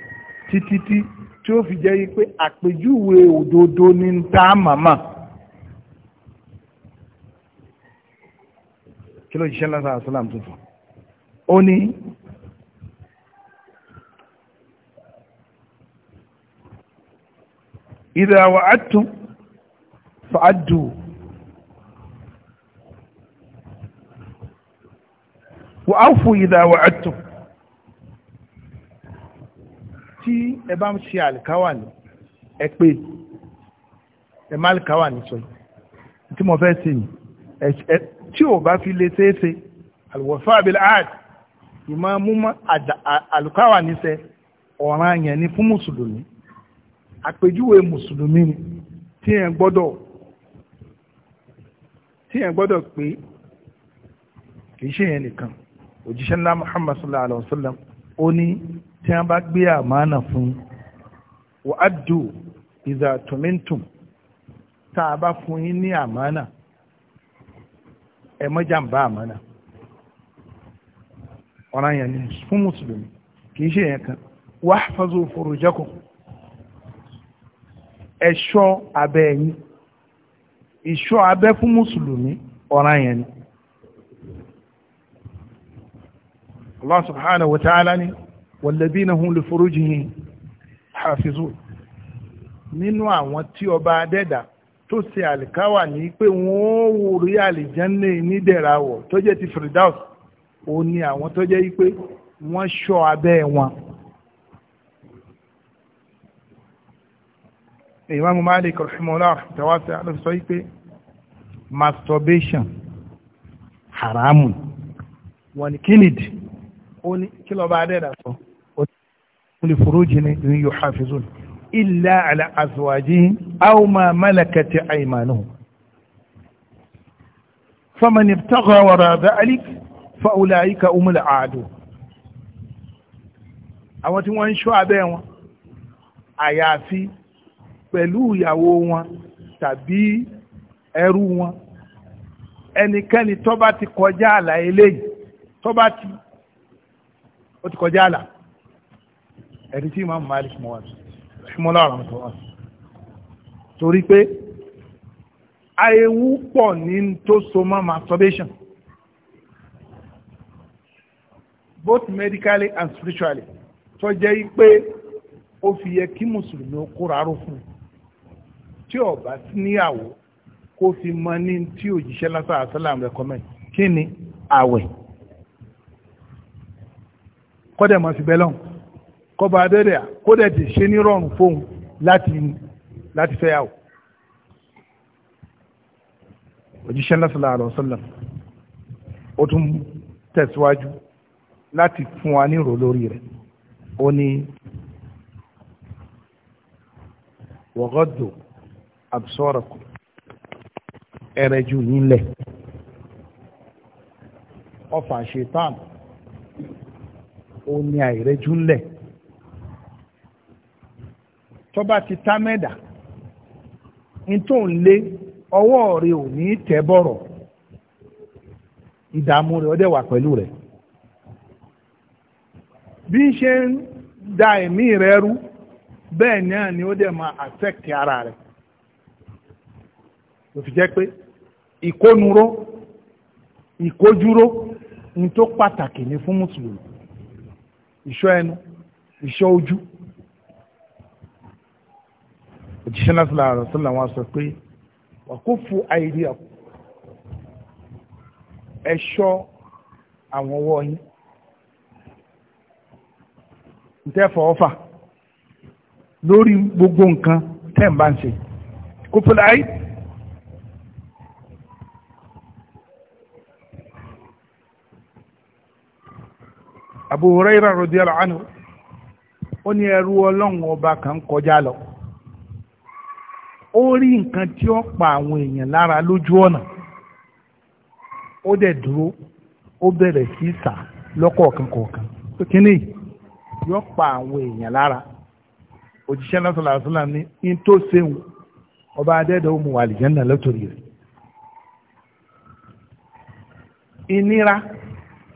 tititi ti o fi jeri pe a pe yuwe udo ni n taa maa kí ló jíṣẹ́ lásán àṣálàm tuntun ó ní idha wa'adtum fa'addu wa'afu idha wa'adtum tí ẹ bá ń ṣe àlìkáwàní ẹ pé ẹ má àlìkáwàní sọ tí mo fẹ́ sí ẹ tí ò bá fi lè ṣeéṣe alùwọ̀fà abil ad ìmọ̀ múmọ́ àlùkáwà níṣẹ́ ọ̀ràn yẹn ni fún mùsùlùmí àpèjúwe mùsùlùmí ni tí yẹn gbọ́dọ̀ tí yẹn gbọ́dọ̀ pé kì ṣe yẹn nìkan òjíṣẹ́ ńlá muhammad sallallahu alayhi wa sallam ó ní tí wọ́n bá gbé àmánà fún wa'addu iza tumintum tá a bá fún yín ní àmánà ẹ mọ́jàmbá àmánà ọ̀ràn yẹn ni fún mùsùlùmí kì í ṣe yẹn kan wahfazu furujakum ẹ̀ṣọ́ abẹ́ ẹ̀yìn ìṣọ́ abẹ́ fún mùsùlùmí ọ̀ràn yẹn ni. Allah subhanahu wa ta'ala ni walladhina hum li furujihim hafizun nínú àwọn tí ọba adẹ́dà tó ṣe àlìkáwà ní pé wọ́n wò rí àlìjánná nídẹ̀ra wọ̀ tó jẹ́ ti firdaus òun ni àwọn tó jẹ́ pé wọ́n ṣọ́ abẹ́ wọn. Imam Malik rahimahullah tawasa ló sọ pé masturbation haramu wọ́n ni kí nìdí ó ní kí lọ́ba adẹ́dà ó ní furuji ni yóò hafizun illa ala azwajihim aw ma malakat aymanuhum faman ibtagha wara dhalik fa ulaika humul aadun àwọn tí wọ́n ń ṣọ́ abẹ́ wọn àyàfi pẹ̀lú ìyàwó wọn tàbí ẹrú wọn ẹnikẹ́ni tó bá ti kọjá àlà eléyìí tó bá ti ó ti kọjá àlà ẹ̀rí Imam Malik mọ́ rahimahullah rahimahullah torí pé àìwú pọ̀ ní tó so mọ́ masturbation both medically and spiritually tó jẹ́ pé ó fi yẹ kí mùsùlùmí ó kóra ró fún un tí ó bá sí níyàwó kó fi mọ ní tí òjíṣẹ́ lásán àṣálàm recommend kí ni àwẹ̀ kọ́dẹ̀ mọ̀ sí bẹ́lọ́n kọba adẹ́rẹ́ kó dẹ̀ ti ṣe ní rọrùn fóun láti láti fẹ́ yàwó òjíṣẹ́ náà sallallahu alaihi wasallam ó tún tẹ̀síwájú láti fún wa ní ìrò lórí rẹ̀ ó ní wọ́gọ́dù absọ́rọ̀kù ẹrẹ́jú nílẹ̀ ọfà ṣetán ó ní àìrẹ́jú nílẹ̀ tó bá ti tá mẹ́dà tó ń lé ọwọ́ rẹ ò ní tẹ́ bọ̀rọ̀ ìdààmú rẹ ọdẹ wà pẹ̀lú rẹ bí ń ṣe ń da ẹ̀mí rẹ rú bẹ́ẹ̀ náà ni ó dẹ̀ máa affect ara rẹ ló fi jẹ́ pé ìkónúró ìkójúró ní tó pàtàkì ní fún mùsùlùmí ìṣọ́ ẹnu ìṣọ́ ojú òjíṣẹ́ náà sílá àrọ̀ sílá wọn sọ pé wà kó fu àìrí ẹ̀ṣọ́ àwọn ọwọ́ yín lórí gbogbo nǹkan tẹ́ ń bá ń ṣe kó Abu Hurairah ó ní ẹrú ọlọ́run ọba kan kọjá lọ. ó rí nǹkan tí ó pa àwọn èèyàn lára lójú ọ̀nà ó dẹ̀ dúró ó bẹ̀rẹ̀ sí sà lọ́kọ̀ọ̀kan kọ̀ọ̀kan kíní yóò pa àwọn èèyàn lára òjíṣẹ́ lọ́sọ̀lá àṣọlá ní ní tó ṣeun ọba adẹ́dọ̀ ó mú àlìjẹ́nà rẹ̀ ìnira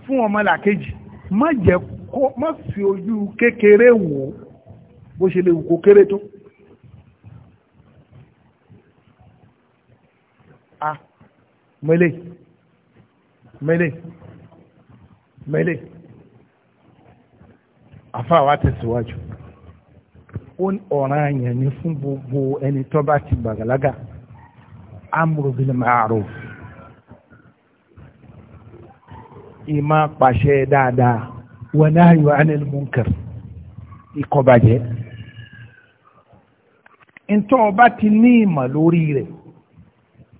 fún ọmọlàkejì má jẹ́ kó má fi ojú kékeré wò bó ṣe lè wù kó kéré tó. a mẹ́lẹ̀ mẹ́lẹ̀ mẹ́lẹ̀ àfa wa tẹ̀síwájú ọ̀ràn àyàn ni fún gbogbo ẹni tó bá ti gbàgàlágà amru bil ma'ruf ìmá pàṣẹ dáadáa wa nahyu anil munkar ìkọ̀bàjẹ́ ntọ́ ọba ti ní ìmọ̀ lórí rẹ̀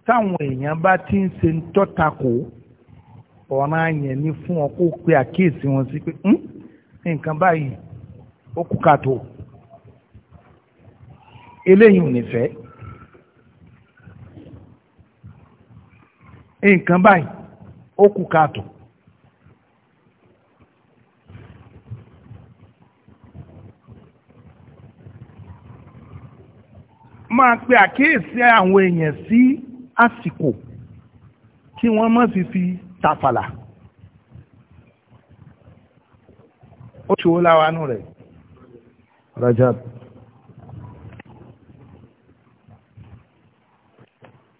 táwọn èèyàn bá ti ń ṣe tọ́takò ọ̀ràn àyàn ni fún ọ kó pe àkíyèsí wọn sí pé hmm, nǹkan báyìí ó kú kàtó eléyìí ò ní fẹ́ nǹkan báyìí ó kú kàtó. máa pe àkíyèsí àwọn èèyàn sí. Si, àsìkò kí wọ́n má fi fi tàfàlà ó ṣòwò láwanú rẹ̀ Rajab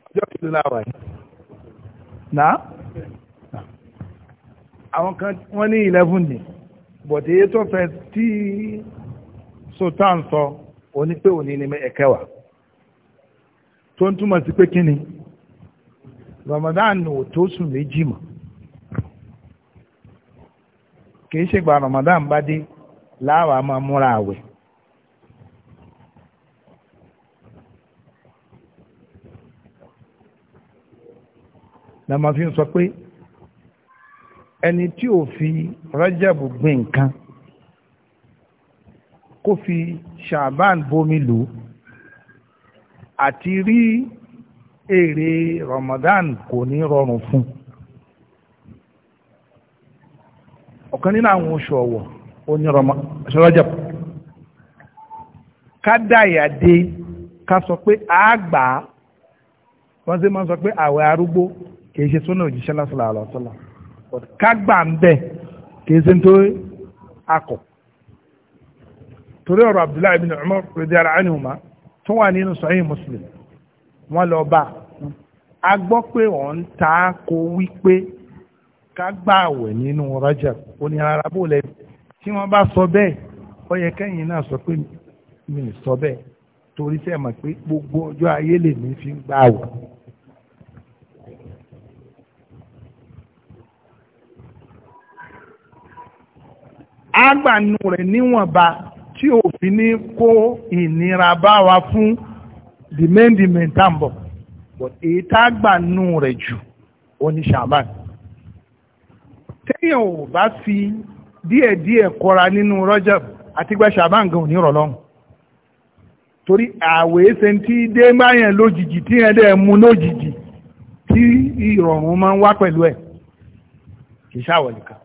ọjọ́ kìí láwà yìí náà àwọn kan wọ́n ní 11 ní bọ̀dé tó fẹ́ tí sultan sọ oní òní ni ẹ̀kẹwàá tó ń túmọ̀ sí pé kí ni Ramadan ò tó sùn méjì mọ́ kìí ṣègbà Ramadan bá dé láwàá máa múra àwẹ̀. la ma fi sọ pé ẹni tí ò fi rájàbù gbin nǹkan kó fi ṣàbán bomi lò àti rí èrè Ramadan kò ní rọrùn fún ọ̀kan nínú àwọn oṣù ọ̀wọ̀ ó ní Rajab ká ká sọ pé àgbà wọ́n sì máa sọ pé àwẹ̀ arúgbó kìí ṣe súnà òjíṣẹ́ lásìlá àlọ́sọ́lá ká ń bẹ̀ kìí ṣe tó akọ̀ torí ọ̀rọ̀ Abdullahi bin Umar tó wà nínú Muslim wọ́n lọ bá a gbọ́ pé òun ta ko wípé ká gbààwẹ̀ nínú Rajab ó ní ara bó lẹ tí wọ́n bá sọ bẹ́ẹ̀ ó yẹ kẹ́yìn náà sọ pé mi ì sọ bẹ́ẹ̀ torí sẹ́ẹ̀ mọ̀ pé gbogbo ọjọ́ ayé lèmi fi ń gbààwẹ̀. agbanu rẹ̀ níwọ̀nba tí òfin ní kó ìnira bá wa fún the main the main tá n but èyí tá a gbà nù rẹ̀ jù ó ní ṣàbàn. téèyàn ò bá fi díẹ̀díẹ̀ kọra nínú Rajab àti gba ṣàbàn gan òní rọ̀lọ́run torí àwẹ̀ ṣe ti dé báyẹn lójijì tí yẹn dẹ̀ mú lójijì tí ìrọ̀rùn máa ń wá pẹ̀lú ẹ̀ kì í ṣàwọ̀ nìkan.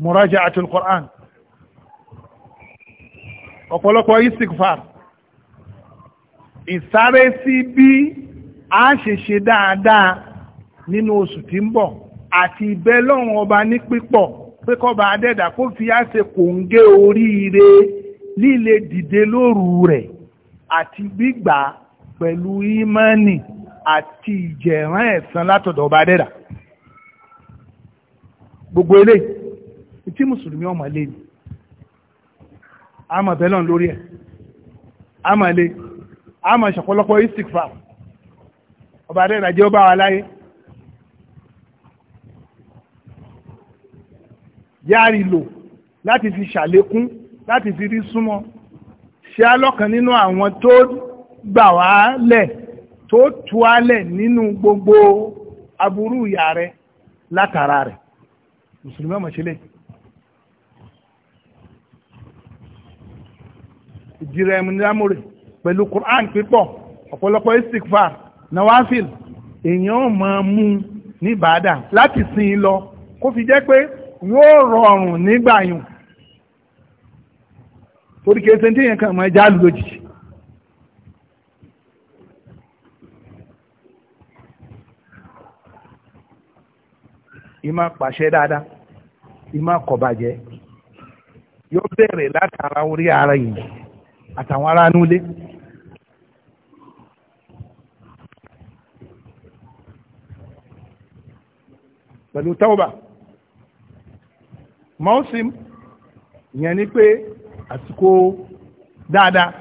muraja'atul Qur'an ọ̀pọ̀lọpọ̀ istighfar ìsáré sí bí a ṣe ṣe dáadáa nínú oṣù tí ń bọ̀ àti ìbẹ́ lọ́rùn ọba ní pípọ̀ pé adẹ́dà kó fi á ṣe kòǹgé oríire líle dìde lóru rẹ̀ àti gbígbà pẹ̀lú ímánì àti ìjẹ̀rán ẹ̀san látọ̀dọ̀ ọba adẹ́dà gbogbo ilé tí mùsùlùmí ọmọ lé ni a mọ̀ bẹ́lọ̀ lórí ẹ̀ a mọ̀ lé ama máa ṣọ̀pọ̀lọpọ̀ istikfa ọba adé ìrìnàjò bá wa láyé yáàrí lò láti fi ṣàlékún láti fi rí súnmọ́ ṣe alọ́kan nínú àwọn tó gbà wá lẹ̀ tó tú á lẹ̀ nínú gbogbo aburú ìyá rẹ̀ látara rẹ̀ mùsùlùmí ọmọ ìdíra ẹmu pẹ̀lú Quran pípọ̀ ọ̀pọ̀lọpọ̀ istikfar nawafil èèyàn ò máa mú ní ìbàdàn láti sin in lọ kó fi jẹ́ pé yóò rọrùn nígbà yùn torí kìí ṣe tí yẹn kàn máa já lójijì. ìmá pàṣẹ dáadáa ìmá kọ̀bàjẹ́ yóò bẹ̀rẹ̀ látara orí ara yìí àtàwọn ará núlé. pẹ̀lú tọ́wọ́bà mọ́ọ́sìm yẹn ni pé àsìkò dáadáa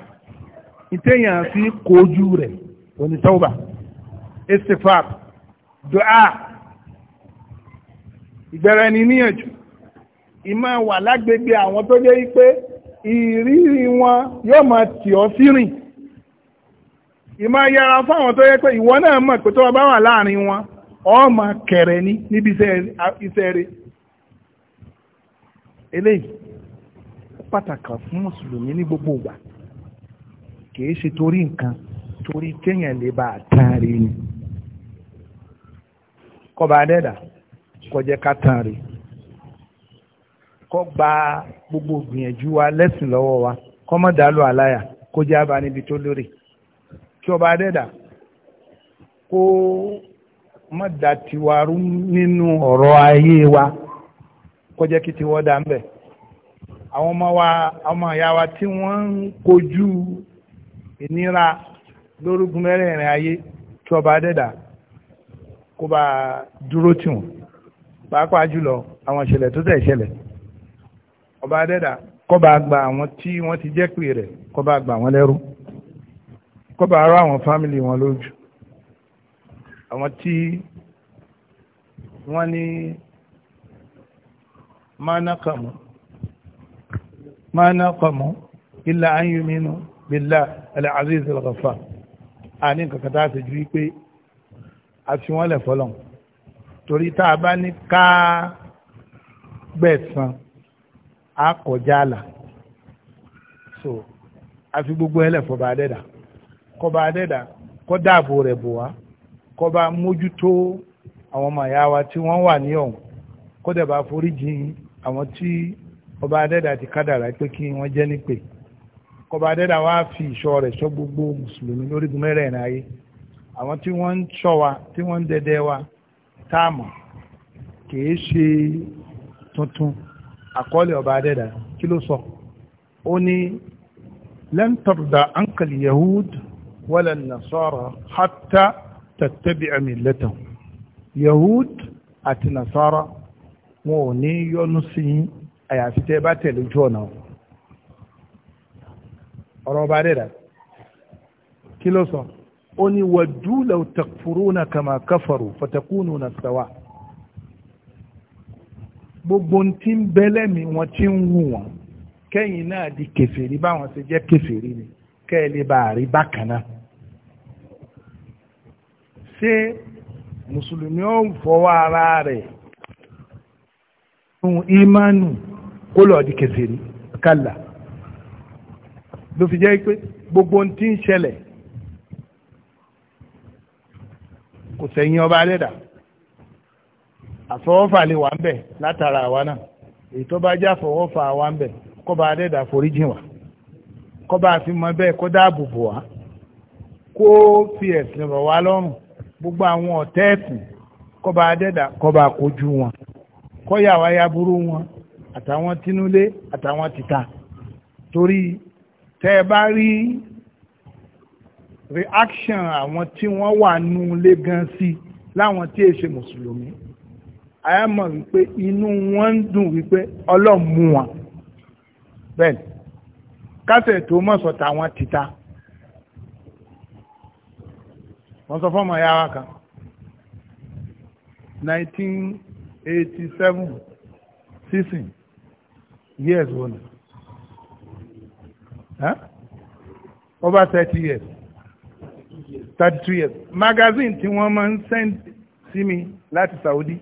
ìtẹ̀yàn fi kojú rẹ̀ òní tọ́wọ́bà istifar dua ìgbẹ̀rẹ̀ ni níyànjú ìmọ̀ wà lágbègbè àwọn tó jẹ́ pé ìrírí wọn yóò máa tì ọ́ sírìn ìmọ̀ yára fáwọn tó yẹ pé ìwọ náà mọ̀ pé tó bá wà láàrin wọn ọmọ kẹrẹ ní níbi iṣẹ́ rẹ̀ eléyìí pàtàkì fún mùsùlùmí ní gbogbo ìgbà kìí ṣe torí nǹkan torí kéèyàn lè bá a tán rí ni kọba adẹ́dà kọjẹ́ ká tán rí kọ́ gba gbogbo gbìyànjú wa lẹ́sìn lọ́wọ́ wa kọ́mọ́dálù àláyà kó jẹ́ níbi tó lórí kí ọba adẹ́dà kó. Ko má da tiwa rú nínú ọ̀rọ̀ ayé wa kó jẹ́ kí tiwọ́ dá ń bẹ̀ àwọn ọmọ wa ọmọ ìyá wa tí wọ́n ń kojú ìnira lórúkún mẹ́rẹ̀ẹ̀rin ayé tí ọba dẹ́dà kó bá dúró tì wọ́n pàápàá jùlọ àwọn ìṣẹ̀lẹ̀ tó tẹ̀ ṣẹlẹ̀ ọba dẹ́dà kó bá gba àwọn tí wọ́n ti jẹ́ pè rẹ̀ kó bá gba àwọn lẹ́rú kó bá rọ àwọn fámìlì wọn lójú àwọn tí wọ́n ní mánàkàmù mánàkàmù illa an yuminu billah al-aziz al-ghaffar àní kankan tá a ṣe ju wípé a fi wọ́n lẹ̀ fọlọ́n torí tá a bá ní ká gbẹ̀sán a kọjá àlà so a fi gbogbo ẹlẹ́fọ̀ọ́ bá dẹ́dà kọ́ bá dẹ́dà kọ́ dáàbò rẹ̀ bò kó bá mójútó àwọn ọmọ ìyá wa tí wọ́n wà ní ọ̀hún kó bá foríjì àwọn tí ọba adẹ́dà ti kádàrá pé kí wọ́n jẹ́ nípè kó adẹ́dà wá fi ìṣọ́ rẹ̀ ṣọ́ gbogbo mùsùlùmí lórígun mẹ́rẹ̀ẹ̀rin ayé àwọn tí wọ́n ń ṣọ́ wa tí wọ́n ń dẹdẹ wa táàmù kìí ṣe tuntun àkọọ́lẹ̀ ọba adẹ́dà kí ló sọ ó ní lẹ́ńtọ̀rọ̀dà ankal yahud wala nasara hatta tattabi'a millatahum yahud àti nasara wọn ò ní yọ́nú sí yín àyàfi tẹ́ bá tẹ̀lé ojú ọ̀nà ọ̀rọ̀ ọba dẹ́dà kí ló sọ ó ní wàdú law takfuruna kama kafaru fatakununa sawa gbogbo tí ń bẹ́lẹ́mì wọn tí ń wù wọn kẹ́yìn náà di kèfèrí báwọn ṣe jẹ́ kèfèrí ni kẹ́ lè bá a rí bákan náà ṣé mùsùlùmí ó ń fọwọ́ ara rẹ̀ fún ìmánu kó lọ́ọ́ di kèfèrí kálá ló fi jẹ́ pé gbogbo ohun tí ń ṣẹlẹ̀ kò sẹ́yìn ọba alẹ́dà àfọwọ́fà lè wà ń bẹ̀ látara àwa èyí tó bá jẹ́ àfọwọ́fà àwa ń bẹ̀ kọ́ba alẹ́dà foríjìn wá kọ́ba àfimọ́ bẹ́ẹ̀ kó dáàbò bò wá kó fi ẹ̀sìn rọ̀ wá lọ́rùn gbogbo àwọn ọ̀tẹ́ ẹ̀sìn kọba adẹ́dà kọba kojú wọn kọ́yàwá yaburú wọn àtàwọn tinúlé àtàwọn tìta torí tẹ́ ẹ bá rí reaction àwọn tí wọ́n wà nù lé gan sí láwọn tí èsè mùsùlùmí àyà mọ̀ wípé inú wọn ń dùn wípé ọlọ́mú wọn bẹ́ẹ̀ kásẹ̀ tó mọ̀ sọ tàwọn tìta. wọ́n sọ fọ́mọ ya kan 1987 season years wọn over 30 years 32 years magazine tí wọ́n máa ń send sí mi láti Saudi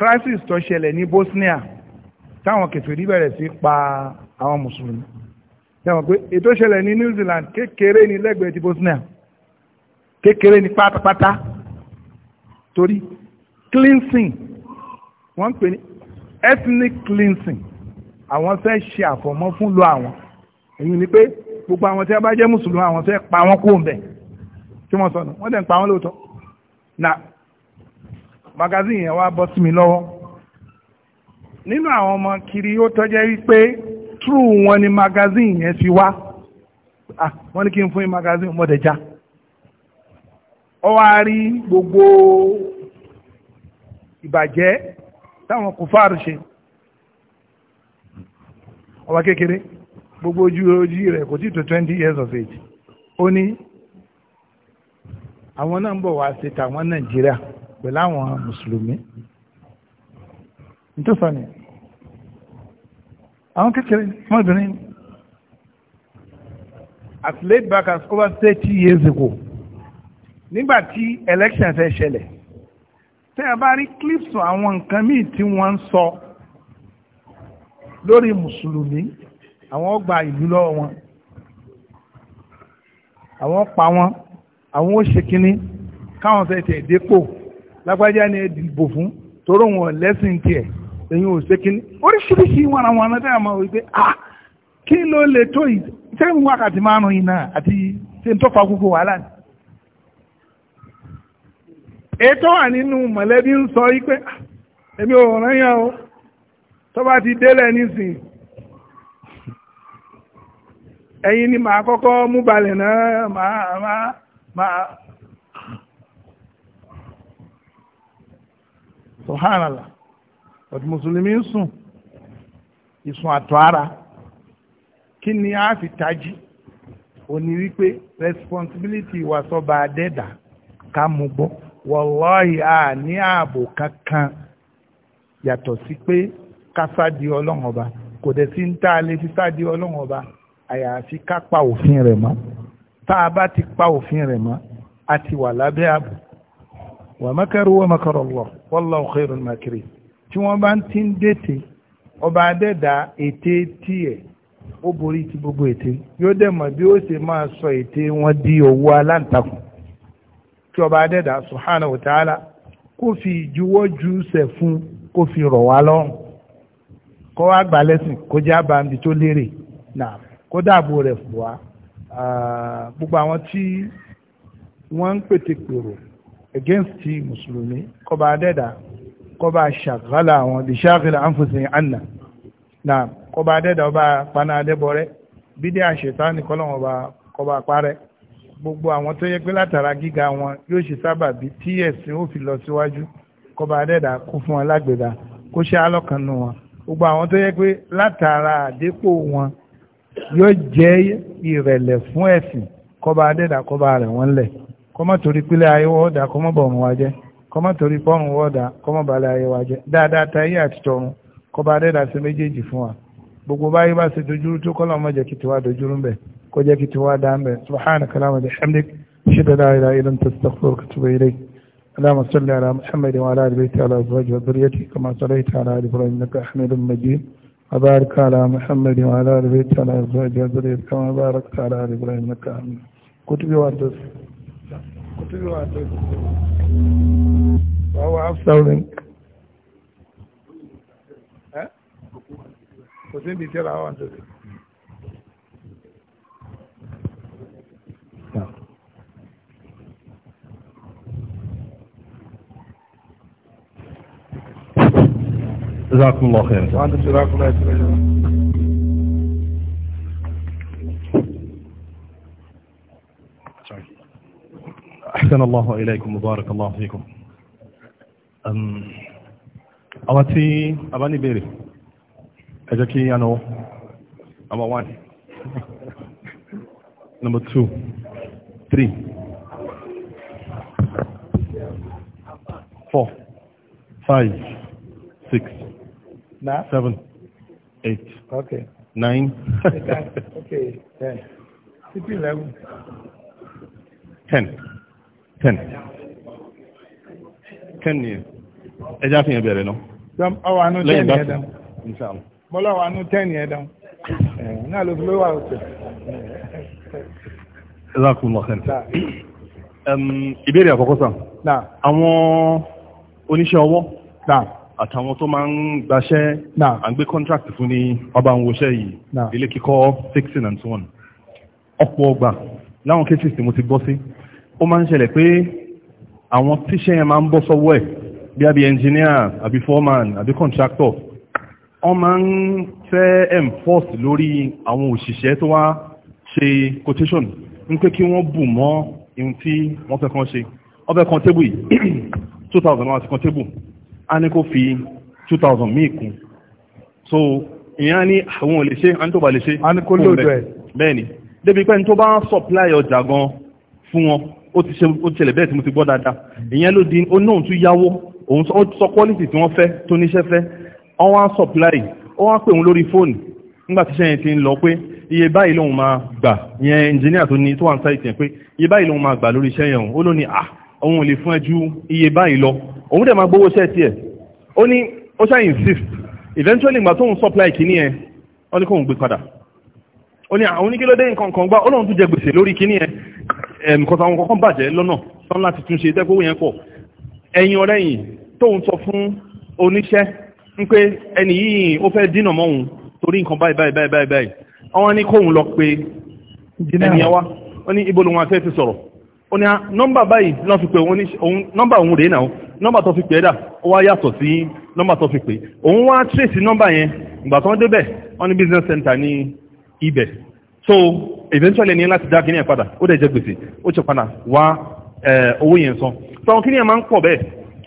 crisis tó ṣẹlẹ̀ ní Bosnia táwọn kèfèrí bẹ̀rẹ̀ sí pa àwọn mùsùlùmí. Ṣé wọn pé ètò ṣẹlẹ̀ ní New Zealand kékeré ní lẹ́gbẹ̀ẹ́ ti Bosnia kékeré ní pátápátá torí cleansing wọ́n ń pè ní ethnic cleansing àwọn fẹ́ ṣe àfọ̀mọ́ fún lọ àwọn èyí ni pé gbogbo àwọn tí a bá jẹ́ mùsùlùmí àwọn fẹ́ pa wọ́n kúrò ńbẹ̀ tí wọ́n sọnù wọ́n dẹ̀ ń pa wọ́n lóòótọ́ na magazine yẹn wá bọ́ sí mi lọ́wọ́ nínú àwọn ọmọ kiri ó tọ́jẹ́ wípé true wọn ni magazine yẹn fi wá ah wọ́n ní kí n fún yín magazine mọ́tẹ́já. Ja ó wá rí gbogbo ìbàjẹ́ táwọn kùfáàrù ṣe ọba kékeré gbogbo ojú ojú rẹ̀ kò tí tó twenty years of age ó ní àwọn náà ń bọ̀ wá ṣe tàwọn nàìjíríà pẹ̀lú àwọn mùsùlùmí nítòsọ ni àwọn kékeré ọmọbìnrin as late back as over 30 years ago nígbà election fẹ́ ṣẹlẹ̀ tẹ́ ẹ bá rí clips àwọn nǹkan míì tí wọ́n ń sọ lórí mùsùlùmí àwọn ọgbà ìlú lọ́wọ́ wọn àwọn pa wọn àwọn ó ṣe kínní káwọn fẹ́ tẹ̀ dépò lágbájá ni ẹ dìbò fún toró wọn lẹ́sìn tiẹ̀ èyí ò ṣe kínní oríṣiríṣi wọn àwọn ọmọdé àmọ́ wípé ah kí ló lè tó yìí sẹ́yìn wákàtí márùn-ún yìí náà àti ṣe ń tọ́pa gbogbo wàhálà ni. ètò wà nínú mọ̀lẹ́bí ń sọ wípé ah, èmi ò rán yàn o tó bá ti délẹ̀ nísìn ẹ̀yin ni màá kọ́kọ́ mú balẹ̀ náà mùsùlùmí ń sùn ìsùn ara kí ni a fi tají òní wípé responsibility wàláhì a ní ààbò kankan yàtọ̀ sí pé kásádi ọlọ́run ọba kò dẹ̀ sí ń tá a lè fi sádi ọlọ́run ọba àyàfi ká pa òfin rẹ̀ mọ́ tá a bá ti pa òfin rẹ̀ mọ́ a ti wà lábẹ́ ààbò wa makaru wa makara Allah wallahu khairul makirin tí wọ́n bá ń ti ń dètè ọba adẹ́dà ète tiẹ̀ ó borí ti gbogbo ète yóò dẹ̀ mọ̀ bí ó ṣe máa sọ ète wọn di owó aláǹtakùn kí ọba adẹ́dà subhanahu wa ta'ala kó fi ìjuwọ́ ju sẹ̀ fún kó fi rọ̀ wá lọ́rùn kó wá gbà lẹ́sìn kó jẹ́ àbámbi tó lérè náà kó dáàbò rẹ̀ fún wa ah, gbogbo àwọn tí wọ́n ń pètèpèrò against ti mùsùlùmí kọba adẹ́dà kọba ṣàgálà àwọn bí ṣàgálà àǹfọ̀sìn àná náà kọba adẹ́dà ọba paná adẹ́bọrẹ́ bídí kọba parẹ́ gbogbo àwọn tó yẹ pé látara gíga wọn yóò ṣe sábàbí tí ẹ̀sìn ó fi lọ síwájú kọba adẹ́dà kó fún wọn lágbèdà kó ṣe alọ́kànnù wọn gbogbo àwọn tó yẹ pé látara àdépò wọn yóò jẹ́ ìrẹ̀lẹ̀ fún ẹ̀sìn kọba adẹ́dà kọba rẹ̀ wọ́n lẹ̀ kọ́mọ́ torí pílẹ̀ ayé wọ́ọ̀dà kọ́mọ́ bọ̀rùn wa jẹ́ kọ́mọ́ torí pọ́rùn wọ́ọ̀dà kọ́mọ́ balẹ̀ ayé wa jẹ́ dáadáa tayé àti tọ̀run kọba adẹ́dà ṣe méjèèjì fún wa gbogbo báyé bá ṣe dojúrú tó kọ́lọ́ mọ́jẹ́ kí tiwa dojúrú ń bẹ̀ kó jẹ́ kí tiwa dá mẹ́ subhanaka allahumma wa bihamdik shida la ilaha illa anta astaghfiruka wa atubu ilayk اللهم صل على محمد وعلى ال بيته وعلى ازواجه وذريته كما صليت على ال ابراهيم انك حميد مجيد وبارك على محمد وعلى ال بيته وعلى ازواجه وذريته كما باركت على ال ابراهيم انك حميد كتب وارث كتب وارث وهو عفو منك ها كتب ترى وارث جزاكم الله خير أحسن الله إليكم مبارك الله فيكم أواتي أباني بيري أجاكي أنو أبا واني نمبر تو تري فور فايف سكس Nah? Seven. Eight. Okay. Nine. [laughs] okay. Ten. Fifteen, eleven. Ten. Ten. Ten ni ẹja fi hàn bẹ̀rẹ̀ náà. Dọ́m ọwọ́ àánú ten yẹn dán. Bọ́lá ọwọ́ àánú ten yẹn dán. Náà ló fi lówà òkè. Ẹ dákun lọ sẹ́ni. Ìbéèrè àkọ́kọ́ sàn. Àwọn oníṣẹ́ ọwọ́ àtàwọn tó máa ń gbaṣẹ́ à ń gbé contract fún ní ọba ń woṣẹ́ yìí ilé kíkọ́ fixing and so on ọ̀pọ̀ ọgbà láwọn cases tí mo ti gbọ́ sí ó máa ń ṣẹlẹ̀ pé àwọn tíṣẹ́ yẹn máa ń bọ́ sọ́wọ́ ẹ̀ bí àbí engineer abi foreman abi contractor wọ́n máa ń fẹ́ enforce lórí àwọn òṣìṣẹ́ tó wá ṣe quotation ń pé kí wọ́n bù mọ́ ohun tí wọ́n fẹ́ kàn ṣe wọ́n fẹ́ table yìí [clears throat] two thousand one àti kàn table a ní kó fi 2000 míì kún so ìyá ní àwọn olè ṣe a ní tó bá lè ṣe a ní kó lóòjọ́ ẹ̀ bẹ́ẹ̀ni débi pé tó bá supply ọjà gan fún wọn ó ti ṣẹlẹ̀ bẹ́ẹ̀ tí mo ti gbọ́ dáadáa ìyẹn ló di ó náà tún yáwó òun sọ quality tí wọ́n fẹ́ tó níṣẹ́ fẹ́ wọ́n wá supply ó wá pè wọ́n lórí fóònù nígbà tí sẹ́yìn ti ń lọ pé iye báyìí lòun máa gbà ìyẹn engineer tó ní tó wà ń sáyẹ̀ tiẹ̀ pé iye báyìí lòun máa gbà lórí iṣẹ́ òun ó ló ah òun ò lè fún ẹ ju iye báyìí lọ òun dẹ̀ máa gbowó iṣẹ́ tiẹ̀ ó ní ó ṣáà insist eventually ìgbà tóun supply kìíní ẹ wọ́n ní kóun gbé padà ó ní àwọn oníkílódé nǹkan kan gbá ọlọ́run tún jẹ gbèsè lórí kìíní ẹ nǹkan táwọn kọ̀ọ̀kan bàjẹ́ lọ́nà tán láti túnṣe tẹ́kọ̀ọ́ yẹn pọ̀ ẹ̀yìn ọ̀rẹ́yìn tóun sọ fún oníṣẹ́ ń pé ẹni yìí ó fẹ́ dínà mọ́ òun torí nǹkan báyìí báyìí báyìí báyìí báyìí ó ní ah, nọ́mbà báyìí náà fi pè òun nọ́mbà òun rèé náà nọ́mbà tó fi pè dà ó wá yàtọ̀ sí nọ́mbà tó fi pè òun wá trace nọ́mbà yẹn ìgbà tó ń débẹ̀ wọ́n ní business center ní ibẹ̀ so eventually ní láti dá kíní ẹ̀ padà ó dẹ̀ jẹ́ gbèsè ó ti padà wá owó yẹn san so àwọn kíní ẹ̀ máa ń pọ̀ bẹ́ẹ̀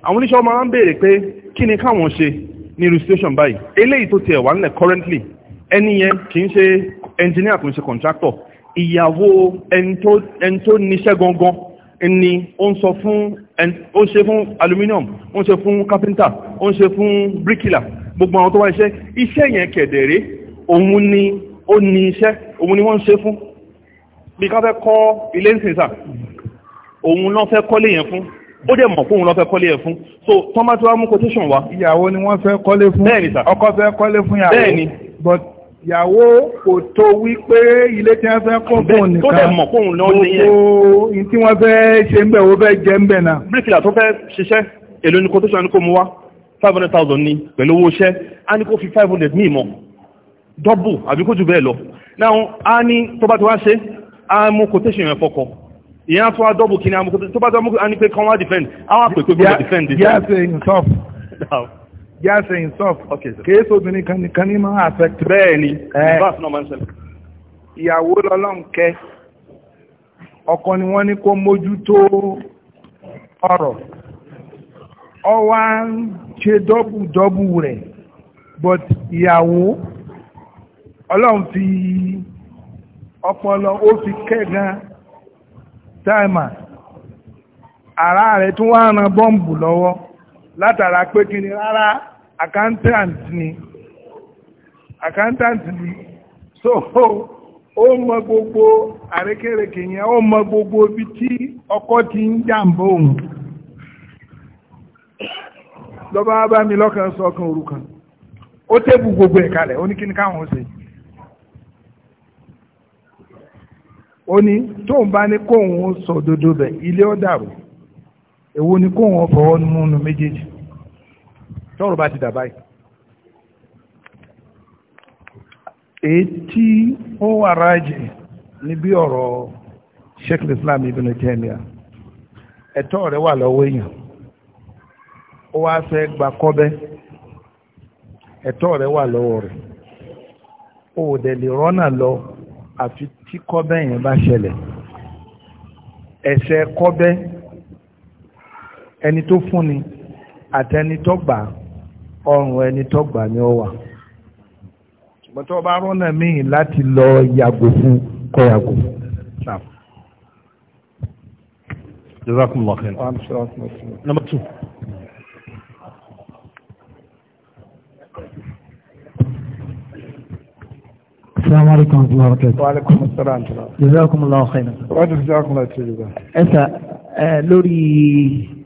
àwọn oníṣẹ́ ọmọ máa ń béèrè pé kí ni káwọn ṣe ní registration báyìí eléyìí tó tiẹ̀ wà nílẹ̀ currently ẹni yẹn kì í ṣe engineer kì í ṣe contractor ìyàwó ẹni tó níṣẹ́ gangan ni ó ń sọ fún ó ń ṣe fún aluminium ó ń ṣe fún carpenter ó ń ṣe fún bricklayer gbogbo àwọn tó wá iṣẹ́ iṣẹ́ yẹn kẹ̀dẹ̀rẹ́ òun ni ó ní iṣẹ́ òun ni wọ́n ń ṣe fún bí ká fẹ́ kọ́ ilé ń sìn sà òun lọ́ fẹ́ kọ́lé yẹn fún ó dẹ̀ mọ̀ fóun lọ́ fẹ́ kọ́lé yẹn fún so tọ́mátì wa mú quotation wa. ìyàwó ni wọ́n fẹ́ kọ́lé fún ọkọ fẹ́ kọ́lé fún yàrá bẹ́ẹ̀ ni but ìyàwó kò tó wípé ilé tí wọ́n fẹ́ kọ́ fún nìkan gbogbo in tí wọ́n fẹ́ ṣe ń bẹ̀ ó fẹ́ jẹ́ ń bẹ̀ náà. bíríkìlà tó fẹ́ ṣiṣẹ́ èlò ní kòtòṣàn ní kò mú wá five hundred thousand ní pẹ̀lú owó iṣẹ́ a ní kó fi five hundred ní ìmọ̀ dọ́bù àbí kó jù bẹ́ẹ̀ lọ náà a ní tó bá ti wá ṣe a mú kòtòṣàn yẹn fọkọ ìyẹn á tún wá dọ́bù kí ni a mú kòtòṣàn tó bá ti wá mú a ní pé kan wá defend a wá pè pé [laughs] já ṣe insult kéésì obìnrin kan nìkan ní máa affect bẹ́ẹ̀ ni eh. ìyàwó lọ́lọ́run kẹ́ ọkọ ni wọ́n ní kó mójútó ọ̀rọ̀ ọ wá ń ṣe dọ́bùdọ́bù rẹ̀ but ìyàwó ọlọ́run fi ọpọlọ ó fi kẹ́gan táìmà ara rẹ̀ tún wá ran bọ́ǹbù lọ́wọ́ látara pé kí ni rárá accountant ni accountant so ó mọ gbogbo àrékèrèkè yẹn ó mọ gbogbo ibi tí ọkọ ti ń jàǹbá òun lọ́ba bá mi lọ́kàn sọ ọkàn ó tẹ́bù gbogbo ẹ̀ kalẹ̀ ó ní kí ni káwọn ṣe ó ní tóun bá ní kóun sọ òdodo bẹ̀ ilé èwo ni kó wọn fọwọ́ nínú méjèèjì tọ́rọ̀ bá ti dà báyìí èyí tí ó wà ráàjì ní bí ọ̀rọ̀ sheikh islam ibn Taymiyyah ẹ̀tọ́ rẹ̀ wà lọ́wọ́ èèyàn ó wá fẹ́ gba kọ́bẹ́ ẹ̀tọ́ rẹ̀ wà lọ́wọ́ rẹ̀ ó dẹ̀ lè rọ́nà lọ àfi tí kọ́bẹ́ yẹn bá ṣẹlẹ̀ ẹ̀ṣẹ̀ kọ́bẹ́ ẹni tó fúnni àtẹni tó gbà ọrùn ẹni tó gbà ni ó wà ṣùgbọ́n tó bá rọ́nà míì láti lọ yàgò fún kó yàgò fún. Jazakumullah khair. Number two. Assalamu alaikum wa rahmatullahi wa alaikum assalam. Jazakumullah khairan. Wa jazakumullah khairan. Ẹ̀sà lórí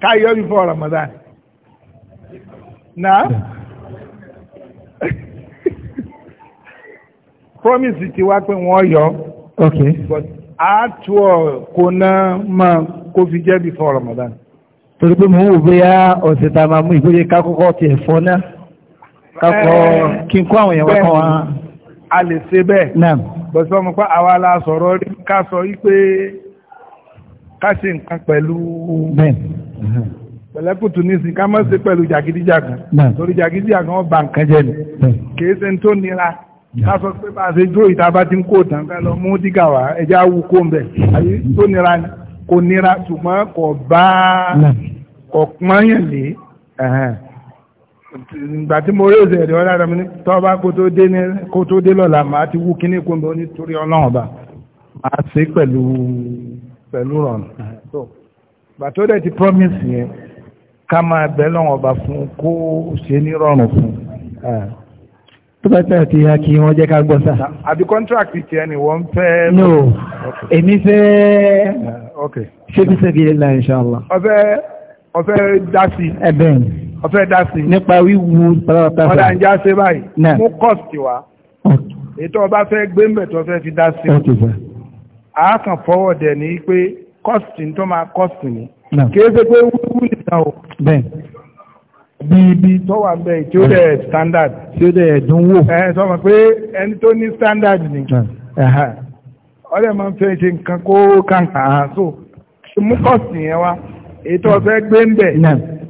ká yọ before Ramadan na [laughs] promise ti wá pé wọ́n yọ okay but a tú ma kó fi jẹ́ before Ramadan. torí pé mo ń wò bóyá ọ̀sẹ̀ tá a máa mú ìgbóyè ká kọ́kọ́ tiẹ̀ fọ́ náà kakọ kí n kó àwọn èèyàn wọ́n wá. a lè ṣe bẹ́ẹ̀. naam. bọ̀sọ́ mo pa àwa la sọ̀rọ̀ rí ká sọ wípé ká ṣe nǹkan pẹ̀lú. bẹ́ẹ̀ pẹ̀lẹ́kùtù nísìn ká mọ́ sí pẹ̀lú jàgídíjàgan torí jàgídíjàgan wọ́n bà nǹkan jẹ́ ni kìí ṣe tó nira ká sọ pé bá a ṣe dúró ìta bá ti ń kó tán ká lọ mú dígà wá ẹja wú kó ń bẹ̀ àyè tó nira ni kò nira ṣùgbọ́n kò bá kò pọ́nyàn lé ìgbà tí mo rí òsè ẹ̀rẹ́ ọ̀la rẹ̀ mi ní tọ́ba kó tó dé lọ́la màá ti wú kíní kó ń bẹ nítorí ọlọ́run ọba màá ṣe pẹ̀lú pẹ̀lú rọ̀nù bàtó dẹ̀ ti promise yẹn ká máa bẹ̀ lọ́wọ́ ọba fún kó ṣe ní rọrùn fún ah. tó bá tẹ̀ ti ya kí wọ́n jẹ́ ká gbọ́ sá. àbí contract ti ẹni wọ́n fẹ́. no èmi fẹ́ ah, ṣébíṣẹ́bí ilà inshallah. ọfẹ́ ọfẹ́ dá sí. ẹ bẹ́ẹ̀ ni. ọfẹ́ dá sí. nípa wíwu pátápátá. ọ̀dà ń já sí báyìí. mú cost wá. ètò ọba fẹ́ gbé mbẹ̀ tó fẹ́ fi dá sí. a kàn fọwọ́ dẹ̀ ní pé kọ́sì tó máa kọ́sì ni kìí ṣe pé wúwú nìkan o bí ibi tó wà bẹ́ẹ̀ tí ó dẹ̀ standard tí ó dẹ̀ dùn wò ẹ̀ sọ ma pé ẹni tó ní standard ni ọ̀rẹ́ máa ń fẹ́ ṣe nǹkan kó kàǹkà hàn so mú kọ́sì yẹn wá èyí tó fẹ́ gbé ń bẹ̀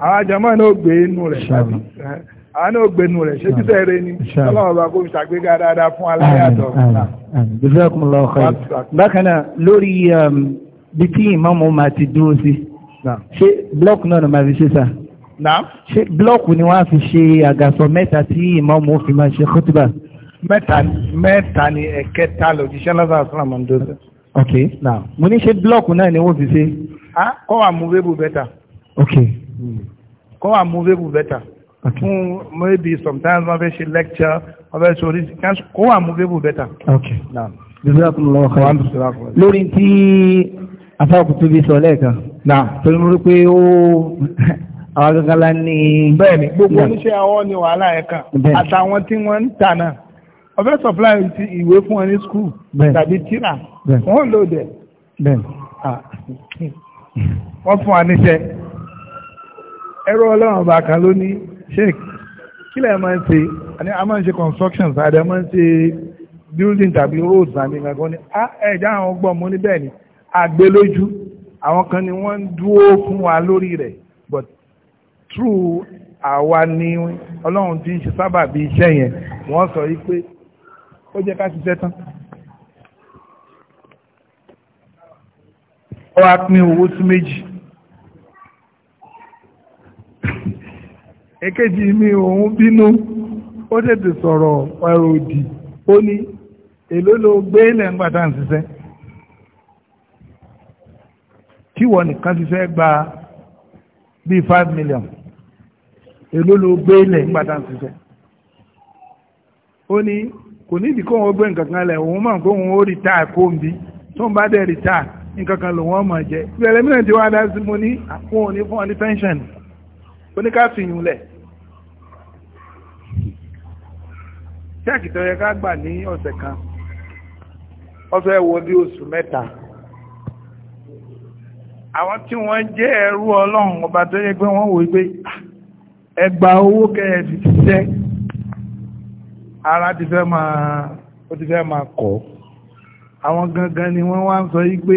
àwọn àjọmọ́ náà gbé inú rẹ̀ tàbí àwọn náà gbẹnu rẹ̀ ṣe títẹ̀ rẹ̀ ni ọlọ́ọ̀bá kó fi ṣàgbéga dáadáa fún aláyàtọ̀. bákan náà lórí um, bí kí ìmọ́mọ́ máa ti dúró sí ṣé blọ́ọ̀kù náà máa fi ṣe sà ṣé blọ́ọ̀kù ni wọ́n á fi ṣe àgàsọ̀ mẹ́ta tí ìmọ́mọ́ fi máa ṣe kútùbà. mẹ́ta ni ẹ̀kẹta lòjíṣẹ́ lọ́sàn àṣírà máa ń dóṣe. ok now mo ní ṣe blọ́ọ̀kù náà ni wọ́n fi ṣe. kọ́ wa movable better. ok kọ́ wa movable better. fún maybe sometimes wọ́n fẹ́ ṣe lecture wọ́n fẹ́ ṣe oríṣi kọ́ wa movable better. ok now. lórí tí afáàkù tó bí sọ lẹ́ẹ̀kan náà torí mú rí pé ó àwọn gangala ní bẹ́ẹ̀ni gbogbo oníṣẹ́ àwọn ni wàhálà ẹ̀kan àtàwọn tí wọ́n ń tà náà ọ̀fẹ́ supply ti ìwé fún wọn ní school tàbí tíra wọ́n lò dẹ̀ wọ́n fún wa níṣẹ́ ẹ̀rọ ọlọ́run ọba kan ló ní sheik kí lẹ́ẹ̀ máa ń ṣe a máa ń ṣe construction sáré a máa ń ṣe building tàbí roads àmì ìgbàgbọ́ ni ah, ẹ̀já àwọn ọgbọ́n mo ní bẹ́ẹ̀ ni àgbélójú àwọn kan ni wọ́n ń dúró fún wa lórí rẹ̀ but true àwa ni ọlọ́run ti ń ṣe sábàbí iṣẹ́ yẹn wọ́n sọ yí pé ó jẹ́ ká ṣiṣẹ́ tán. ó wá pín owó sí méjì. èkejì mi òun bínú ó tètè sọ̀rọ̀ ọ̀rọ̀ òdì ó ní èló ló gbé lẹ́ngbàtà ń ṣiṣẹ́ tí wọ́n nìkan ti fẹ́ gba bíi five million èló ló gbé ilẹ̀ nígbà tá à ń ṣiṣẹ́ ó ní kò ní ìdíkọ́ wọn gbé nǹkan kan lẹ̀ òun máa ń kó òun ó rìtáà kó ń bí tó ń bá dẹ̀ rìtáà nǹkan kan lòun ọmọ jẹ ìrẹ̀lẹ̀ mìíràn ti wá dá sí mo ní àpò òní fún ọ ní pension oníkàfihàn lẹ̀ ṣẹ́ẹ̀kì tó yẹ ká gbà ní ọ̀sẹ̀ kan ọ̀sẹ̀ wo bí oṣù mẹ́ta àwọn tí wọ́n jẹ́ ẹrú ọlọ́run ọba tó yẹ pé wọ́n wò pé ah, ẹgbà owó kẹrẹsì ti sẹ́ ara ti fẹ́ máa ó ti fẹ́ máa kọ̀ àwọn gangan ni wọ́n wá ń sọ yí pé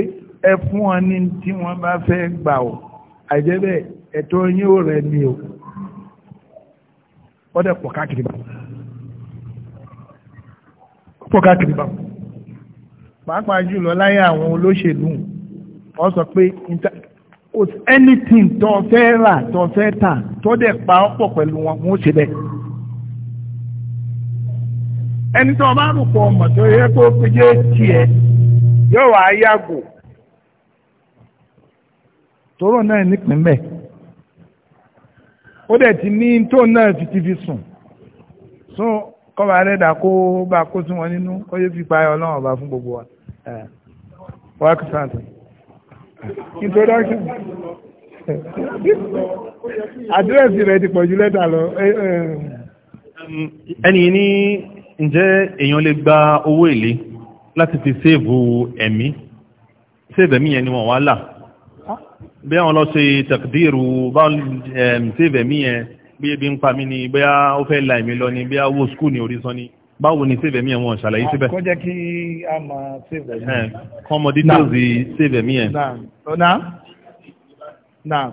ẹ fún wọn ní tí wọ́n bá fẹ́ gbà ọ́ àìjẹ́bẹ̀ ẹ̀tọ́ yín ò rẹ̀ ni o wọ́n dẹ̀ pọ̀ káàkiri bá pọ̀ káàkiri bá pàápàá jùlọ láyé àwọn olóṣèlú wọ́n sọ pé anything tó fẹ́ rà tó fẹ́ tà tó dẹ̀ pa ọ̀pọ̀ pẹ̀lú wọn wọ́n ṣe bẹ́ẹ̀. ẹni tó bá rò pọ̀ ọmọ tó yẹ kó péjé tiẹ̀ yóò wá yàgò tóró náà nípìnlẹ̀ ó dẹ̀ ti ní tó náà ti ti fi sùn so kọ́ba ẹlẹ́dàá kó bá kó sí wọn nínú kó yóò fi pa ọlọ́run ọba fún gbogbo wa. wákìsàn tó introduction àdírẹ́sì rẹ̀ ti pọ̀jù lẹ́tà lọ ẹni ní ǹjẹ́ èèyàn lè gba owó èlé láti fi sèèvù ẹ̀mí sèèvù ẹ̀mí yẹn ni wọ́n wá là bí àwọn lọ ṣe tẹ̀kìdìrù bá sèèvù ẹ̀mí yẹn bí ebi ń pa mí ni bí ó fẹ́ la ẹ̀mí lọ ni bí ó wó skul ní orí sọ ni báwo ni save ẹ̀mí ẹ̀ wọn ṣàlàyé ah, síbẹ̀. kó jẹ́ kí a máa eh, save ẹ̀mí ẹ̀. kọ́mọ details save ẹ̀mí ẹ̀. náà náà.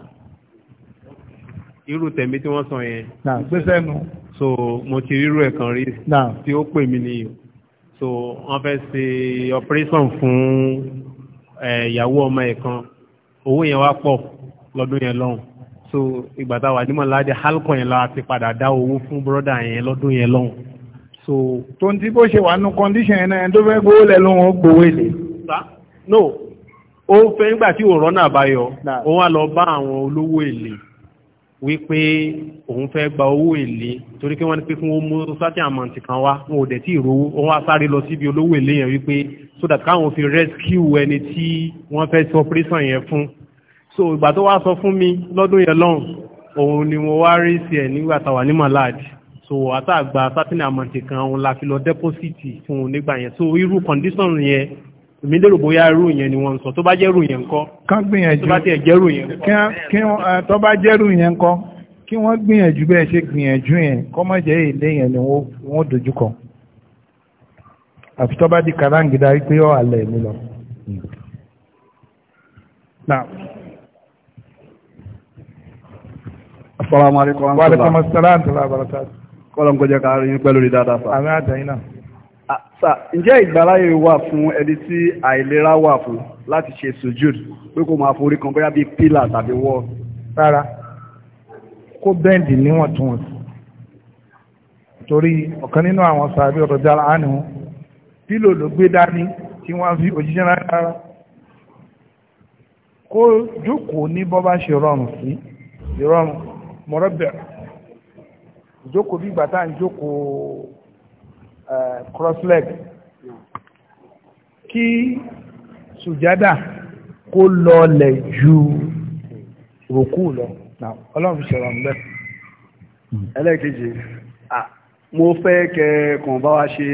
irú tẹ̀mí tí wọ́n sọ yẹn. náà gbèsè nu. so mo ti rírú ẹ̀ kan rí. náà tí ó pè mí nìyí. so wọ́n fẹ́ ṣe operation fún eh, ìyàwó ọmọ ẹ̀ kan owó yẹn wá pọ̀ lọ́dún yẹn lọ́hùn so ìgbà táwa nímọ̀ láti yẹn la ti padà dá owó fún bọ́dà yẹn lọ́dún yẹn lọ́hùn so tó ń tí bó ṣe wà nù condition yẹn náà ẹni tó fẹ́ gbowó lẹ̀ ló ń gbowó èlé. no ó fẹ́ nígbà tí òun rọ́nà àbáyọ òun á lọ bá àwọn olówó èlé wípé òun fẹ́ gba owó èlé torí kí wọ́n ní pé fún ó mú sátì kan wá wọn ò dẹ̀ tí ìrówó òun á sáré lọ síbi olówó èlé yẹn wípé so that káwọn fi rescue ẹni tí wọ́n fẹ́ sọ operation yẹn fún so ìgbà tó wá sọ fún mi lọ́dún yẹn lọ́hùn òun ni mo wá rí sí ẹ̀ nígbà táwa ní màláàdì so àtàgbà certain amount kan òun la fi lọ deposit fún un nígbà yẹn so irú condition yẹn èmi lérò bóyá irú yẹn ni wọ́n ń sọ tó bá jẹ́rù yẹn ńkọ́ kán gbìyànjú tó bá tiẹ̀ jẹ́rù yẹn ńkọ́ tó bá jẹ́rù yẹn ńkọ́ kí wọ́n gbìyànjú bẹ́ẹ̀ ṣe gbìyànjú yẹn kọ́ mọ́ jẹ́ èlé yẹn ni wọ́n dojú kọ àfi tó bá di kàráǹgídá wípé ọ̀ àlẹ́ mi lọ. Assalamu alaikum wa rahmatullahi wa kọ́lọ́n kọjá ká rí pẹ̀lú rí dáadáa sá. àmì àtẹ̀yìn náà. sá ǹjẹ́ ìgbàláyè wà fún ẹni tí àìlera wà fún láti ṣe sujud pé kó máa forí kan bóyá bíi pílà tàbí wọ́. rárá kó bẹ́ǹdì níwọ̀ntúnwọ̀nsì torí ọ̀kan nínú àwọn sàbí ọ̀rọ̀ dára ánì wọn pílò ló gbé dání tí wọ́n fi òjíṣẹ́ rárá kó jókòó ní bọ́ ṣe rọrùn sí ìrọrùn mọ̀rọ́bẹ̀rẹ̀ ìjókòó bí ìgbà tá à ń jókòó cross leg kí sùjádà kó lọlẹ̀ ju ròkú lọ ọlọ́run fi ṣọ̀rọ̀ ń bẹ́ẹ̀. ẹlẹ́ẹ̀kejì mo fẹ́ kẹ́ẹ̀kan bá wa ṣe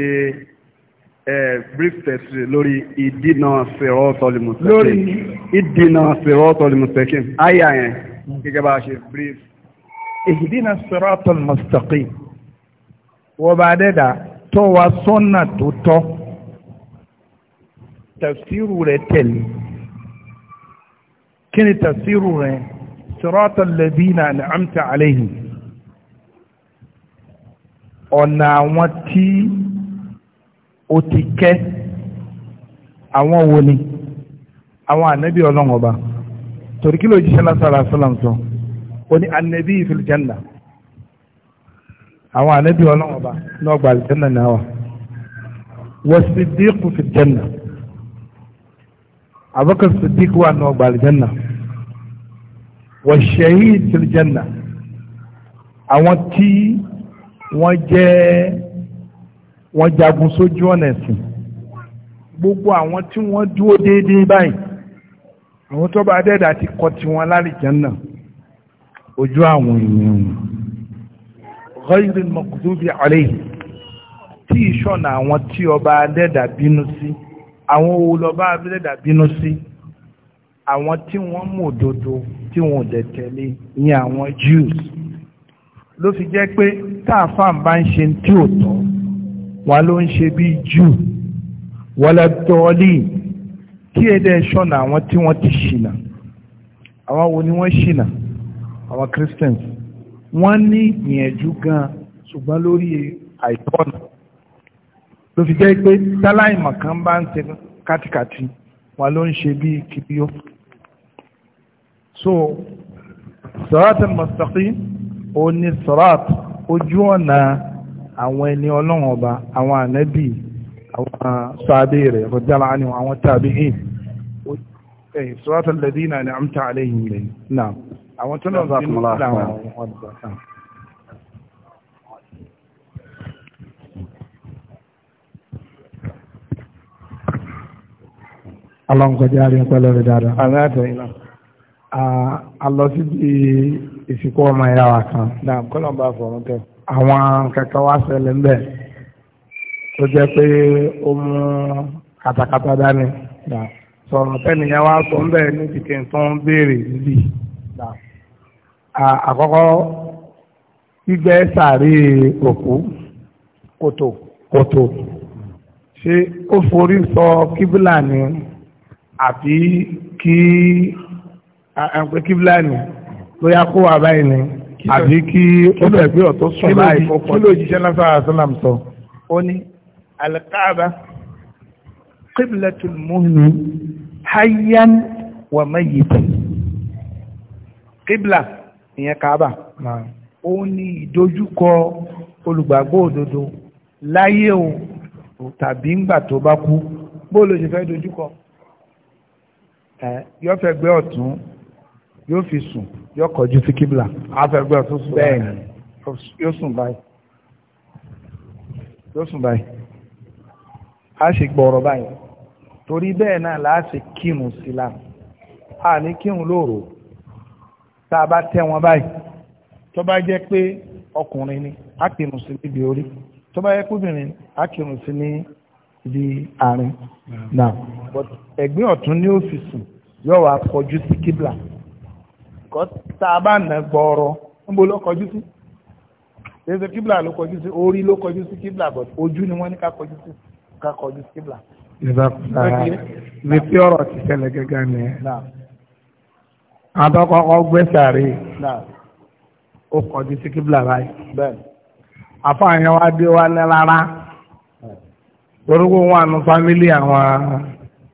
brief test lórí ìdínà fèrọ́ tọ́lùmùsẹ̀kìn lórí ìdínà fèrọ́ tọ́lùmùsẹ̀kìn àyà yẹn gẹ́gẹ́ bá a ṣe brief ìdínà sọ́rọ́tọ̀ mọ̀sítọ́kì wọ́n bá dẹ́dà tó wa sọ́nà tó tọ́ tafsiru rẹ̀ tẹ̀lé kí ni tafsiru rẹ̀ sọ́rọ́tọ̀ lẹ́bínà ní amta alayhim ọ̀nà àwọn tí ó ti kẹ́ àwọn wo ni àwọn ànábì ọlọ́run ọba torí kí ló jíṣẹ́ lásàrà sọ́làǹsọ̀ ó ní anabi fil janna àwọn anabi ọlọ́wọ́n ọba náà gba aljanna náà wà wa siddiqu fil janna abubakar siddiq wà náà gba aljanna wa shahid fil janna àwọn tí wọ́n jẹ́ wọ́n jagun sójú ọ̀nà ẹ̀sìn gbogbo àwọn tí wọ́n dúró déédéé báyìí àwọn tó bá dẹ́dà ti kọ tiwọn lálìjẹ́ náà ojú àwọn èèyàn ghayril maghdubi alayhi tí ìṣọ̀nà àwọn tí ọba adẹ́dà bínú sí àwọn olọba adẹ́dà bínú sí àwọn tí wọ́n mú òdodo tí wọ́n dẹ̀ tẹ̀lé ní àwọn Jews ló fi jẹ́ pé táàfáàn bá ń ṣe tí ò tọ́ wọn ló ń ṣe bí Jew wọlé tọ́ọ́lì kí èdè ṣọ̀nà àwọn tí wọ́n ti ṣìnà àwọn wo ni wọ́n ṣìnà. Our Christians wọ́n ní ìyànjú gan ṣùgbọ́n lórí àìtọ́nà ló fi jẹ́ pé táláìmọ̀ kan bá ń ṣe kátikàti wọn ló ń ṣe bí kìbíyó so sirat al-mustaqim ó ní sirat ojú ọ̀nà àwọn ẹni ọlọ́run ọba àwọn ànábì àwọn sàábé rẹ̀ rọ̀jàlá ni àwọn tàbí ẹ̀ eh, sirat alladhina an'amta alayhim lẹ́yìn náà àwọn tó lọ́n bínú láwọn ọ̀dọ̀ alọ́nkọjá àríyàn pẹ̀lú rẹ̀ dáadáa. àmì àtẹ̀yìnà. a lọ síbi ìsìnkú ọmọ ìyá wa kan. náà kọ́lọ́mbà fọ̀rọ̀ tẹ̀. àwọn kẹ̀kẹ́ wá ṣẹlẹ̀ ń bẹ̀ tó jẹ́ pé ó mú katakata dání. sọ̀rọ̀ tẹ́nìyàn wá sọ ń bẹ̀ níbi kí n tó ń béèrè níbi àkọ́kọ́ gbígbẹ́ sàárè òkú kòtò kòtò ṣé ó forí sọ kíbílà ni àbí kí ẹnpẹ kíbílà ni lóyá kó wà báyìí ni àbí kí ó bẹ̀ gbé ọ̀tọ̀ sùn báyìí kó pọ̀ kí ló jíṣẹ́ náà sára sọ. ó ní alikaaba kíbílà tó mú ni hayyan wa mayitan kíbla ìyẹn kaaba ó ní ìdojúkọ olùgbàgbọ́ òdodo láyé o tàbí ńgbà tó bá kú bóòlù ṣe fẹ́ dojúkọ yóò fẹ́ gbé ọ̀tún yóò fi sùn yóò kọjú sí kíbla afẹ́gbẹ́ ọ̀tún sùn bẹ́ẹ̀ ni yóò sùn báyìí yóò sùn báyìí a ṣe gbọ́rọ̀ báyìí torí bẹ́ẹ̀ náà láti kírun sí la a ní kírun lóòrò tá a bá tẹ́ wọn báyìí tó bá jẹ́ pé ọkùnrin ni á kírun sí níbi orí tó bá jẹ́ pé obìnrin ni á kírun sí ní ibi àárín náà ẹ̀gbẹ́ ọ̀tún ní ọ́fíìsì yóò wá kọjú sí kíbla kọ́ tá a bá nà gbọ́ọ̀rọ̀ níbo ló kọjú sí ṣeéṣe kíbla ló kọjú sí orí ló kọjú sí kíbla but ojú ni wọ́n ní ká kọjú sí ká kọjú sí kíbla. ìbá mi pé ọ̀rọ̀ ti ṣẹlẹ̀ gẹ́gẹ́ ni àtọ́kọ́kọ́ gbé sàárè ó kọjú sí kíbla báyìí àfààyàn wa dé wa ní rárá orúkọ wọn àánú fámílì àwọn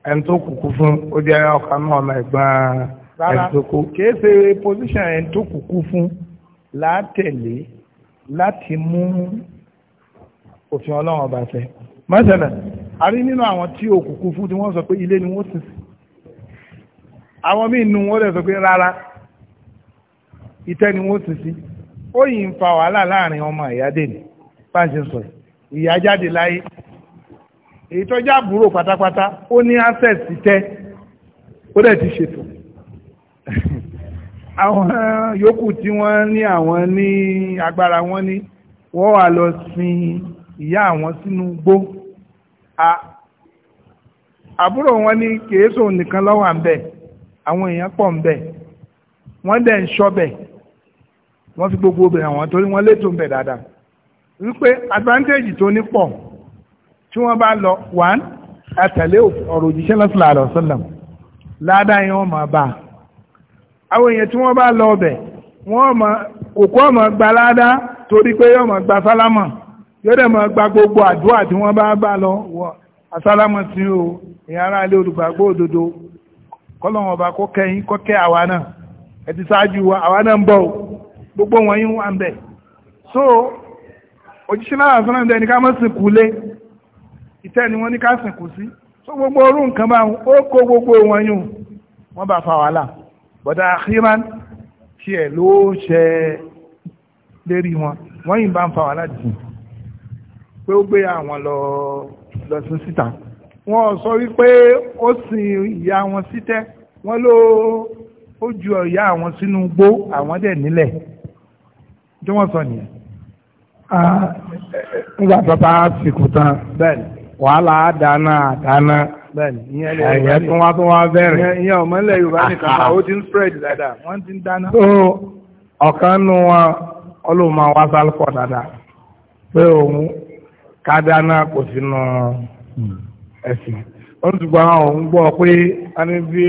ẹni tó kúkú fún ó jẹ́ ọ̀kan náà ọmọ ẹ̀gbọ́n ẹni tó kú. kìí ṣe pòsíṣàn ẹni tó kúkú fún látẹ̀lé láti mú òfin ọlọ́run ọba fẹ́. mọ́sálà a rí nínú àwọn tí òkùnkùn fún tí wọ́n sọ pé ilé ni wọ́n ti sìn àwọn míì nu wọn lè sọ pé rárá ìtẹ́ ni wọ́n sì ó yìí ń fa wàhálà láàrin ọmọ ìyáde ni bá ń ṣe sọ ìyá jáde láyé èyí tó já àbúrò pátápátá ó ní access tẹ́ ó dẹ̀ ti ṣètò [laughs] àwọn yòókù tí wọ́n ní àwọn ní agbára wọn ní wọ́n wà lọ sin ìyá àwọn sínú gbó àbúrò wọn ní kèésò nìkan lọ́wọ́ à àwọn èèyàn pọ̀ ń bẹ̀ wọ́n dẹ̀ ń ṣọ́bẹ̀ wọ́n fi gbogbo obìnrin àwọn torí wọ́n létò ń bẹ̀ dáadáa wípé advantage tó ní pọ̀ tí wọ́n bá lọ one àtẹ̀lé ọ̀rọ̀ òjíṣẹ́ lọ́sọ̀lá àlọ́sọ̀làm ládàá yẹn wọ́n máa bá a àwọn èèyàn tí wọ́n bá lọ ọbẹ̀ wọ́n mọ òkú ọmọ gba ládàá torí pé yọ̀ọ́ mọ̀ gba sálámà yóò dẹ̀ mọ̀ gba gbogbo àdúrà tí wọ́n bá bá lọ wọ àsálámà sí o ìyára ilé olùgbàgbọ́ òdodo kọ́lọ́wọ́n ọba kó kẹ́yìn kó kẹ́ àwa náà ẹ ti wa àwa náà ń bọ̀ gbogbo wọn yín wà ń bẹ̀ so òjíṣẹ́ náà sọ́nà ìdẹ́ni ká mọ́ sìnkú lé ìtẹ́ ni wọ́n ní ká sìnkú sí so gbogbo orú nǹkan bá wọn ó kó gbogbo wọn yún wọ́n bá fa wàhálà bọ̀dá himan tiẹ̀ ló ṣẹ lérí wọn wọ́n yìí bá ń fa wàhálà jù pé ó gbé àwọn lọ lọ sí síta wọn sọ wípé ó sin ìyá wọn sítẹ́ wọn ló ó ju ìyá àwọn sínú gbó àwọn dẹ̀ nílẹ̀ tí wọ́n sọ nìyẹn. nígbà tó bá sìnkú tán wàhálà àdáná àdáná ẹ̀yẹ tó wá tó wá bẹ̀rẹ̀. ìyẹn ọ̀mọ́lẹ̀ yorùbá nìkan [laughs] ó ti ń spread dáadáa wọ́n ti ń dáná. ọ̀kan nu wọn ọlọ́run máa wá sálùkọ̀ dáadáa pé òun ká dáná kò sínú. Hmm ẹ̀sìn wọ́n ti gbọ́ àwọn òun gbọ́ pé a ní bí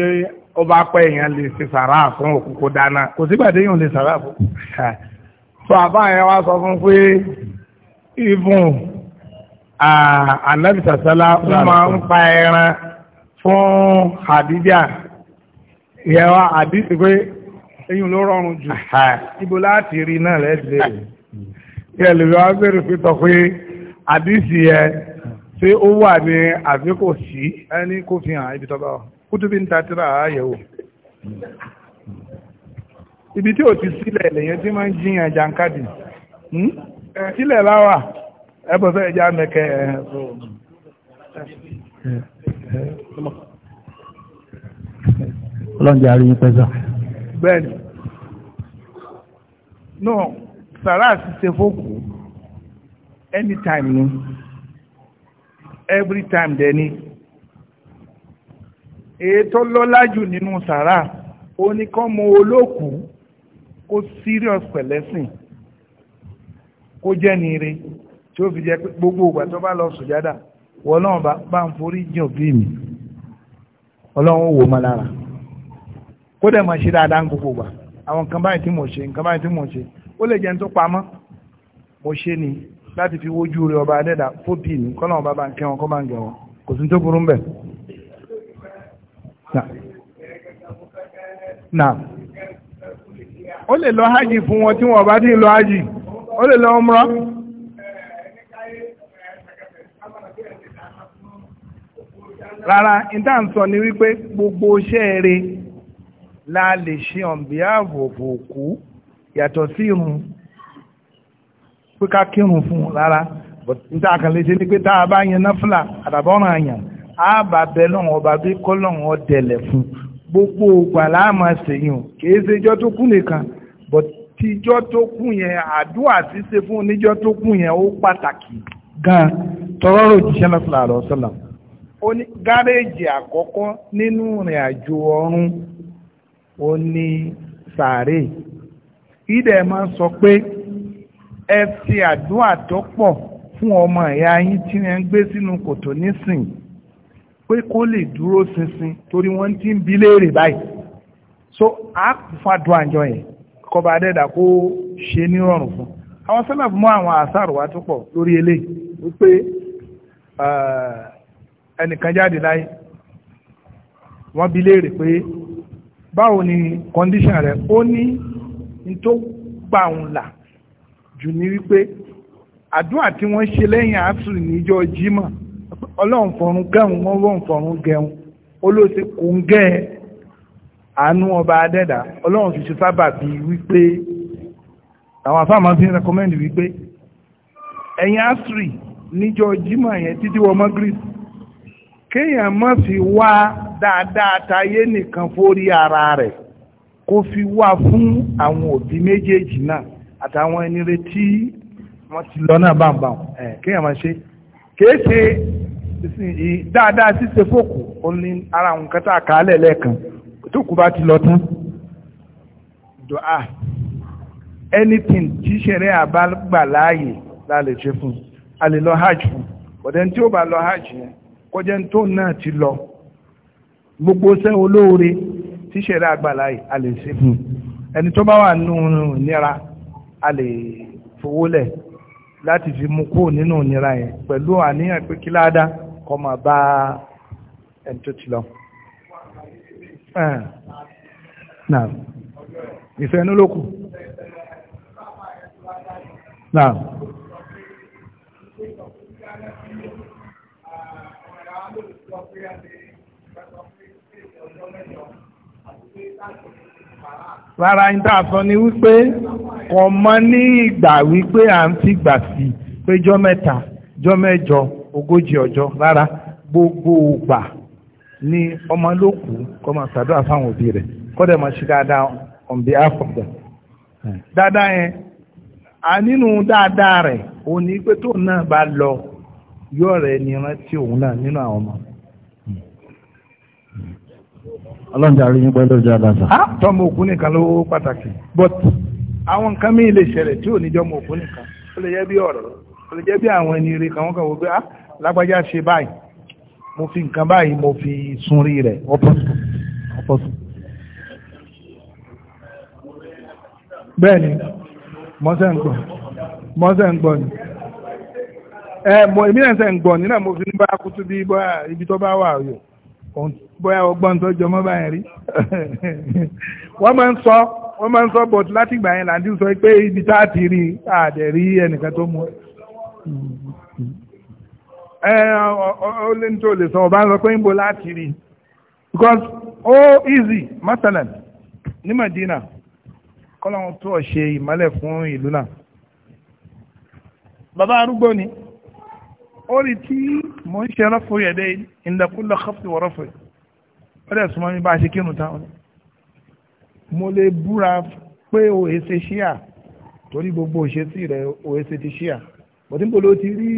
ó bá pẹ́ èèyàn lè ṣe sàrà fún òkú kó dáná kò sígbà tí èèyàn lè sàrà fún [laughs] so àbá yẹn wá sọ fún pé even anabi sàṣálá ó máa ń pa ẹran fún Khadija yẹn wá àdìsí pé èyí ló rọrùn jù [laughs] ibo láti rí náà lẹ́sẹ̀ yẹn lè wá bẹ̀rẹ̀ pé tọ́ pé àdìsí yẹn ṣé ó wà ní àbí kò sí ẹni kò fi hàn ibi tọ́ba kútùbí ń ta tíra ààyẹ̀wò ibi tí ò ti sílẹ̀ lèyàn tí máa ń jiyàn jàǹkadì hmm? sílẹ̀ láwà ẹbọ̀ fẹ́ ẹja mẹ́kẹ́ ọlọ́njẹ́ àríyìn pẹ́sà bẹ́ẹ̀ni no sàrá àti ṣe fókù anytime ni. No? every time dẹ̀ ni èyí tó lọ́lá jù nínú sàrà oníkọ́mọ olókùú kó serious pẹ̀lẹ́sìn kó jẹ́ ní ire tí ó fi jẹ́ gbogbo ìgbà tó bá lọ sùjádà wọ́n náà bá ń forí jìn òbí mi ọlọ́run ó wò mọ́ lára kó dẹ̀ mọ̀ ṣe dáadáa ń gbogbo ìgbà àwọn nǹkan báyìí tí mo ṣe nǹkan báyìí tí mo ṣe ó lè jẹ́ ní tó pamọ́ mo ṣe ni láti fi wójú rẹ ọba adẹ́dà fóbìnì kọ́nà ọba bá ń kẹ́ kọ́ bá ń gẹ̀ kò sí tó burú ń bẹ̀. lè lọ hajj fún wọn tí wọn bá hajj O lè lọ rárá ìta ń sọ ni wípé gbogbo iṣẹ́ rẹ̀ la lè ṣe on òkú yàtọ̀ sí irun. pé ká kírun fún un rárá níta kan ni pé tá a bá yan náfìlà àtàbọ̀ràn àyàn á bà bẹ lọ́wọ́ ọba bí kọ́ lọ́wọ́ ọdẹlẹ̀ fún gbogbo ògbà láàmà sèyìn kìí ṣe ijọ́ tó kú nìkan but tíjọ́ tó kú yẹn àdúrà ṣíṣe fún oníjọ́ tó kú yẹn ó pàtàkì gan tọrọrọ òjíṣẹ́ náfìlà àrọ̀ sọ́là ó ní gáréèjì àkọ́kọ́ nínú ìrìn àjò ọ̀run ó ní sàárè ìdẹ̀ máa sọ pé ẹ fi àdúrà tó pọ̀ fún ọmọ ìyá yín tí ẹ ń gbé sínú kòtò nísìn pé kó lè dúró ṣinṣin torí wọ́n ti ń bi léèrè báyìí so a fàdùn àjọ yẹn kọba adẹ́dà kó ṣe nírọ̀rùn fún àwọn sẹ́lẹ̀fù mọ́ àwọn àṣàrò wa tó pọ̀ lórí eléyìí wípé ẹnìkan jáde láyé wọ́n bi léèrè pé báwo ni kọ́ndíṣàn rẹ̀ ó ní ní tó gbà òun là jù ní wípé àdúrà tí wọ́n ṣe lẹ́yìn àásù níjọ́ jímọ̀ ọlọ́run fọ̀run gẹ̀hún wọ́n wọ́n fọ̀run gẹ̀hún olóòsè kò ń gẹ́ àánú ọba adẹ́dà ọlọ́run fi ṣe sábà bí wípé àwọn afáàmọ́ fi ń rẹkọmẹ́ndì wípé ẹ̀yìn àásùrì níjọ́ jímọ̀ yẹn títí wọ mọ́ greece kéèyàn má fi wá dáadáa tayé nìkan fórí ara rẹ̀ kó fi wá fún àwọn òbí méjèèjì náà àtàwọn ẹni retí wọ́n ti lọ náà bàbà ẹ̀ kéèyàn máa ṣe kìí ṣe dáadáa ṣíṣe fòkù ó ní ara nǹkan tá a kà á lẹ̀ lẹ́ẹ̀kan tó kù bá ti lọ tán dùá anything tí ṣẹ̀rẹ́ àbá gbà láàyè la lè ṣe fún a lè lọ hajj fún bọ̀dẹ̀ tí ó bá lọ hajj yẹn kọjá tó náà ti lọ gbogbo ṣẹ́ olóore tí ṣẹ̀rẹ́ àgbà láàyè a lè ṣe fún ẹni tó bá wà nínú ìnira a lè fowó lẹ̀ láti fi mú kúrò nínú ìnira yẹn pẹ̀lú àníyàn pé kí ládàá kọ́ máa bá ẹni ti lọ. ìfẹ́ inú ló kù. Thank you. rárá ń tà sọ ni wípé kò mọ ní ìgbà wípé à ń fi gbà sí pé jọ́ mẹ́ta jọ́ ogójì ọjọ lára gbogbo ògbà ní ọmọ ló máa ṣàdúrà fáwọn òbí rẹ̀ kọ́dẹ̀ máa ṣe dáadáa on behalf of them. dáadáa yẹn ànínú dáadáa rẹ̀ òní pé tóun lọ rántí òun náà nínú ọlọ́ndarí yín pẹ́ lórí dáadáa sá. tọmọ òkú nìkan ló pàtàkì but àwọn nǹkan mi lè ṣẹlẹ̀ tí ò ní jọmọ òkú nìkan ó lè jẹ́ bí ọ̀rọ̀ ó lè jẹ́ bí àwọn ẹni rẹ̀ kàn wọ́n kàn wọ́n pé ah lágbájá ṣe báyìí mo fi nǹkan báyìí mo fi sunrí rẹ̀ ọ̀pọ̀sùn. bẹ́ẹ̀ni mọ́sẹ̀ ń gbọ́ mọ́sẹ̀ ń gbọ́ ni ẹ̀ mọ̀ èmi náà sẹ̀ ń gbọ́ ni náà mo fi ní bá kutu bí ibi tó bá wà yò bóyá ọgbọ́n tó jọmọ́ báyìí rí wọ́n máa ń sọ wọ́n máa ń sọ bọ̀t láti ìgbà yẹn láti sọ pé ibi tá a ti rí àdẹ̀ rí ẹnìkan tó mú ẹ ọ lé ní lè sọ ọba ń sọ pé ń bo láti rí because ó easy masalan ní Madina kọ́láwọn tó ṣe ìmọ́lẹ̀ fún ìlú náà bàbá arúgbó ni ó rí tí mò ń ṣe rọ́fù yẹ̀dẹ́ ìndàkúlọ̀ kọ́fù wọ́rọ́fù yìí ó dẹ̀ súnmọ́ mi bá a ṣe kírun táwọn mo lè búra pé o è ṣe ṣíà torí gbogbo òṣèṣì rẹ o è ṣe ti ṣíà bọ̀dí mo ló ti rí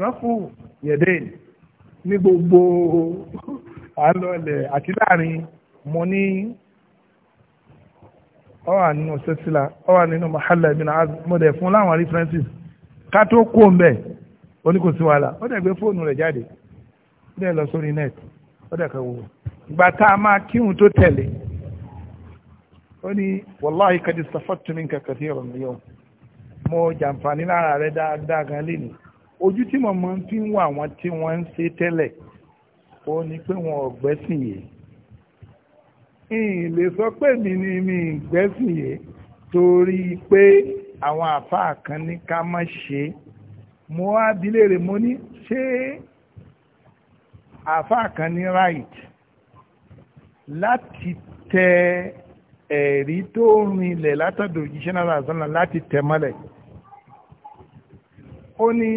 rọ́fù yẹ̀dẹ̀ ní gbogbo àlọ́lẹ̀ àti láàrin mo ní ó wà nínú sẹ́sílà ó wà nínú mahalla ibn az mo dẹ̀ fún láwọn references ká tó kó ń bẹ̀ oníkòsí ó dẹ̀ gbé fóònù rẹ̀ jáde ó dẹ̀ lọ sórí nẹ́ẹ̀tì ọ̀dẹ̀kẹ̀ wò ìgbà tá a máa kírun tó tẹ̀lé ó ní wàláhì kàdí sàfọ́tùmí kẹkẹ sí ọ̀rọ̀ mi yọ mo jàǹfààní lára rẹ dáadáa gan lénìí ojú tí mo máa fi ń wá àwọn tí wọ́n ń ṣe tẹ́lẹ̀ ó ní pé wọn ò gbẹ́sìn yìí ìyìn sọ pé mi ni mi gbẹ́sìn yìí torí pé àwọn àfáà kan ní ká má ṣe mo wá bilé rè mo ní ṣé àfáà kan ní right láti tẹ ẹ̀rí tó rinlẹ̀ látọ̀dọ̀ òjíṣẹ́ náà àzọ́nà láti tẹ mọ́lẹ̀ ó ní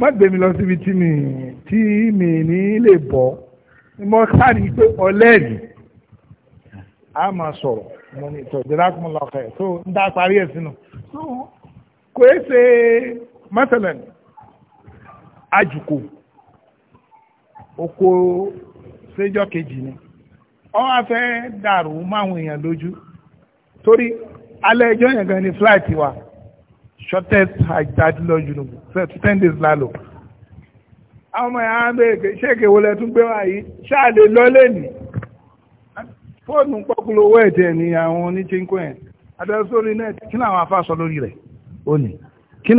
mọ́gbẹ̀mí lọ síbi tí mi tí mi ní lè bọ́ mo sáré pé ọlẹ́rìí a máa sọ̀rọ̀ mo ní ìtọ̀jẹ́ lákùnmọ́lá ọ̀fẹ́ tó ń dá parí ẹ̀ sínú kò é ṣe mọ́tẹ̀lẹ̀ àjùkò oko séjọ́ kejì ni wọ́n wá fẹ́ dàrú máwọn èèyàn lójú torí alẹ́ ẹjọ́ yẹn gan ni flight wa shortest hajj dadi lọ jùlọ ten days àwọn ọmọ yàrá bẹ́ẹ̀ ṣéèkè wọlé tún gbé wá yìí fóònù owó ni àwọn náà kí lórí ó ní kí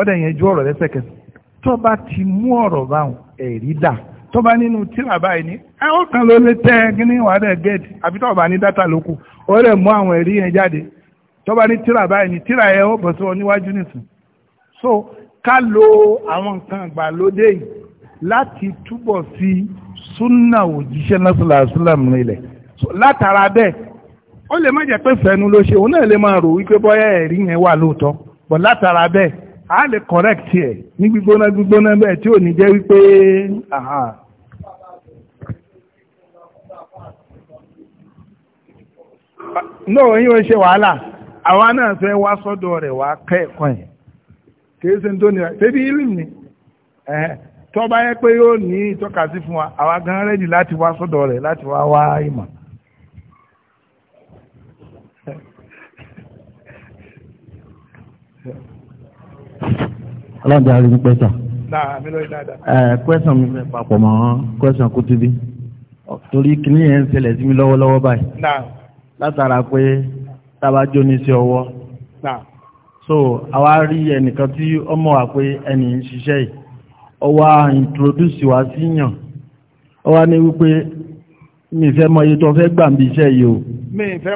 ọ̀dẹ̀ yẹn ju ọ̀rọ̀ lẹ́sẹ̀kẹsẹ̀ tó bá ti mú ọ̀rọ̀ báwọn ẹ̀rí dà tó bá nínú tíra báyìí ní ẹ ó kàn ló lé tẹ́ kíní wàá dẹ̀ gẹ́ẹ̀tì àbí tó bá ní dátà ló kù ó rẹ̀ mú àwọn ẹ̀rí yẹn jáde tó bá ní tíra báyìí ní tíra yẹn ó bọ̀ sí wọn níwájú nìsín so ká lo àwọn nǹkan ìgbàlódé yìí láti túbọ̀ fi súnà òjíṣẹ́ lọ́sọ̀làṣúlàmù nílẹ̀ látara bẹ́ẹ̀ ó lè má jẹ́ pé fẹ́nu ló ṣe òun náà lè máa rò wípé bọ́yá ẹ̀rí yẹn wà lóòótọ́ bọ̀ látara bẹ́ẹ̀ a lè correct ẹ̀ ní gbígbóná gbígbóná bẹ́ẹ̀ tí ò ní jẹ́ wípé no yíò ṣe wàhálà àwa náà fẹ́ wá sọ́dọ̀ rẹ̀ wá kẹ́ẹ̀kọ́ ẹ̀ kìí ṣe tó nira ṣébí ìlú ni yẹ pé yóò ní ìtọ́kasí fún wa àwa gan rẹ́dì láti wá sọ́dọ̀ rẹ̀ láti wá wá ìmọ̀. ọlọ́jà rí ní pẹ́sà. kwẹ́sàn mi fẹ́ papọ̀ mọ́ kwẹ́sàn Kutubi torí kìíní yẹn ń ṣẹlẹ̀ sí mi lọ́wọ́lọ́wọ́ báyìí látara pé tábàjọ́ ní sí ọwọ́ so àwa rí ẹnìkan tí ọmọ wa pé ẹnì ń ṣiṣẹ́ yìí ó wá introduce wa sí yàn ó wá ní wípé mi fẹ́ mọ iye tó fẹ́ gbà ń bí iṣẹ́ yìí o mi fẹ́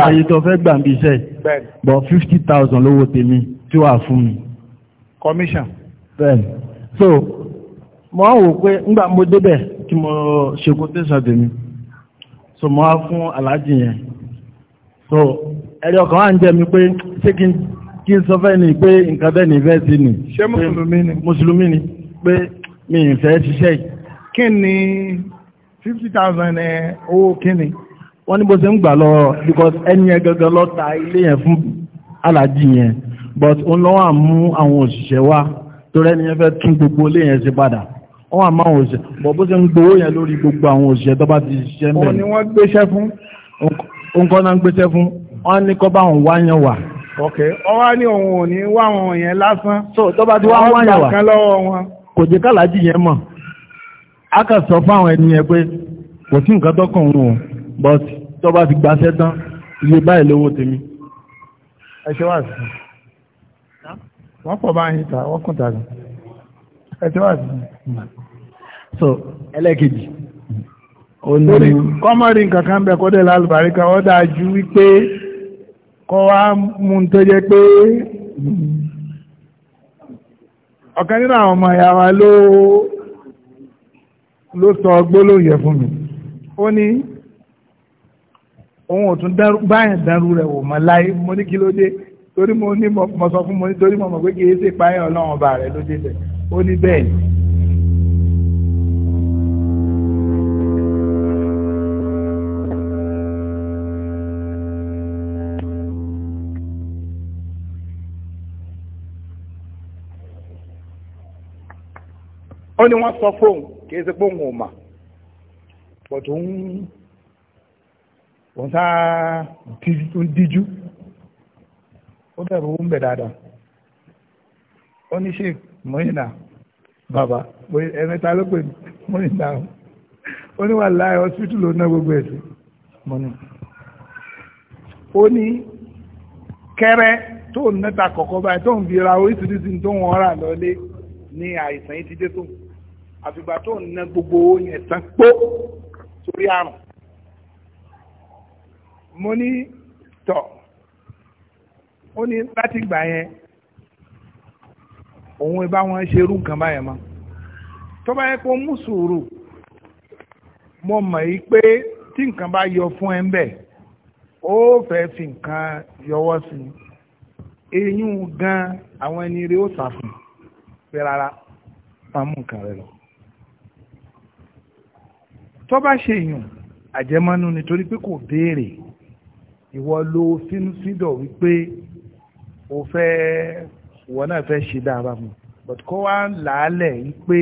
mọ iye tó fẹ́ gbà ń bí iṣẹ́ yìí but fifty thousand lówó tèmi tí wà fún mi commission. Then, so mo wò pé ngbà mo débẹ̀ tí mo ṣe quotation tèmi so mo fun alaji aláàjì so ẹ̀rí ọkàn wà ń jẹ́ mi pé ṣé kí n kí n ni pé nǹkan bẹ́ẹ̀ ni bẹ́ẹ̀ sí ni. ṣé mùsùlùmí ni. mùsùlùmí ni pé mi ì fẹ́ ṣiṣẹ́ yìí. kí ni fifty thousand ẹ eh, owó kí ni. wọ́n ní bó ṣe ń gbà because ẹni yẹn gangan ló ta ilé yẹn fún aláàjì yẹn but ó lọ́wọ́ mú àwọn òṣìṣẹ́ wá torí ẹni yẹn fẹ́ tún gbogbo ilé yẹn ṣe padà wọ́n wà máa òṣìṣẹ́ bọ̀ bó ṣe ń gbowó yẹn lórí gbogbo àwọn òṣìṣẹ́ tó bá ti ṣiṣẹ́ mẹ́rin. òun ni wọ́n gbéṣẹ́ fún. nǹkan náà gbéṣẹ́ fún wọ́n ní kọ́ bá wọn wá yẹn wà. ok ọwọ́ ní òun ò ní wá wọn yẹn lásán. so tó bá ti wá wá yẹn wà kò jẹ́ kàlájì yẹn mọ̀ a kà sọ fáwọn ẹni yẹn pé kò sí nǹkan tó kàn wọn but tó bá ti gbaṣẹ́ tán iye báyìí lówó tèmi. ẹ ṣe wá sí i wọ́n pọ̀ bá ń yíta wọ́n kùn tàbí ẹ̀tí wà sí so ẹlẹ́kejì onírí kọ́mọ̀rí nǹkankan bẹ̀ kọ́dẹ̀ lálùbáríkà ó dájú wípé kọ́ wá mú tó jẹ́ pé ọ̀kan nínú àwọn ọmọ ìyá wa ló ló sọ gbólóyè fún mi ó ní òun ò tún báyìí dánrú rẹ̀ wò mọ́ láyé mo ní kí ló dé torí mo ní mo sọ fún mo ní torí mo mọ̀ pé kì í ṣe páyọ̀ ọlọ́run ọba rẹ̀ ló débẹ̀ ó ní bẹ́ẹ̀ ni. ó ní wọ́n sọ fóun kì í ṣe pé òun ò mà pọ̀ tó ń òun sáà ń ó dẹ̀rù owó ń bẹ̀ dáadáa ó ní ṣe mọ́yìnà bàbá ẹ̀mẹ́ta ló pè mọ́yìnà ó ní wà láì hospital ló ná gbogbo ẹ̀sìn mọ́ni ó ní kẹ́rẹ́ tó ń nẹ́ta kọ̀kọ́ báyìí tó ń bi ra oríṣiríṣi tó ń wọ́n rà lọ́lé ní àìsàn yìí ti dé tó àfìgbà tó ń ná gbogbo yẹn tán pó sórí àrùn mo ní tọ̀ ó ní láti gbà yẹn òun bá wọn ṣe irú nǹkan báyẹn mọ́ tó bá yẹ kó mú sùúrù mo mọ̀ yí pé tí nǹkan bá yọ fún ẹ ń bẹ̀ ó fẹ́ fi nǹkan yọwọ́ sí i eyín gan àwọn ẹni rẹ ó sàfùn pé rárá máa nǹkan rẹ lọ tó bá ṣe yùn àjẹmọ́nú nítorí pé kò béèrè ìwọ ló fi sídọ̀ wípé o fẹ́ wọn náà fẹ́ ṣe dáadáa mu but kó wá ń làálẹ̀ yí pé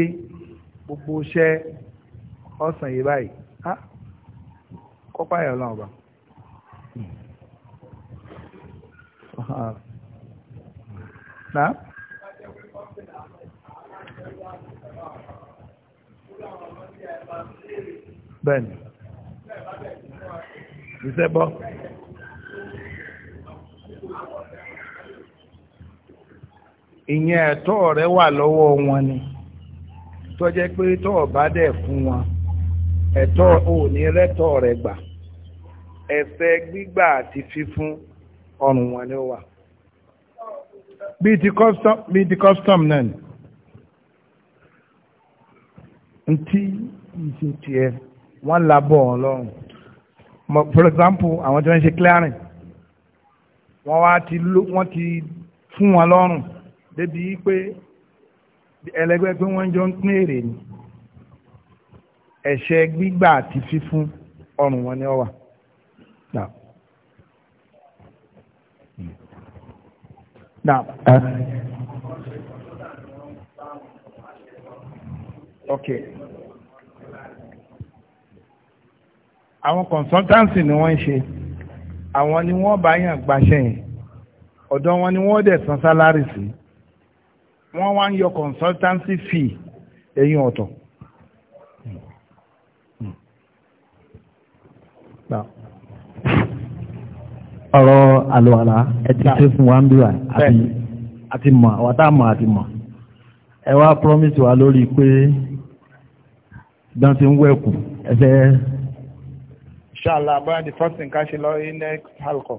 gbogbo iṣẹ́ ọ̀sán yìí báyìí ah kọ́pá yẹn náà bá. Na? Bẹ́ẹ̀ni. Ìṣẹ́bọ́ ìyẹn ẹ̀tọ́ rẹ wà lọ́wọ́ wọn ni tó jẹ́ pé tó bá dẹ̀ fún wọn ẹ̀tọ́ ò ní rẹ́tọ̀ rẹ gbà ẹ̀fẹ́ gbígbà àti fífún ọrùn wọn ni ó wà bíi ti custom náà ni ntí ìṣe tiẹ̀ wọ́n labọ̀ ọlọ́run for example àwọn tí wọ́n ń ṣe clearing wọ́n wá ti ti fún wọn lọ́rùn débi pé ẹlẹgbẹ́ pé wọ́n jọ ń pín èrè ni ẹ̀ṣẹ̀ gbígbà àti fífún ọrùn wọn ni ó wà. Now, okay. Àwọn consultancy ni wọ́n ń ṣe, àwọn ni wọ́n bá yàn gbaṣẹ́ yẹn, ọ̀dọ̀ wọn ni wọ́n dẹ̀ san sálárì sí. Si wọ́n wá ń yọ consultancy fee ẹ̀yìn ọ̀tọ̀. ọ̀rọ̀ àlùwàlà ẹ̀tí tí fún wa ń bí wa àti mọ̀ àwátá mọ̀ àti mọ̀ ẹ wá promise wa lórí pé dán ti ń wẹ̀kù ẹ̀fẹ́. inshallah bóyá the first thing ká ṣe lọ in next halkọ̀.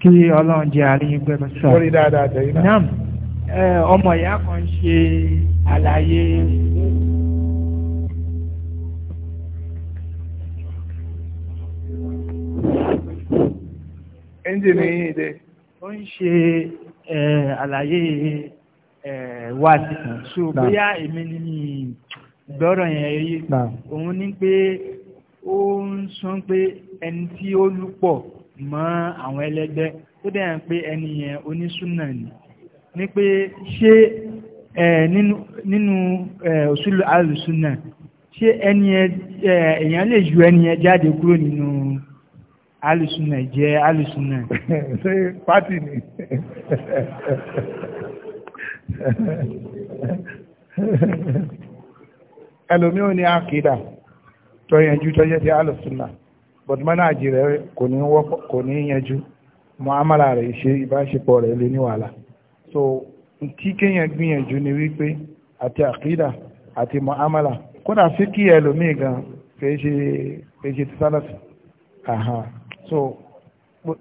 kí ọlọ́run jẹ́ àríyìn pẹ̀lú sọ. orí dáadáa tẹ̀yìn náà. naam ọmọ ìyá kan ṣe àlàyé. ẹ́ńjìnì yìí dé. ó ń ṣe àlàyé wáàsí kan so bóyá èmi ni gbọ́rọ̀ yẹn rí òun ní pé ó ń sọ pé ẹni tí ó lù pọ̀ mọ́ àwọn ẹlẹ́gbẹ́ tó dẹ̀ ń pé ẹni yẹn onísúnà ni ní pé ṣé nínú òṣùlù alùsúnà ṣé ẹni èèyàn lè ju ẹni yẹn jáde kúrò nínú alùsúnà jẹ́ alùsúnà. [laughs] ṣé pátì ni [laughs] ẹlòmíràn ní àkìdá tó yẹn ju tó yẹ ti alùsúnà but mọ́nájì rẹ̀ kò ní yanjú mọ́ámàlà rẹ̀ ṣe ìbáṣepọ̀ rẹ̀ lé ní wàhálà so tí kéèyàn gbìyànjú ni wípé àti àkídà àti mọ́ámàlà kódà sí kí ẹlòmíì gan kìí ṣe ti sálàtì so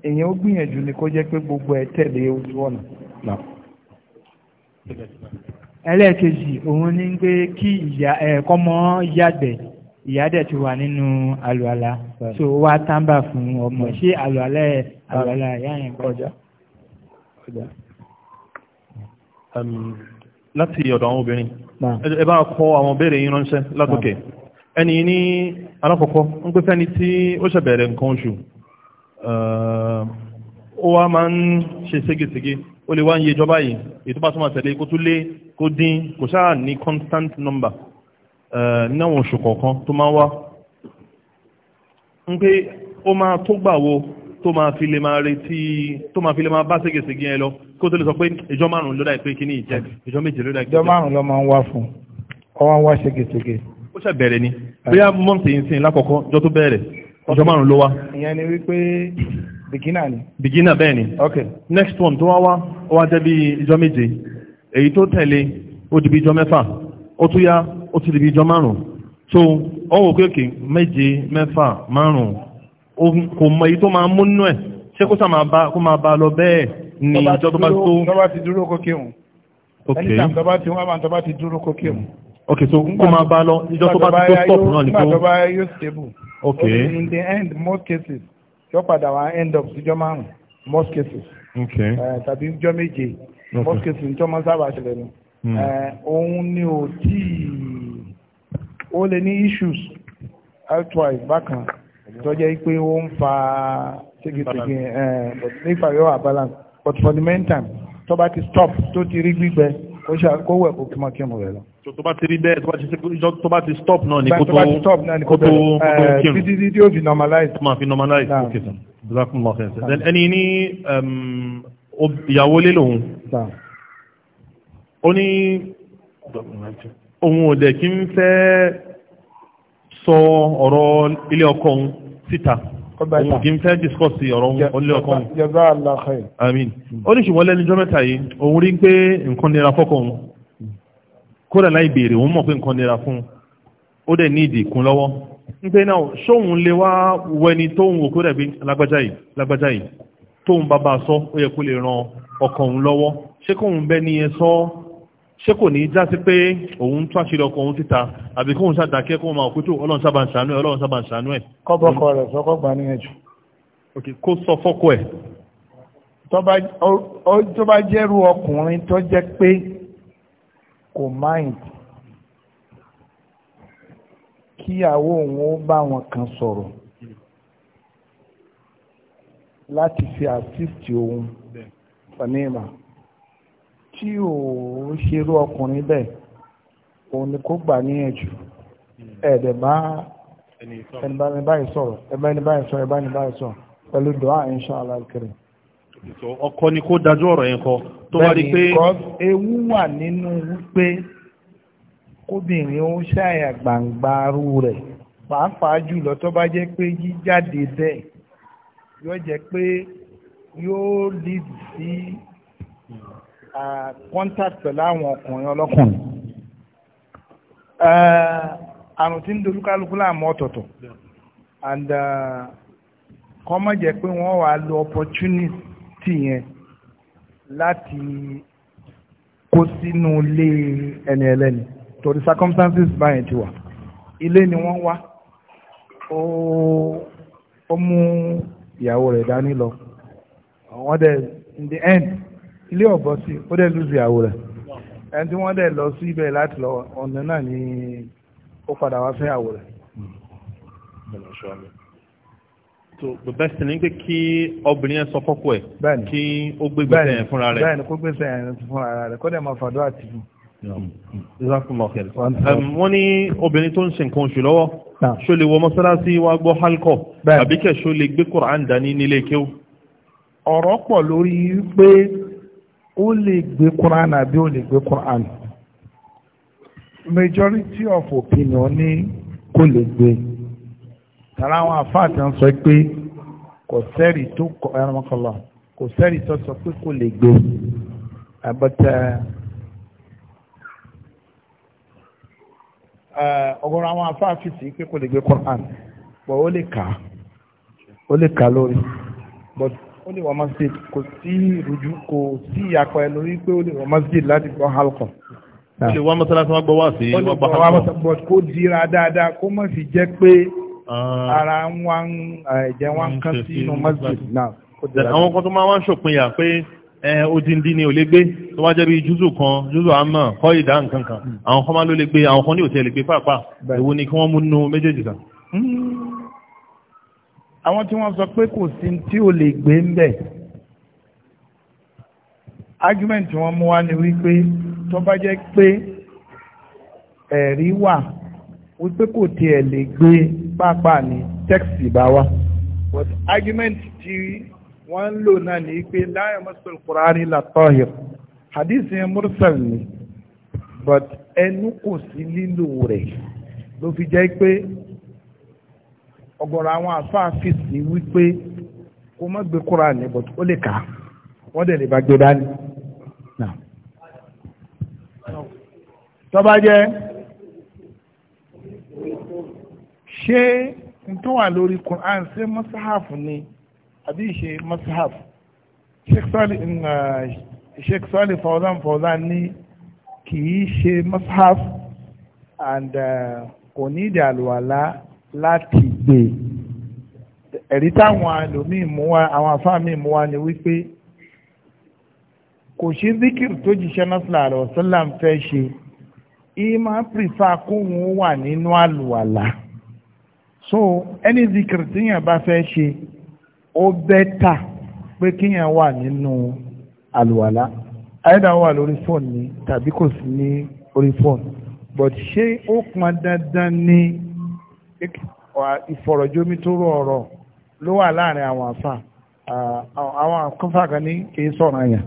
èèyàn gbìyànjú ni kó jẹ́ pé gbogbo ẹ̀ tẹ̀lé ojú ọ̀nà náà ẹlẹ́ẹ̀kejì òun ní pé kí ìyá ẹ̀kọ́ mọ́ yàgbẹ̀ ìyá dẹ̀ ti wà nínú àlùalá so wá tábà fún ọmọ ṣé àlùalá àlùalá ìyá yẹn kọjá. láti ọ̀dọ̀ àwọn obìnrin ẹ bá kọ àwọn béèrè yín ránṣẹ́ látòkè ẹni ní alákọ̀ọ́kọ́ ń pẹ́ fẹ́ni tí ó ṣẹ̀ bẹ̀rẹ̀ nǹkan oṣù eh, ó wá máa ń ṣe ségesège ó lè wá ń yejọ́ báyìí ètò bá máa tẹ̀lé kó tún lé kó dín kò sáà ní constant number náwọn oṣù kọ̀ọ̀kan tó máa wá ń pé ó máa tó gbàwo tó máa fi lè máa retí tó máa fi lè máa bá ségesège yẹn lọ kó tó lè sọ pé ìjọ márùn-ún ló dà kí ní ìjẹ ìjọ méje ló ìjọ márùn-ún ló máa ń wá fún ọwọ́n wá ségesège. ó ṣe bẹ̀rẹ̀ ni bóyá mọ́ǹtì ń sìn lákọ̀ọ́kọ́ jọ tó bẹ̀rẹ̀ ìjọ márùn-ún ló wá. ìyẹn ni wípé beginner ni. beginner bẹ́ẹ̀ ni. ok next one tó wá wá ó wá jẹ́ bí ìjọ méje èyí tó tẹ̀lé ó di bí ìjọ mẹ́fà ó tún yá ó ti dìbí ìjọ márùn-ún tó ọwọ́ kéèkì méje mẹ́fà márùn-ún kò mọ èyí tó máa múnú ẹ̀ ṣé kó sàmà bá lọ bẹ́ẹ̀ ni ìjọ tó bá tó. tọ́ba so kó máa bá lọ ìjọ tó bá tó stop náà ni kó. nígbà in the end most cases yóò padà wá end up síjọ márùn-ún most cases. Eh, tàbí ìjọ méje most cases ìjọ máa sábà ṣẹlẹ̀ ni. Hmm. Eh, òun ni ò tíì ó lè ní issues outwise bákan tó jẹ́ pé ó ń fa ségesège nípa yóò balance but for the meantime tó bá ti stop tó ti rí gbígbẹ kó wẹ̀ kó kí mọ́ kí mo rẹ̀ lọ tó bá ti rí bẹ́ẹ̀ tó bá ti stop náà ni kó tó kó tó kírun títí tí ó fi normalize. ó máa fi normalize ok sir bíláàkùn lọ fẹ́ sẹ́ ẹni ní um, ìyàwó lé lòun ó ní òun ò dẹ̀ kí ń fẹ́ sọ ọ̀rọ̀ ilé ọkọ òun síta òun kì í fẹ́ discourse ọ̀rọ̀ ilé ọkọ òun àmín mm. ó ní ṣùgbọ́n lẹ́nu ọjọ́ mẹ́ta yìí òun rí pé nǹkan nira fọ́kọ òun mm. kódà láì béèrè òun mọ̀ pé nǹkan nira fún un ó dẹ̀ ní ìdì kún lọ́wọ́ ń pé náà ṣóhun lè wá wẹni tóhun òkú rẹ̀ bí lágbájá yìí lágbájá yìí tóhun bàbá sọ ó yẹ kó lè ran ọkọ òun lọ́wọ́ ṣé kóhun bẹ́ ní ẹ sọ ṣé kò ní já sí pé òun tó àṣírí ọkọ òun títa àbí kóun ṣàdákẹ́ kóun máa òkútó ọlọ́run sábà ń ṣàánú ẹ̀ ọlọ́run sábà ń ṣàánú ẹ̀. kọ́bọ̀kọ rẹ̀ sọ́kọ́ gbà níyẹn jù. ok kó sọ fọ́kọ ẹ̀. tó bá jẹ́rú ọkùnrin tó jẹ́ pé kò mind kíyàwó òun ó bá wọn kan sọ̀rọ̀ láti fi assist òun fani ìmọ̀ tí ò ṣerú ọkùnrin bẹ́ẹ̀ òun ni kó gbà níyànjú hmm. ẹ̀ẹ́dẹ̀ bá ẹni báyìí sọ̀rọ̀ ẹ̀bá ẹni báyìí sọ̀rọ̀ ẹ̀bá ẹni báyìí sọ̀rọ̀ pẹ̀lú dùá inṣàlá kiri. ọkọ ni kó dájú ọ̀rọ̀ yẹn kọ tó wá rí pé. ewu wà nínú wípé kóbìnrin ó ṣàyà gbàǹgbàrú rẹ̀ pàápàá jùlọ tó bá jẹ́ pé jíjáde bẹ́ẹ̀ yóò jẹ́ pé yóò lead sí hmm contact pẹ̀lú àwọn ọkùnrin ọlọ́kùnrin eh, àrùn tí ń dolúkálukú láàmú ọ̀tọ̀ọ̀tọ̀ and eh, kọ́ mọ̀ jẹ́ pé wọ́n wàá lo opportunity yẹn láti kó sínú ilé ẹni ẹlẹ́ni torí circumstances báyẹn ti wà ilé ni wọ́n wá ó ó mú ìyàwó rẹ̀ dání lọ wọ́n dẹ̀ in the end ilé ọ̀bọ sí ó dẹ̀ lùzì àwò rẹ̀ ẹni tí wọ́n dẹ̀ lọ sí ibẹ̀ láti lọ ọ̀nà náà ni ó padà wá fẹ́ àwò rẹ̀. so the best thing ni pé kí obìnrin yẹn sọ fọ́kọ ẹ̀ kí ó gbé gbèsè yẹn fúnra rẹ̀ bẹ́ẹ̀ ni kó gbèsè yẹn fúnra rẹ̀ kó dẹ̀ máa fàdó àti fún. Um, wọ́n ní obìnrin tó ń ṣe nǹkan oṣù lọ́wọ́ ṣó lè wọ mọ́sálásí wá gbọ́ halkọ̀ àbíkẹ́ ṣó lè gbé Kùránì dání nílé kéw. ọ̀rọ̀ pọ̀ lórí pé ó lè gbé Quran àbí ó lè gbé Quran majority of opinion ni kò lè gbé tàrà àwọn àfáàtì ń sọ pé kò sẹ́rì tó kọ ẹranmọ́kọlọ kò sẹ́rì tó sọ pé kò lè gbé àbọ̀tẹ́ uh, uh, uh, ọgọ́rọ̀ àwọn afáàfin sí pé kò lè gbé Quran but ó lè kà ó lè kà lórí but ó lè wọ masjid kò sí ìrújú kò sí ìyapa ẹ lórí pé ó lè wọ masjid láti gbọ́ halkọ̀. ó lè wá mọ́sálásí wọn gbọ́ wá sí wọ́n gbọ́ halkọ̀. kó dira dáadáa kó má fi jẹ́ pé ah. ara wọn ẹ̀jẹ̀ wọn hmm, kan sí inú masjid náà. àwọn kan tó máa wá ń ṣòpinya pé eh, odindi ni ò lè gbé tó wá jẹ́ bí júzù kan júzù àmà kọ́ ìdá nǹkan kan hmm. àwọn kan máa ló lè gbé àwọn kan ní òtẹ́ lè gbé pàápàá èwo ni kí wọ́n mú nú méjèèjì kan àwọn tí wọ́n sọ pé kò sí tí ó lè gbé ń bẹ̀ argument wọ́n mú wá ní wípé tó bá jẹ́ pé ẹ̀rí wà wípé kò tiẹ̀ lè gbé pápá ní tẹ́kìsì bá wá but argument tí wọ́n ń lò náà ní pé láyé mọ́sùlùmí kùránì látọ́hìr hadith yẹn mursal ni but ẹnu kò sí lílò rẹ̀ ló fi jẹ́ pé ọ̀gọ̀rọ̀ àwọn àfáà fèsì wípé kó má gbé kúrà ní bọ̀tú ó lè kà á wọ́n dẹ̀ lè bá gbé dání. tọ́ba jẹ́ ṣé n tó wà lórí Quran ṣé mọ́sáhàfù ni àbí ìṣe mọ́sáhàfù sheikh sọ́ọ̀lì fọ́ọ̀lán fọ́ọ̀lán ní kì í ṣe mọ́sáhàfù and uh, kò ní ìdí àlùwàlá láti gbé ẹ̀rí táwọn àlòmíì mú wá àwọn afáàmì mú wá ni wípé kò sí zikir tó jíṣẹ́ nọ́sílà rẹ̀ ọ̀sọ́là fẹ́ ṣe ìmọ̀ pírífà kóhun wà nínú àlùwàlà so ẹni zikir tíyàn bá fẹ́ ṣe ó bẹ́tà pé kíyàn wà nínú àlùwàlà àyẹ̀dá wà lórí fóònù ni tàbí kò sí ní orí fóònù but ṣé ó pọn dandan ni ìfọ̀rọ̀jómi tó rọ ọ̀rọ̀ ló wà láàrin àwọn àfà àwọn àkọ́fà kan ní kìí sọ̀rọ̀ àyàn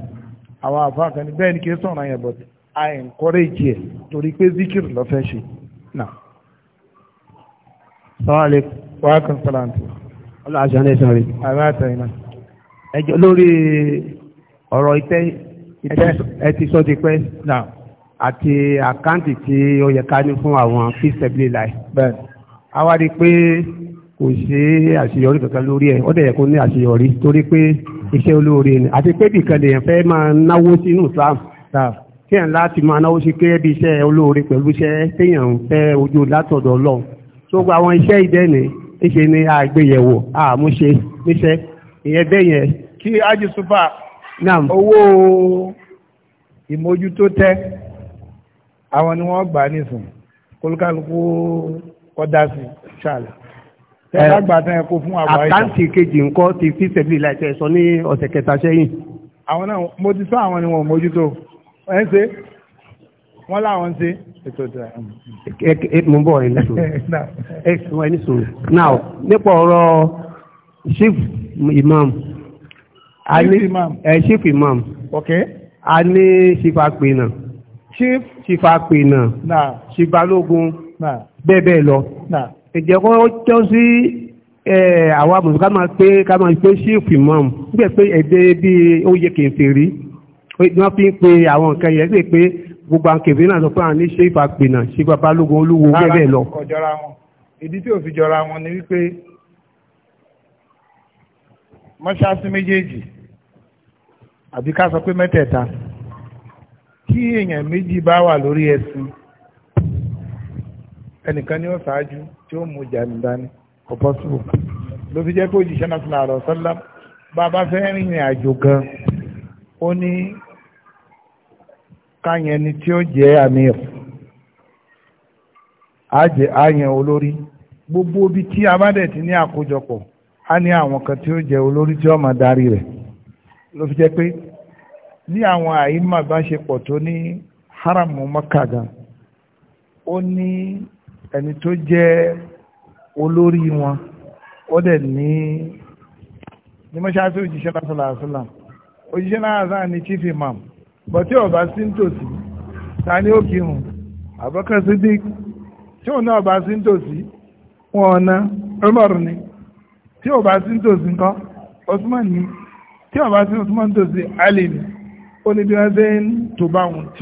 àwọn àfà kan ní bẹ́ẹ̀ ni kìí sọ̀rọ̀ àyàn but I encourage ẹ̀ torí pé zikir lọ fẹ́ ṣe náà. sọ́wọ́n alẹ́ wà á kàn sọ́lá àǹtí. ọlọ́ àṣà ní ìsọ̀rí. àbá àtẹ̀yìn náà. ẹjọ́ lórí ọ̀rọ̀ ìtẹ́ ẹ ti sọ ti pẹ́ àti àkáǹtì tí ó yẹ ká ní fún àwọn fíṣẹ̀bílì láì. bẹ́ẹ̀ àwa rí i pé kò ṣe àṣeyọrí kankan lórí ẹ̀ ó dẹ̀yẹ kó ní àṣeyọrí torí pé iṣẹ́ olóore ni àti pé bìkan lèèyàn fẹ́ máa náwó sínú Islam kí ẹ̀ láti máa náwó sí kéré bí iṣẹ́ olóore pẹ̀lú iṣẹ́ téèyàn ń fẹ́ ojú látọ̀dọ̀ Ọlọ́run tó gba àwọn iṣẹ́ ìdẹ́ni níṣe ni àgbéyẹ̀wò àmúṣe níṣẹ́ ìyẹn bẹ́ẹ̀ yẹn. kí ájú súpà owó ìmójútó tẹ́ àwọn ni wọ́n gbà nísìn kólúkálukú kọ́dá sí ṣáàlẹ̀. tẹ́lágbàtán ẹ kó fún àgbà ìta. àkáǹtì kejì ńkọ́ ti fi sẹ́bí láìpẹ́ sọ ní ọ̀sẹ̀ kẹta sẹ́yìn. àwọn náà mo ti sọ àwọn ni wọn ò mójútó ẹ ń ṣe wọn láwọn ń ṣe ètò ìtura. ẹ mú bọ̀ ẹ nísòro ẹ sùn ẹ now nípa ọ̀rọ̀ chief imam. chief imam. ẹ chief imam. ok. a ní chief apè chief. chief apè náà. na. chief balógun. na bẹ́ẹ̀ bẹ́ẹ̀ lọ ìjẹ́ kó tọ́ sí àwa mùsùlùmí ká máa pé ká máa pé ṣífù imam nígbà pé ẹ̀dẹ́ bí ó yẹ kì í fi rí wọ́n fi ń pe àwọn nǹkan yẹn sí pé gbogbo àwọn kèfé náà sọ pé àwọn ní ṣéfà pènà ṣéfà balógun olúwo bẹ́ẹ̀ lọ. ìdí tí ò jọra wọn ni wípé mọ́ṣáláṣí méjèèjì àbí ká sọ pé mẹ́tẹ̀ẹ̀ta kí èèyàn méjì bá wà lórí ẹ̀sìn ẹnìkan ni ó ṣáájú tí ó mú ìjà nìdání kò pọ́sibù ló fi jẹ́ pé òjìṣẹ́ náà fúnra rọ̀ sọ́lá bá a bá fẹ́ rìnrìn àjò gan ó ní káyẹn ni tí ó jẹ́ àmìr àyẹn olórí gbogbo ibi tí a bá dẹ̀ ti ní àkójọpọ̀ a ní àwọn kan tí ó jẹ́ olórí tí ó máa darí rẹ̀ ló fi jẹ́ pé ní àwọn àyíma bá ṣe pọ̀ tó ní haramu mọ́kàgà ó ní ẹni tó jẹ́ olórí wọn ó dẹ̀ ní ní mọ́ṣáláṣí òjíṣẹ́ lásán làásùlà òjíṣẹ́ làásùlà ní chief imam bọ́tí ọba sí ń tòsí ta ni ó kírun Abubakar Siddiq tí òun náà bá sí ń tòsí wọn ọ̀nà Umar ni tí ọba sí ń tòsí nǹkan Osman ni tí ọba sí Osman tòsí Ali ni ó ní bí wọ́n ṣe ń tó wọn